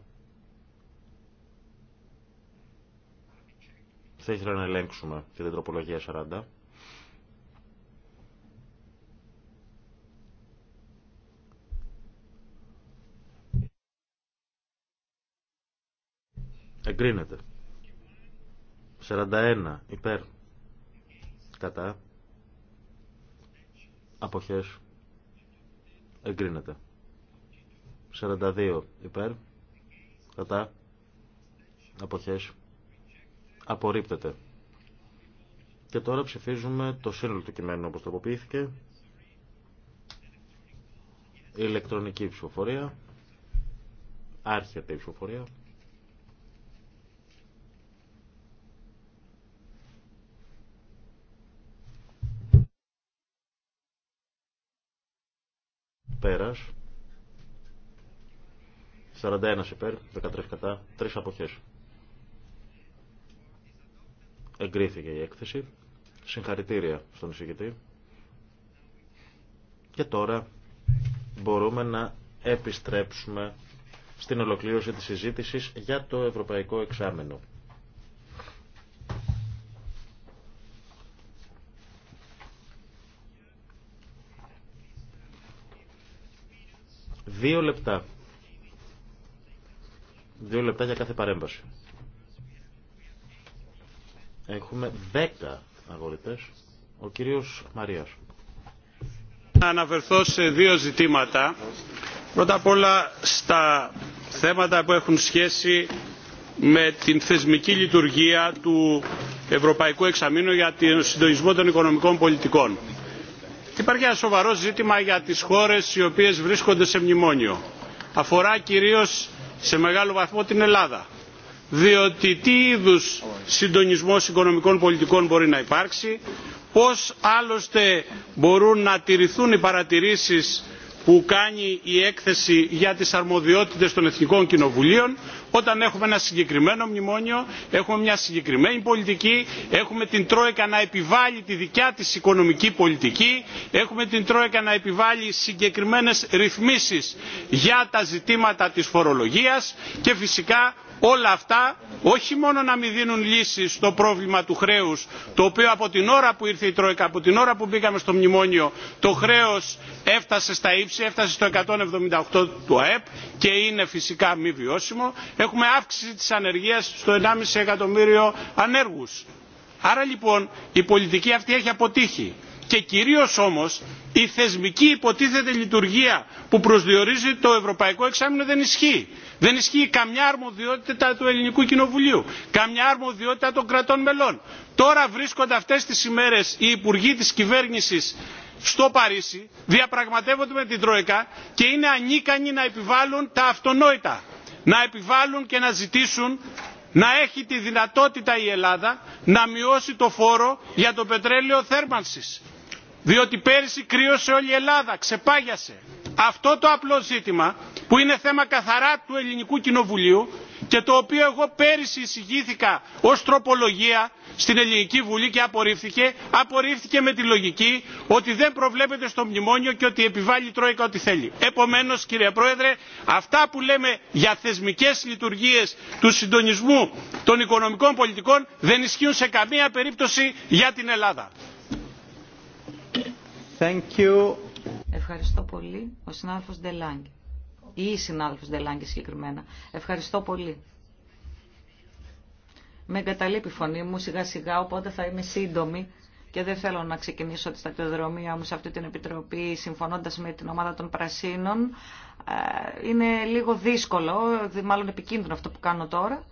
S2: Θα ήθελα να ελέγξουμε και την τροπολογία 40. Εγκρίνεται. 41 υπέρ. Κατά. Αποχές. Εγκρίνεται. 42 υπέρ. Κατά. Αποχές. Απορρίπτεται. Και τώρα ψηφίζουμε το σύνολο του κειμένου όπως τροποποιήθηκε. Η ηλεκτρονική ψηφοφορία. Άρχεται η ψηφοφορία. Πέρας. 41 υπέρ, 13 κατά, 3 αποχές. Εγκρίθηκε η έκθεση. Συγχαρητήρια στον εισηγητή. Και τώρα μπορούμε να επιστρέψουμε στην ολοκλήρωση της συζήτησης για το Ευρωπαϊκό Εξάμενο. Δύο λεπτά. Δύο λεπτά για κάθε παρέμβαση. Έχουμε δέκα αγορητές. Ο κύριος Μαρίας.
S5: Να αναφερθώ σε δύο ζητήματα. Πρώτα απ' όλα στα θέματα που έχουν σχέση με την θεσμική λειτουργία του Ευρωπαϊκού Εξαμήνου για τον συντονισμό των οικονομικών πολιτικών Υπάρχει ένα σοβαρό ζήτημα για τις χώρες οι οποίες βρίσκονται σε μνημόνιο. Αφορά κυρίως σε μεγάλο βαθμό την Ελλάδα. Διότι τι είδους συντονισμός οικονομικών πολιτικών μπορεί να υπάρξει, πώς άλλωστε μπορούν να τηρηθούν οι παρατηρήσεις που κάνει η έκθεση για τις αρμοδιότητες των εθνικών κοινοβουλίων όταν έχουμε ένα συγκεκριμένο μνημόνιο έχουμε μια συγκεκριμένη πολιτική έχουμε την τρόικα να επιβάλλει τη δικιά της οικονομική πολιτική έχουμε την τρόικα να επιβάλλει συγκεκριμένες ρυθμίσεις για τα ζητήματα της φορολογίας και φυσικά όλα αυτά όχι μόνο να μην δίνουν λύσεις στο πρόβλημα του χρέους το οποίο από την ώρα που ήρθε η τρόικα από την ώρα που μπήκαμε στο μνημόνιο το χρέος έφτασε στα ύψη έφτασε στο 178 του αεπ και είναι φυσικά μη βιώσιμο έχουμε αύξηση της ανεργία στο 1,5 εκατομμύριο ανέργους. άρα λοιπόν η πολιτική αυτή έχει αποτύχει και κυρίως όμως η θεσμική υποτίθεται λειτουργία που προσδιορίζει το ευρωπαϊκό εξάμεινο δεν ισχύει. Δεν ισχύει καμιά αρμοδιότητα του ελληνικού κοινοβουλίου, καμιά αρμοδιότητα των κρατών μελών. Τώρα βρίσκονται αυτές τις ημέρες οι υπουργοί της κυβέρνησης στο Παρίσι, διαπραγματεύονται με την Τρόικα και είναι ανίκανοι να επιβάλλουν τα αυτονόητα. Να επιβάλλουν και να ζητήσουν να έχει τη δυνατότητα η Ελλάδα να μειώσει το φόρο για το πετρέλαιο θέρμανσης διότι πέρυσι κρύωσε όλη η Ελλάδα, ξεπάγιασε. Αυτό το απλό ζήτημα που είναι θέμα καθαρά του ελληνικού κοινοβουλίου και το οποίο εγώ πέρυσι εισηγήθηκα ως τροπολογία στην ελληνική βουλή και απορρίφθηκε, απορρίφθηκε με τη λογική ότι δεν προβλέπεται στο μνημόνιο και ότι επιβάλλει η Τρόικα ό,τι θέλει. Επομένως κύριε Πρόεδρε, αυτά που λέμε για θεσμικές λειτουργίες του συντονισμού των οικονομικών πολιτικών δεν ισχύουν σε καμία περίπτωση για την Ελλάδα.
S4: Ευχαριστώ πολύ. Ο συνάδελφος Ντελάγκη. Ή η συνάδελφος Ντελάγκη συγκεκριμένα. Ευχαριστώ πολύ. Με εγκαταλείπει η φωνή μου σιγά σιγά, οπότε θα είμαι σύντομη και δεν θέλω να ξεκινήσω τη σταδιοδρομία μου σε αυτή την επιτροπή συμφωνώντα με την ομάδα των Πρασίνων. Ε, είναι λίγο δύσκολο, μάλλον επικίνδυνο αυτό που κάνω τώρα.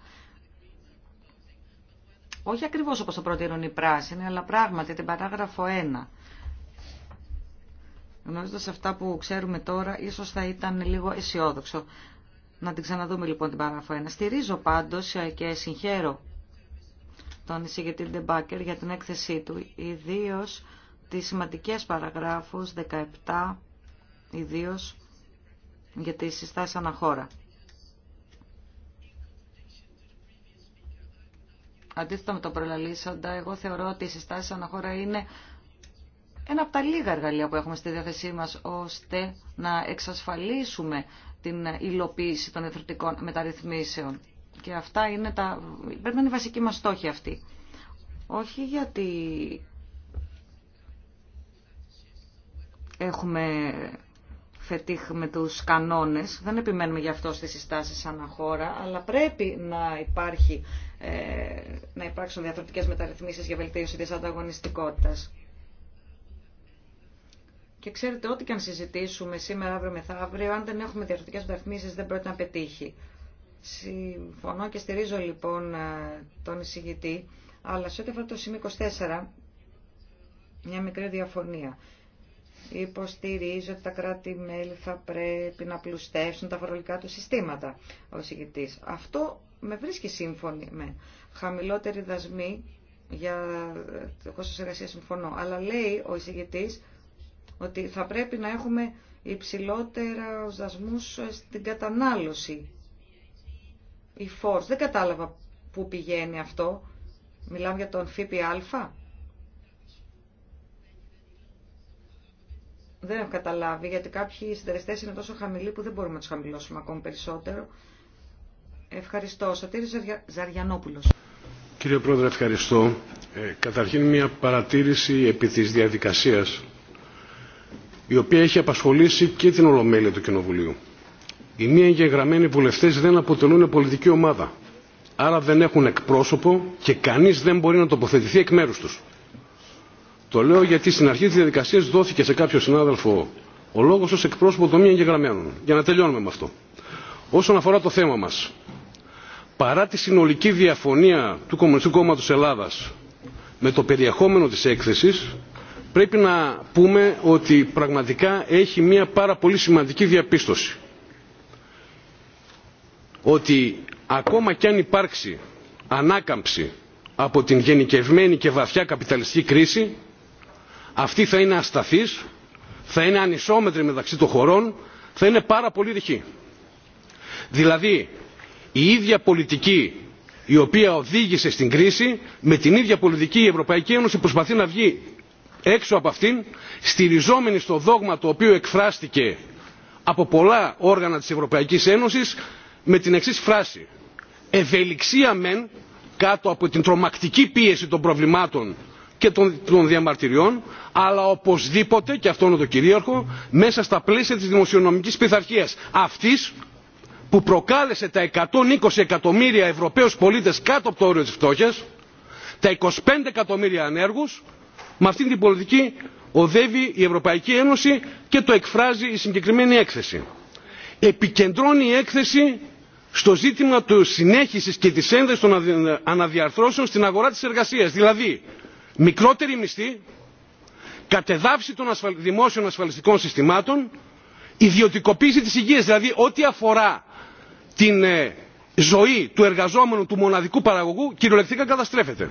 S4: Όχι ακριβώς όπως το προτείνουν οι πράσινοι, αλλά πράγματι την παράγραφο 1 Γνωρίζοντα αυτά που ξέρουμε τώρα, ίσω θα ήταν λίγο αισιόδοξο. Να την ξαναδούμε λοιπόν την παράγραφο 1. Στηρίζω πάντω και συγχαίρω τον εισηγητή Ντεμπάκερ για την έκθεσή του, ιδίω τι σημαντικέ παραγράφου 17, ιδίω για τι συστάσει αναχώρα. Αντίθετα με τον προλαλήσαντα, εγώ θεωρώ ότι οι συστάσει αναχώρα είναι ένα από τα λίγα εργαλεία που έχουμε στη διάθεσή μας ώστε να εξασφαλίσουμε την υλοποίηση των εθνικών μεταρρυθμίσεων. Και αυτά είναι τα... πρέπει να είναι η βασική μας στόχη αυτή. Όχι γιατί έχουμε φετίχ με τους κανόνες, δεν επιμένουμε γι' αυτό στις συστάσεις σαν χώρα, αλλά πρέπει να, υπάρχει, ε, να υπάρξουν διαφορετικές μεταρρυθμίσεις για βελτίωση της ανταγωνιστικότητας. Και ξέρετε, ό,τι και αν συζητήσουμε σήμερα, αύριο μεθαύριο, αν δεν έχουμε διαφορετικέ μεταρρυθμίσει, δεν πρόκειται να πετύχει. Συμφωνώ και στηρίζω λοιπόν ε, τον εισηγητή, αλλά σε ό,τι αφορά το σημείο 24, μια μικρή διαφωνία. Υποστηρίζω ότι τα κράτη-μέλη θα πρέπει να πλουστεύσουν τα φορολογικά του συστήματα, ο εισηγητή. Αυτό με βρίσκει σύμφωνη με χαμηλότερη δασμή για το κόστο εργασία συμφωνώ, αλλά λέει ο εισηγητή, ότι θα πρέπει να έχουμε υψηλότερα δασμού στην κατανάλωση. Η δεν κατάλαβα πού πηγαίνει αυτό. Μιλάμε για τον ΦΠΑ. Δεν έχω καταλάβει, γιατί κάποιοι συντελεστέ είναι τόσο χαμηλοί που δεν μπορούμε να του χαμηλώσουμε ακόμη περισσότερο. Ευχαριστώ. Σωτήρης Ζαριανόπουλος.
S6: Κύριε Πρόεδρε, ευχαριστώ. Ε, καταρχήν μια παρατήρηση επί της διαδικασίας η οποία έχει απασχολήσει και την Ολομέλεια του Κοινοβουλίου. Οι μη εγγεγραμμένοι βουλευτέ δεν αποτελούν πολιτική ομάδα. Άρα δεν έχουν εκπρόσωπο και κανεί δεν μπορεί να τοποθετηθεί εκ μέρου του. Το λέω γιατί στην αρχή τη διαδικασία δόθηκε σε κάποιο συνάδελφο ο λόγο ω εκπρόσωπο των μη εγγεγραμμένων. Για να τελειώνουμε με αυτό. Όσον αφορά το θέμα μα, παρά τη συνολική διαφωνία του Κομμουνιστικού Κόμματο Ελλάδα με το περιεχόμενο τη έκθεση, πρέπει να πούμε ότι πραγματικά έχει μία πάρα πολύ σημαντική διαπίστωση. Ότι ακόμα κι αν υπάρξει ανάκαμψη από την γενικευμένη και βαθιά καπιταλιστική κρίση, αυτή θα είναι ασταθής, θα είναι ανισόμετρη μεταξύ των χωρών, θα είναι πάρα πολύ ρηχή. Δηλαδή, η ίδια πολιτική η οποία οδήγησε στην κρίση, με την ίδια πολιτική η Ευρωπαϊκή Ένωση προσπαθεί να βγει έξω από αυτήν, στηριζόμενοι στο δόγμα το οποίο εκφράστηκε από πολλά όργανα της Ευρωπαϊκής Ένωσης με την εξής φράση «Ευελιξία μεν κάτω από την τρομακτική πίεση των προβλημάτων και των, διαμαρτυριών, αλλά οπωσδήποτε, και αυτό είναι το κυρίαρχο, μέσα στα πλαίσια της δημοσιονομικής πειθαρχίας αυτής που προκάλεσε τα 120 εκατομμύρια Ευρωπαίους πολίτες κάτω από το όριο της φτώχειας, τα 25 εκατομμύρια ανέργους με αυτή την πολιτική οδεύει η ευρωπαϊκή ένωση και το εκφράζει η συγκεκριμένη έκθεση. επικεντρώνει η έκθεση στο ζήτημα της συνέχισης και της ένδεσης των αναδιαρθρώσεων στην αγορά της εργασίας δηλαδή μικρότερη μισθή κατεδάφιση των δημόσιων ασφαλιστικών συστημάτων ιδιωτικοποίηση της υγείας δηλαδή ό,τι αφορά την ε, ζωή του εργαζόμενου του μοναδικού παραγωγού κυριολεκτικά καταστρέφεται.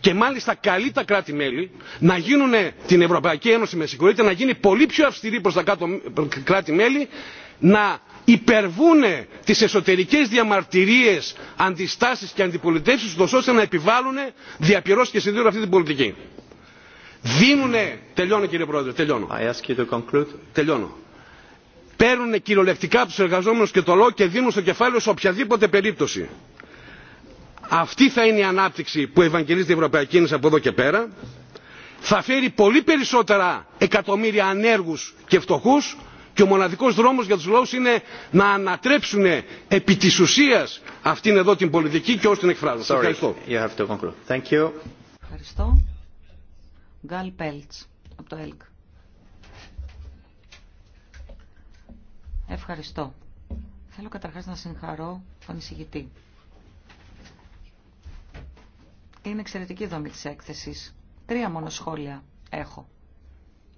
S6: Και μάλιστα καλεί τα κράτη-μέλη να γίνουν την Ευρωπαϊκή Ένωση, με συγχωρείτε, να γίνει πολύ πιο αυστηρή προς τα κράτη-μέλη, να υπερβούν τις εσωτερικές διαμαρτυρίες, αντιστάσεις και αντιπολιτεύσεις, ώστε να επιβάλλουν διαπυρός και συνδύρω αυτή την πολιτική. Δίνουν, τελειώνω κύριε Πρόεδρε, τελειώνω. Τελειώνω παίρνουν κυριολεκτικά από τους και το λόγο και δίνουν στο κεφάλαιο σε οποιαδήποτε περίπτωση. Αυτή θα είναι η ανάπτυξη που ευαγγελίζεται η Ευρωπαϊκή Ένωση από εδώ και πέρα. Θα φέρει πολύ περισσότερα εκατομμύρια ανέργους και φτωχούς και ο μοναδικό δρόμο για τους λόγου είναι να ανατρέψουν επί τη ουσία αυτήν εδώ την πολιτική και όσοι την εκφράζουν. Ευχαριστώ.
S4: Γκάλ από το ΕΛΚ. Ευχαριστώ. Θέλω καταρχάς να συγχαρώ τον εισηγητή. Είναι εξαιρετική δομή της έκθεσης. Τρία μόνο σχόλια έχω.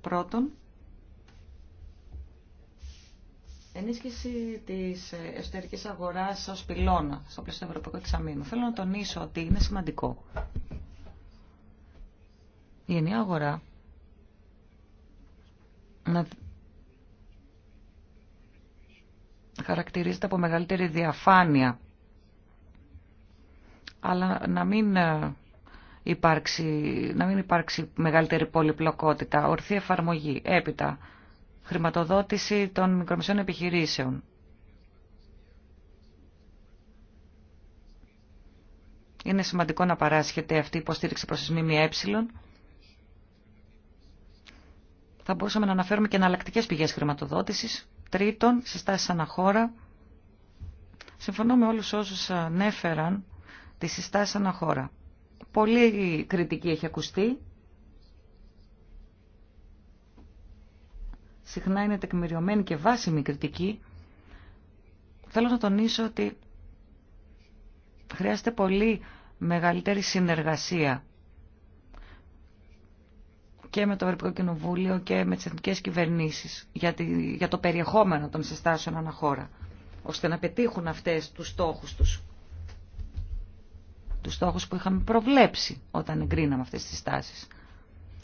S4: Πρώτον, ενίσχυση της εσωτερικής αγοράς ως πυλώνα στο πλαίσιο του Ευρωπαϊκού Εξαμήνου. Θέλω να τονίσω ότι είναι σημαντικό. Η ενιαία αγορά να χαρακτηρίζεται από μεγαλύτερη διαφάνεια, αλλά να μην ε, υπάρξει, να μην υπάρξει μεγαλύτερη πολυπλοκότητα, ορθή εφαρμογή, έπειτα χρηματοδότηση των μικρομεσαίων επιχειρήσεων. Είναι σημαντικό να παράσχεται αυτή η υποστήριξη προς τις ΜΜΕ θα μπορούσαμε να αναφέρουμε και εναλλακτικέ πηγέ χρηματοδότηση. Τρίτον, συστάσει αναχώρα. Συμφωνώ με όλου όσου ανέφεραν τι συστάσει αναχώρα. Πολύ κριτική έχει ακουστεί. Συχνά είναι τεκμηριωμένη και βάσιμη κριτική. Θέλω να τονίσω ότι χρειάζεται πολύ μεγαλύτερη συνεργασία και με το Ευρωπαϊκό Κοινοβούλιο και με τι εθνικέ κυβερνήσει για, για το περιεχόμενο των συστάσεων αναχώρα, ώστε να πετύχουν αυτέ του στόχου του. Του στόχου που είχαμε προβλέψει όταν εγκρίναμε αυτέ τι τάσει.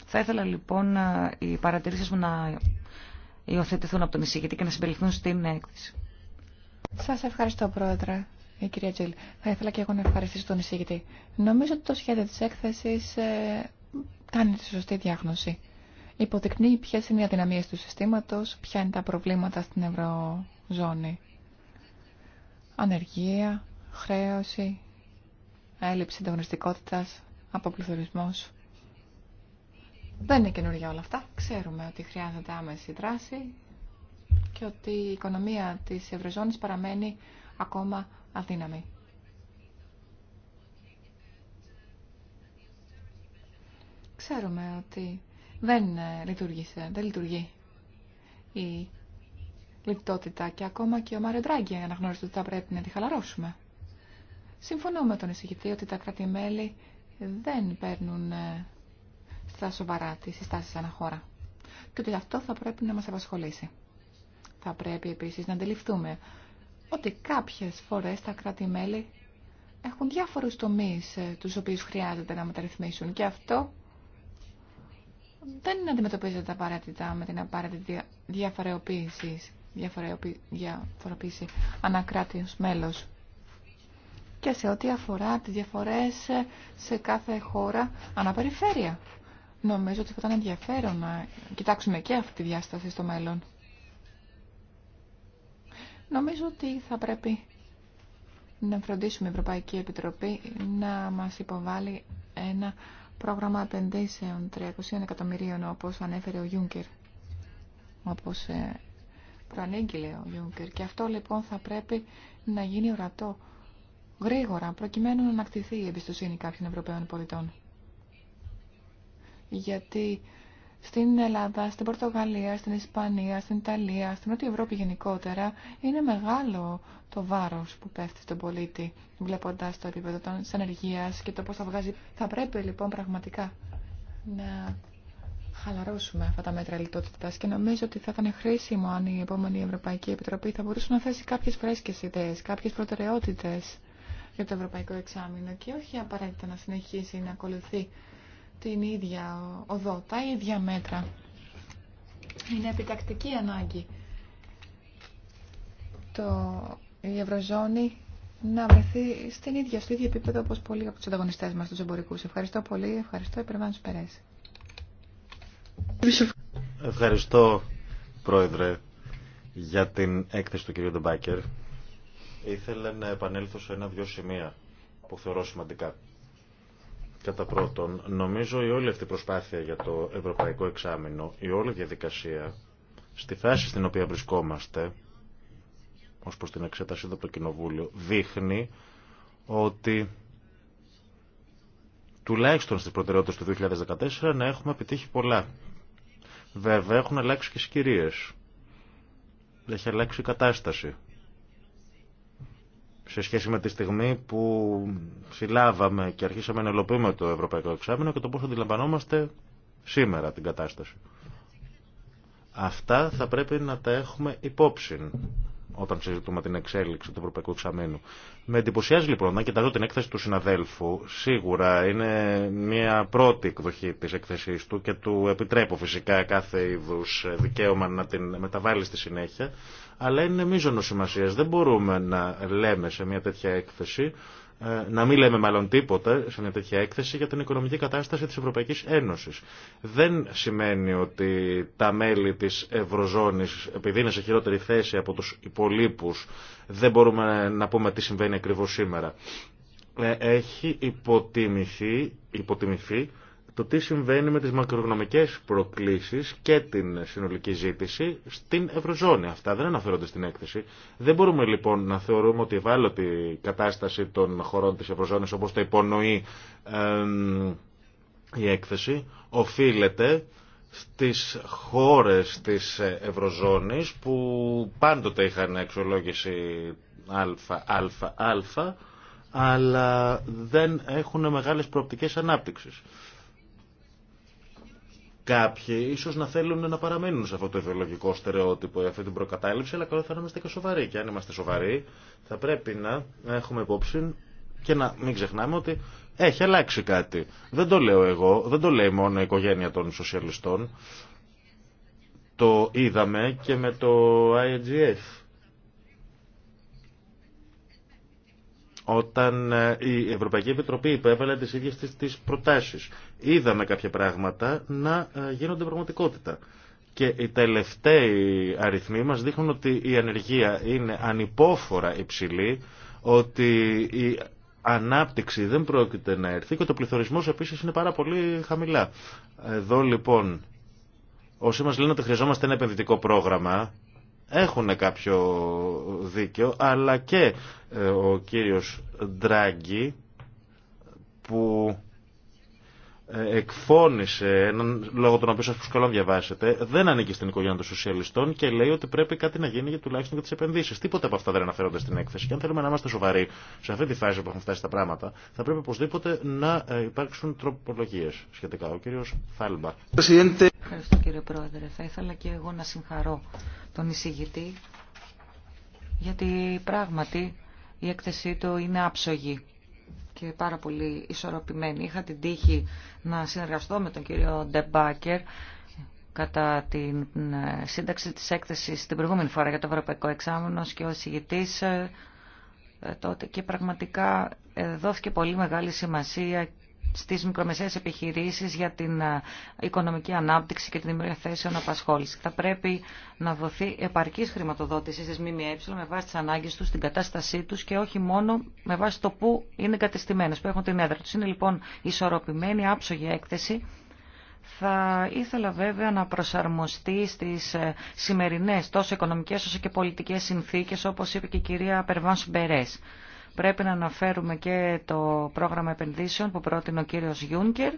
S4: Θα ήθελα λοιπόν οι παρατηρήσει μου να υιοθετηθούν από τον εισηγητή και να συμπεριληφθούν στην έκθεση.
S3: Σα ευχαριστώ Πρόεδρε. Η κυρία Τζιλ, θα ήθελα και εγώ να ευχαριστήσω τον εισηγητή. Νομίζω ότι το σχέδιο της έκθεσης ε, κάνει τη σωστή διάγνωση. Υποδεικνύει ποιες είναι οι αδυναμίες του συστήματος, ποια είναι τα προβλήματα στην Ευρωζώνη. Ανεργία, χρέωση, έλλειψη ανταγωνιστικότητας, αποπληθωρισμός. Δεν είναι καινούργια όλα αυτά. Ξέρουμε ότι χρειάζεται άμεση δράση και ότι η οικονομία της Ευρωζώνης παραμένει ακόμα αδύναμη. Ξέρουμε ότι δεν ε, λειτουργήσε, δεν λειτουργεί η λιτότητα και ακόμα και ο Μάριο Ντράγκη αναγνώρισε ότι θα πρέπει να τη χαλαρώσουμε. Συμφωνώ με τον εισηγητή ότι τα κράτη-μέλη δεν παίρνουν ε, στα σοβαρά τις συστάσεις χώρα. και ότι αυτό θα πρέπει να μας απασχολήσει. Θα πρέπει επίσης να αντιληφθούμε ότι κάποιες φορές τα κράτη-μέλη έχουν διάφορους τομείς ε, τους οποίους χρειάζεται να μεταρρυθμίσουν και αυτό δεν αντιμετωπίζεται απαραίτητα με την απαραίτητη διαφοροποίηση, διαφοροποίηση ανακράτης μέλος. Και σε ό,τι αφορά τις διαφορές σε κάθε χώρα αναπεριφέρεια. Νομίζω ότι θα ήταν ενδιαφέρον να κοιτάξουμε και αυτή τη διάσταση στο μέλλον. Νομίζω ότι θα πρέπει να φροντίσουμε η Ευρωπαϊκή Επιτροπή να μας υποβάλει ένα πρόγραμμα επενδύσεων 300 εκατομμυρίων όπως ανέφερε ο Γιούγκερ όπως ε, προανήγγειλε ο Γιούγκερ και αυτό λοιπόν θα πρέπει να γίνει ορατό γρήγορα προκειμένου να ανακτηθεί η εμπιστοσύνη κάποιων Ευρωπαίων πολιτών γιατί στην Ελλάδα, στην Πορτογαλία, στην Ισπανία, στην Ιταλία, στην Νότια Ευρώπη γενικότερα, είναι μεγάλο το βάρος που πέφτει στον πολίτη, βλέποντας το επίπεδο της ανεργίας και το πώς θα βγάζει. Θα πρέπει λοιπόν πραγματικά να χαλαρώσουμε αυτά τα μέτρα λιτότητας και νομίζω ότι θα ήταν χρήσιμο αν η επόμενη Ευρωπαϊκή Επιτροπή θα μπορούσε να θέσει κάποιες φρέσκες ιδέες, κάποιες προτεραιότητες για το Ευρωπαϊκό Εξάμεινο και όχι απαραίτητα να συνεχίσει να ακολουθεί την ίδια οδό, τα ίδια μέτρα. Είναι επιτακτική ανάγκη το, η Ευρωζώνη να βρεθεί στην ίδια, στο ίδιο επίπεδο όπως πολλοί από τους ανταγωνιστές μας, τους εμπορικούς. Ευχαριστώ πολύ, ευχαριστώ, υπερβάνω του περές.
S2: Ευχαριστώ, Πρόεδρε, για την έκθεση του κ. Ντεμπάκερ. Ήθελα να επανέλθω σε ένα-δυο σημεία που θεωρώ σημαντικά. Κατά πρώτον, νομίζω η όλη αυτή προσπάθεια για το ευρωπαϊκό εξάμεινο, η όλη διαδικασία, στη φάση στην οποία βρισκόμαστε, ως προς την εξέταση εδώ από το Κοινοβούλιο, δείχνει ότι τουλάχιστον στις προτεραιότητες του 2014 να έχουμε επιτύχει πολλά. Βέβαια έχουν αλλάξει και συγκυρίες. Έχει αλλάξει η κατάσταση σε σχέση με τη στιγμή που συλλάβαμε και αρχίσαμε να ελοποιούμε το Ευρωπαϊκό Εξάμεινο και το πώς αντιλαμβανόμαστε σήμερα την κατάσταση. Αυτά θα πρέπει να τα έχουμε υπόψη όταν συζητούμε την εξέλιξη του Ευρωπαϊκού Εξαμήνου. Με εντυπωσιάζει λοιπόν, να κοιτάζω την έκθεση του συναδέλφου, σίγουρα είναι μια πρώτη εκδοχή της εκθεσής του και του επιτρέπω φυσικά κάθε είδου δικαίωμα να την μεταβάλει στη συνέχεια αλλά είναι μείζονο σημασία. Δεν μπορούμε να λέμε σε μια τέτοια έκθεση, ε, να μην λέμε μάλλον τίποτα σε μια τέτοια έκθεση για την οικονομική κατάσταση της Ευρωπαϊκής Ένωσης. Δεν σημαίνει ότι τα μέλη της Ευρωζώνης, επειδή είναι σε χειρότερη θέση από τους υπολείπου, δεν μπορούμε να πούμε τι συμβαίνει ακριβώ σήμερα. Ε, έχει υποτιμηθεί το τι συμβαίνει με τις μακρογνωμικές προκλήσεις και την συνολική ζήτηση στην Ευρωζώνη. Αυτά δεν αναφέρονται στην έκθεση. Δεν μπορούμε λοιπόν να θεωρούμε ότι η ευάλωτη κατάσταση των χωρών της Ευρωζώνης όπως το υπονοεί η έκθεση οφείλεται στις χώρες της Ευρωζώνης που πάντοτε είχαν αξιολόγηση α, αλλά δεν έχουν μεγάλες προοπτικές ανάπτυξης. Κάποιοι ίσως να θέλουν να παραμένουν σε αυτό το ιδεολογικό στερεότυπο ή αυτή την προκατάληψη, αλλά καλό θα είμαστε και σοβαροί. Και αν είμαστε σοβαροί, θα πρέπει να έχουμε υπόψη και να μην ξεχνάμε ότι έχει αλλάξει κάτι. Δεν το λέω εγώ, δεν το λέει μόνο η οικογένεια των σοσιαλιστών. Το είδαμε και με το IGF όταν ε, η Ευρωπαϊκή Επιτροπή υπέβαλε τις ίδιες τις, τις προτάσεις. Είδαμε κάποια πράγματα να ε, γίνονται πραγματικότητα. Και οι τελευταίοι αριθμοί μας δείχνουν ότι η ανεργία είναι ανυπόφορα υψηλή, ότι η ανάπτυξη δεν πρόκειται να έρθει και ο πληθωρισμός επίσης είναι πάρα πολύ χαμηλά. Εδώ λοιπόν, όσοι μας λένε ότι χρειαζόμαστε ένα επενδυτικό πρόγραμμα, έχουν κάποιο δίκαιο, αλλά και ε, ο κύριος Ντράγκη που εκφώνησε έναν λόγο τον οποίο σας προσκαλώ να διαβάσετε, δεν ανήκει στην οικογένεια των σοσιαλιστών και λέει ότι πρέπει κάτι να γίνει για τουλάχιστον για τις επενδύσεις. Τίποτα από αυτά δεν αναφέρονται στην έκθεση. Και αν θέλουμε να είμαστε σοβαροί σε αυτή τη φάση που έχουν φτάσει τα πράγματα, θα πρέπει οπωσδήποτε να ε, υπάρξουν τροπολογίες σχετικά. Ο κύριος Θάλμπα.
S4: Ευχαριστώ κύριε Πρόεδρε. Θα ήθελα και εγώ να συγχαρώ τον εισηγητή, γιατί πράγματι η έκθεσή του είναι άψογη και πάρα πολύ ισορροπημένη. Είχα την τύχη να συνεργαστώ με τον κύριο Ντεμπάκερ κατά την ε, σύνταξη της έκθεσης την προηγούμενη φορά για το Ευρωπαϊκό Εξάμεινο και ο συγητής ε, ε, τότε και πραγματικά δόθηκε πολύ μεγάλη σημασία στις μικρομεσαίες επιχειρήσεις για την ε, οικονομική ανάπτυξη και την δημιουργία θέσεων απασχόληση. Θα πρέπει να δοθεί επαρκής χρηματοδότηση στις ΜΜΕ με βάση τις ανάγκες τους, την κατάστασή τους και όχι μόνο με βάση το που είναι εγκατεστημένες, που έχουν την έδρα τους. Είναι λοιπόν ισορροπημένη, άψογη έκθεση θα ήθελα βέβαια να προσαρμοστεί στις ε, σημερινές τόσο οικονομικές όσο και πολιτικές συνθήκες όπως είπε και η κυρία Περβάν Σουμπερές. Πρέπει να αναφέρουμε και το πρόγραμμα επενδύσεων που πρότεινε ο κύριος Γιούνκερ.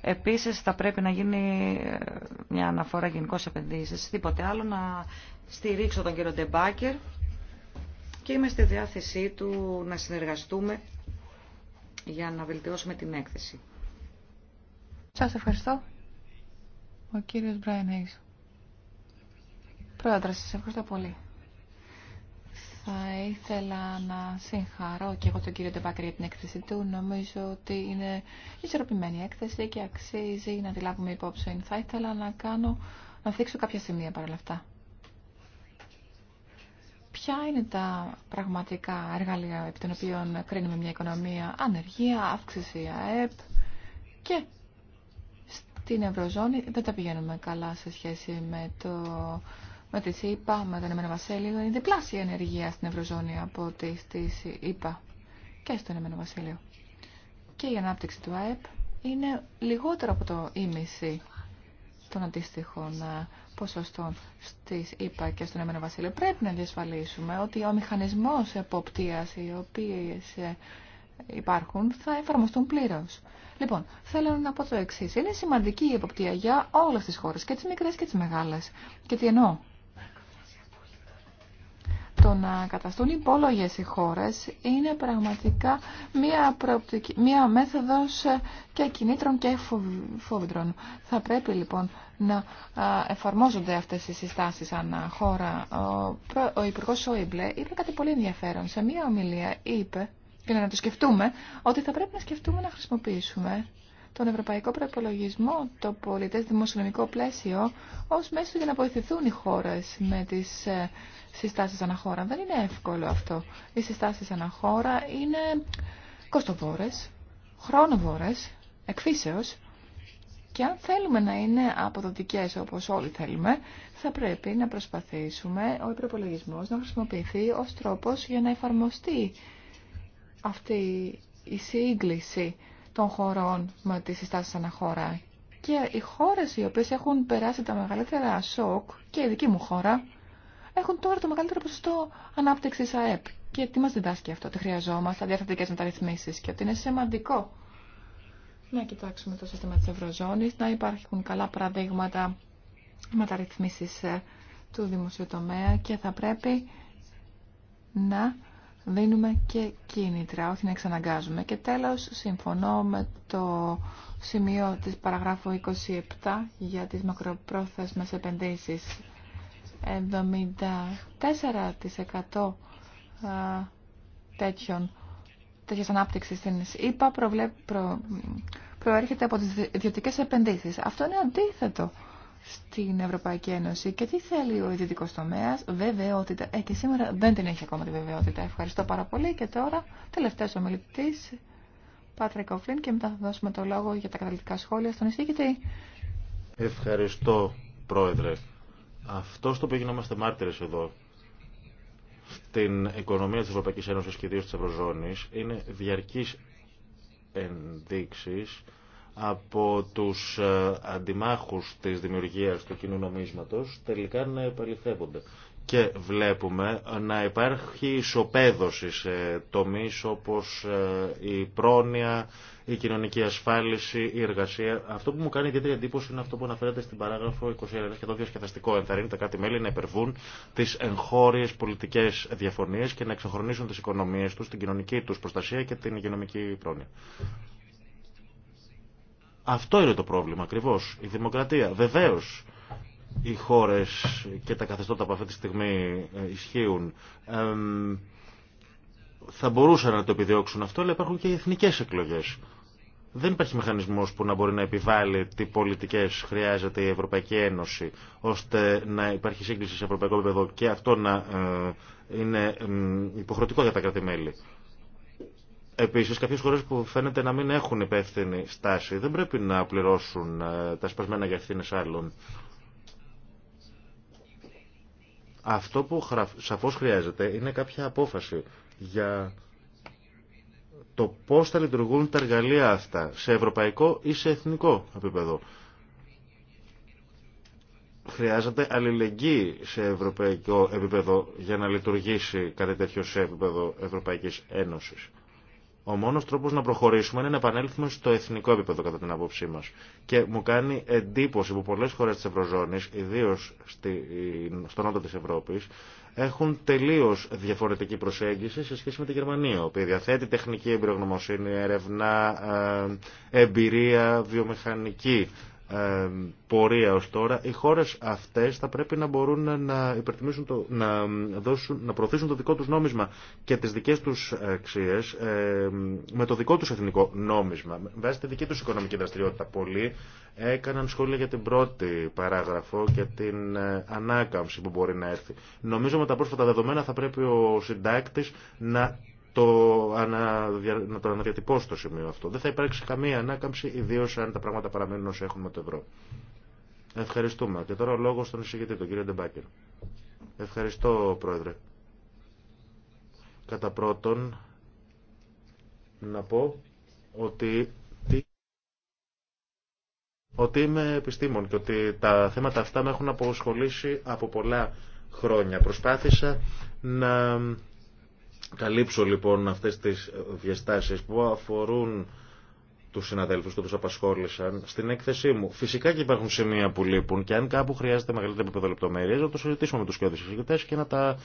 S4: Επίσης θα πρέπει να γίνει ε, μια αναφορά γενικώ επενδύσεις. Τίποτε άλλο να στηρίξω τον κύριο Ντεμπάκερ και είμαι στη διάθεσή του να συνεργαστούμε για να βελτιώσουμε την έκθεση.
S3: Σας ευχαριστώ. Ο κύριος Μπράιν Πρόεδρε, σας ευχαριστώ πολύ. Θα ήθελα να συγχαρώ και εγώ τον κύριο Ντεμπάκρη για την έκθεση του. Νομίζω ότι είναι ισορροπημένη έκθεση και αξίζει να τη λάβουμε υπόψη. Θα ήθελα να κάνω, να δείξω κάποια σημεία παρ' όλα αυτά. Ποια είναι τα πραγματικά εργαλεία επί των οποίων κρίνουμε μια οικονομία ανεργία, αύξηση ΑΕΠ και στην Ευρωζώνη δεν τα πηγαίνουμε καλά σε σχέση με το με τη ΣΥΠΑ, με τον Εμένα Βασίλειο, είναι διπλάσια ενεργεία στην Ευρωζώνη από ό,τι στη ΣΥΠΑ και στον Εμένα Βασίλειο. Και η ανάπτυξη του ΑΕΠ είναι λιγότερο από το ίμιση των αντίστοιχων ε, ποσοστών στις ΕΠΑ και στον Εμένα Βασίλειο. Πρέπει να διασφαλίσουμε ότι ο μηχανισμός εποπτείας οι οποίες ε, υπάρχουν θα εφαρμοστούν πλήρω. Λοιπόν, θέλω να πω το εξή. Είναι σημαντική η εποπτεία για όλε τι χώρε, και τι μικρέ και τι μεγάλε. Και τι εννοώ το να καταστούν υπόλογες οι χώρες είναι πραγματικά μία, προοπτική, μία μέθοδος ε, και κινήτρων και φόβητρων. Θα πρέπει λοιπόν να εφαρμόζονται αυτές οι συστάσεις ανά χώρα. Ο, ο Υπουργός Σόιμπλε είπε κάτι πολύ ενδιαφέρον. Σε μία ομιλία είπε, και να το σκεφτούμε, ότι θα πρέπει να σκεφτούμε να χρησιμοποιήσουμε τον ευρωπαϊκό προπολογισμό, το πολιτές δημοσιονομικό πλαίσιο, ως μέσο για να βοηθηθούν οι χώρες με τις ε, συστάσεις αναχώρα. Δεν είναι εύκολο αυτό. Οι συστάσεις αναχώρα είναι κοστοβόρες, χρονοβόρες, εκφύσεως. Και αν θέλουμε να είναι αποδοτικές όπως όλοι θέλουμε, θα πρέπει να προσπαθήσουμε ο προπολογισμό να χρησιμοποιηθεί ως τρόπος για να εφαρμοστεί αυτή η σύγκληση των χωρών με τις συστάσεις αναχώρα. Και οι χώρες οι οποίες έχουν περάσει τα μεγαλύτερα σοκ και η δική μου χώρα έχουν τώρα το μεγαλύτερο ποσοστό ανάπτυξης ΑΕΠ. Και τι μας διδάσκει αυτό, ότι χρειαζόμαστε αντιαθετικές μεταρρυθμίσεις και ότι είναι σημαντικό να κοιτάξουμε το σύστημα της Ευρωζώνης, να υπάρχουν καλά παραδείγματα μεταρρυθμίσεις ε, του δημοσίου τομέα και θα πρέπει να δίνουμε και κίνητρα, όχι να εξαναγκάζουμε. Και τέλος, συμφωνώ με το σημείο της παραγράφου 27 για τις μακροπρόθεσμες επενδύσεις. 74% τέτοιων, τέτοιες ανάπτυξης στην ΕΠΑ προέρχεται από τις ιδιωτικές επενδύσεις. Αυτό είναι αντίθετο στην Ευρωπαϊκή Ένωση. Και τι θέλει ο ιδιωτικό τομέα, βεβαιότητα. Ε, και σήμερα δεν την έχει ακόμα τη βεβαιότητα. Ευχαριστώ πάρα πολύ. Και τώρα, τελευταίο ομιλητή, Πάτρικ Κοφλίν, και μετά θα δώσουμε το λόγο για τα καταληκτικά σχόλια στον εισηγητή.
S2: Ευχαριστώ, Πρόεδρε. Αυτό το οποίο γινόμαστε μάρτυρε εδώ, στην οικονομία τη Ευρωπαϊκή Ένωση και ιδίω τη Ευρωζώνη, είναι διαρκή ενδείξει από τους ε, αντιμάχους της δημιουργίας του κοινού νομίσματος τελικά να επαληθεύονται. Και βλέπουμε να υπάρχει ισοπαίδωση σε τομείς όπως ε, η πρόνοια, η κοινωνική ασφάλιση, η εργασία. Αυτό που μου κάνει ιδιαίτερη εντύπωση είναι αυτό που αναφέρεται στην παράγραφο 21. και το διασκεδαστικό. Ενθαρρύνει τα κάτι μέλη να υπερβούν τις εγχώριε πολιτικές διαφωνίε και να εξοχρονίσουν τις οικονομίες τους, την κοινωνική τους προστασία και την υγειονομική πρόνοια. Αυτό είναι το πρόβλημα ακριβώς. Η δημοκρατία. Βεβαίως οι χώρες και τα καθεστώτα που αυτή τη στιγμή ε, ισχύουν θα μπορούσαν να το επιδιώξουν αυτό, αλλά υπάρχουν και οι εθνικές εκλογές. Δεν υπάρχει μηχανισμός που να μπορεί να επιβάλλει τι πολιτικές χρειάζεται η Ευρωπαϊκή Ένωση, ώστε να υπάρχει σύγκληση σε ευρωπαϊκό επίπεδο και αυτό να ε, είναι υποχρεωτικό για τα κράτη-μέλη. Επίση, κάποιε χώρε που φαίνεται να μην έχουν υπεύθυνη στάση δεν πρέπει να πληρώσουν ε, τα σπασμένα για ευθύνε άλλων. Αυτό που σαφώ χρειάζεται είναι κάποια απόφαση για το πώ θα λειτουργούν τα εργαλεία αυτά σε ευρωπαϊκό ή σε εθνικό επίπεδο. Χρειάζεται αλληλεγγύη σε ευρωπαϊκό επίπεδο για να λειτουργήσει κάτι τέτοιο σε επίπεδο Ευρωπαϊκής Ένωσης. Ο μόνο τρόπο να προχωρήσουμε είναι να επανέλθουμε στο εθνικό επίπεδο, κατά την άποψή μα. Και μου κάνει εντύπωση που πολλέ χώρε τη Ευρωζώνη, ιδίω στο νότο τη Ευρώπη, έχουν τελείω διαφορετική προσέγγιση σε σχέση με τη Γερμανία, η οποία διαθέτει τεχνική εμπειρογνωμοσύνη, ερευνά, ε, εμπειρία βιομηχανική πορεία ως τώρα, οι χώρες αυτές θα πρέπει να μπορούν να, το, να, δώσουν, να προωθήσουν το δικό τους νόμισμα και τις δικές τους αξίες με το δικό τους εθνικό νόμισμα. Βάζει τη δική τους οικονομική δραστηριότητα. Πολλοί έκαναν σχόλια για την πρώτη παράγραφο και την ε, ανάκαμψη που μπορεί να έρθει. Νομίζω με τα πρόσφατα δεδομένα θα πρέπει ο συντάκτης να το, να το αναδιατυπώσει στο σημείο αυτό. Δεν θα υπάρξει καμία ανάκαμψη, ιδίω αν τα πράγματα παραμένουν όσο έχουμε το ευρώ. Ευχαριστούμε. Και τώρα ο λόγο στον εισηγητή, τον κύριο Ντεμπάκερ. Ευχαριστώ, Πρόεδρε. Κατά πρώτον, να πω ότι ότι είμαι επιστήμον και ότι τα θέματα αυτά με έχουν αποσχολήσει από πολλά χρόνια. Προσπάθησα να καλύψω λοιπόν αυτές τις διαστάσεις που αφορούν τους συναδέλφους που του απασχόλησαν στην έκθεσή μου. Φυσικά και υπάρχουν σημεία που λείπουν και αν κάπου χρειάζεται μεγαλύτερη επίπεδο λεπτομέρειας να το συζητήσουμε με τους κοιόδη και να τα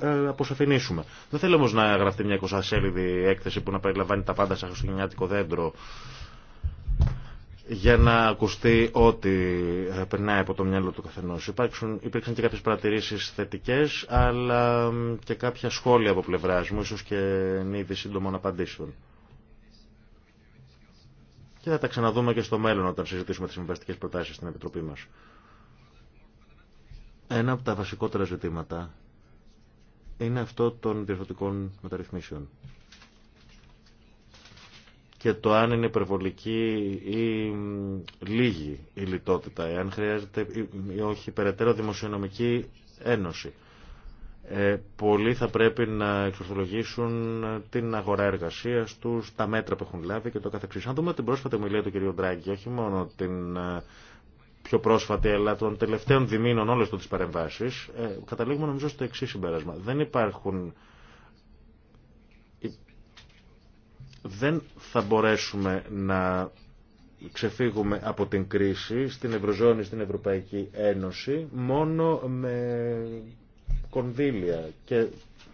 S2: ε, αποσαφηνίσουμε. Δεν θέλω όμως να γραφτεί μια 20 σέλιδη έκθεση που να περιλαμβάνει τα πάντα σαν χριστουγεννιάτικο δέντρο για να ακουστεί ό,τι ε, περνάει από το μυαλό του καθενός. Υπάρξουν, υπήρξαν και κάποιες παρατηρήσεις θετικές, αλλά και κάποια σχόλια από πλευράς μου, ίσως και είδη σύντομων απαντήσεων. Και θα τα ξαναδούμε και στο μέλλον όταν συζητήσουμε τις συμβαστικές προτάσεις στην Επιτροπή μας. Ένα από τα βασικότερα ζητήματα είναι αυτό των διευθυντικών μεταρρυθμίσεων και το αν είναι υπερβολική ή λίγη η λιτότητα, εάν χρειάζεται ή όχι περαιτέρω δημοσιονομική ένωση. Ε, πολλοί θα πρέπει να εξορθολογήσουν ε, την αγορά εργασία του, τα μέτρα που έχουν λάβει και το καθεξή. Αν δούμε την πρόσφατη ομιλία του κ. Ντράγκη, όχι μόνο την ε, πιο πρόσφατη, αλλά των τελευταίων διμήνων όλε του τι παρεμβάσει, ε, καταλήγουμε νομίζω στο εξή συμπέρασμα. Δεν υπάρχουν δεν θα μπορέσουμε να ξεφύγουμε από την κρίση στην Ευρωζώνη, στην Ευρωπαϊκή Ένωση, μόνο με κονδύλια και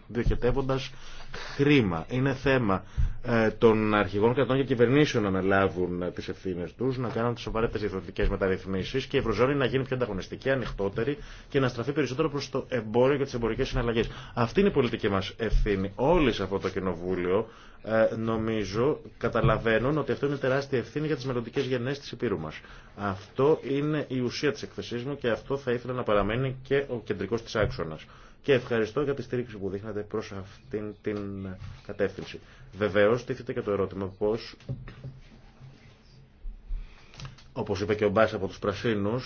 S2: διοχετεύοντας χρήμα. Είναι θέμα ε, των αρχηγών κρατών και κυβερνήσεων να αναλάβουν ε, τι ευθύνε του, να κάνουν τι σοβαρές διευθυντικέ μεταρρυθμίσει και η Ευρωζώνη να γίνει πιο ανταγωνιστική, ανοιχτότερη και να στραφεί περισσότερο προ το εμπόριο και τι εμπορικέ συναλλαγέ. Αυτή είναι η πολιτική μα ευθύνη. Όλοι σε αυτό το κοινοβούλιο ε, νομίζω καταλαβαίνουν ότι αυτό είναι τεράστια ευθύνη για τι μελλοντικέ γενναίε τη Υπήρου μα. Αυτό είναι η ουσία τη εκθεσή μου και αυτό θα ήθελα να παραμένει και ο κεντρικό τη άξονα και ευχαριστώ για τη στήριξη που δείχνατε προ αυτήν την κατεύθυνση. Βεβαίω τίθεται και το ερώτημα πώ, όπω είπε και ο Μπάς από του πράσινου,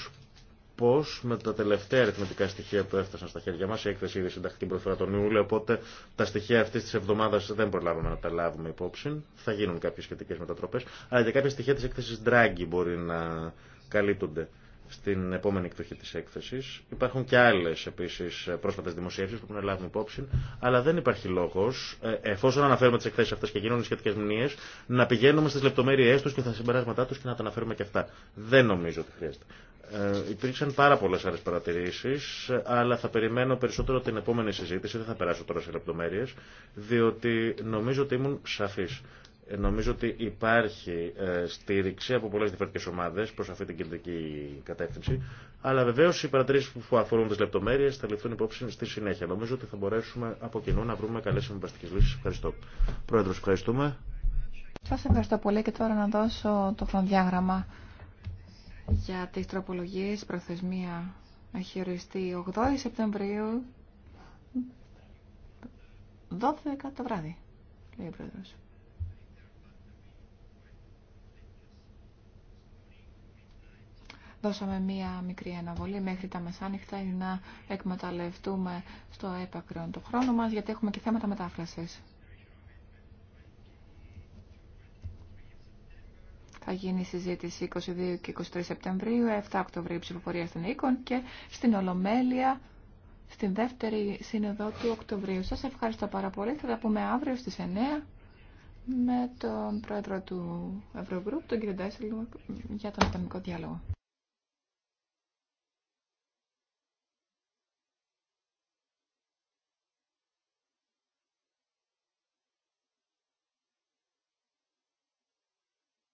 S2: πώ με τα τελευταία αριθμητικά στοιχεία που έφτασαν στα χέρια μα, η έκθεση ήδη την προσφορά τον Ιούλιο, οπότε τα στοιχεία αυτή τη εβδομάδα δεν προλάβαμε να τα λάβουμε υπόψη, θα γίνουν κάποιε σχετικέ μετατροπέ, αλλά και κάποια στοιχεία τη έκθεση Draghi μπορεί να καλύπτονται στην επόμενη εκδοχή της έκθεσης. Υπάρχουν και άλλες επίσης πρόσφατες δημοσίευσεις που πρέπει να λάβουμε υπόψη, αλλά δεν υπάρχει λόγος, ε, εφόσον αναφέρουμε τις εκθέσεις αυτές και γίνονται οι σχετικές να πηγαίνουμε στις λεπτομέρειές τους και στα συμπεράσματά τους και να τα αναφέρουμε και αυτά. Δεν νομίζω ότι χρειάζεται. Ε, υπήρξαν πάρα πολλές άλλες παρατηρήσεις, αλλά θα περιμένω περισσότερο την επόμενη συζήτηση, δεν θα περάσω τώρα σε λεπτομέρειες, διότι νομίζω ότι ήμουν σαφή. Νομίζω ότι υπάρχει ε, στήριξη από πολλές διαφορετικές ομάδες προς αυτή την κεντρική κατεύθυνση, αλλά βεβαίως οι παρατηρήσεις που αφορούν τις λεπτομέρειες θα ληφθούν υπόψη στη συνέχεια. Νομίζω ότι θα μπορέσουμε από κοινού να βρούμε καλές συμβαστικές λύσεις. Ευχαριστώ. Πρόεδρος, ευχαριστούμε.
S3: Σας ευχαριστώ πολύ και τώρα να δώσω το χρονοδιάγραμμα για τις τροπολογίες προθεσμία. Έχει οριστεί 8 Σεπτεμβρίου 12 το βράδυ, λέει ο δώσαμε μία μικρή αναβολή μέχρι τα μεσάνυχτα για να εκμεταλλευτούμε στο έπακρον το χρόνο μας, γιατί έχουμε και θέματα μετάφρασης. Θα γίνει η συζήτηση 22 και 23 Σεπτεμβρίου, 7 Οκτωβρίου ψηφοφορία στην Οίκον και στην Ολομέλεια στην δεύτερη σύνοδο του Οκτωβρίου. Σας ευχαριστώ πάρα πολύ. Θα τα πούμε αύριο στις 9 με τον πρόεδρο του Ευρωγκρουπ, τον κύριο για τον οικονομικό διάλογο.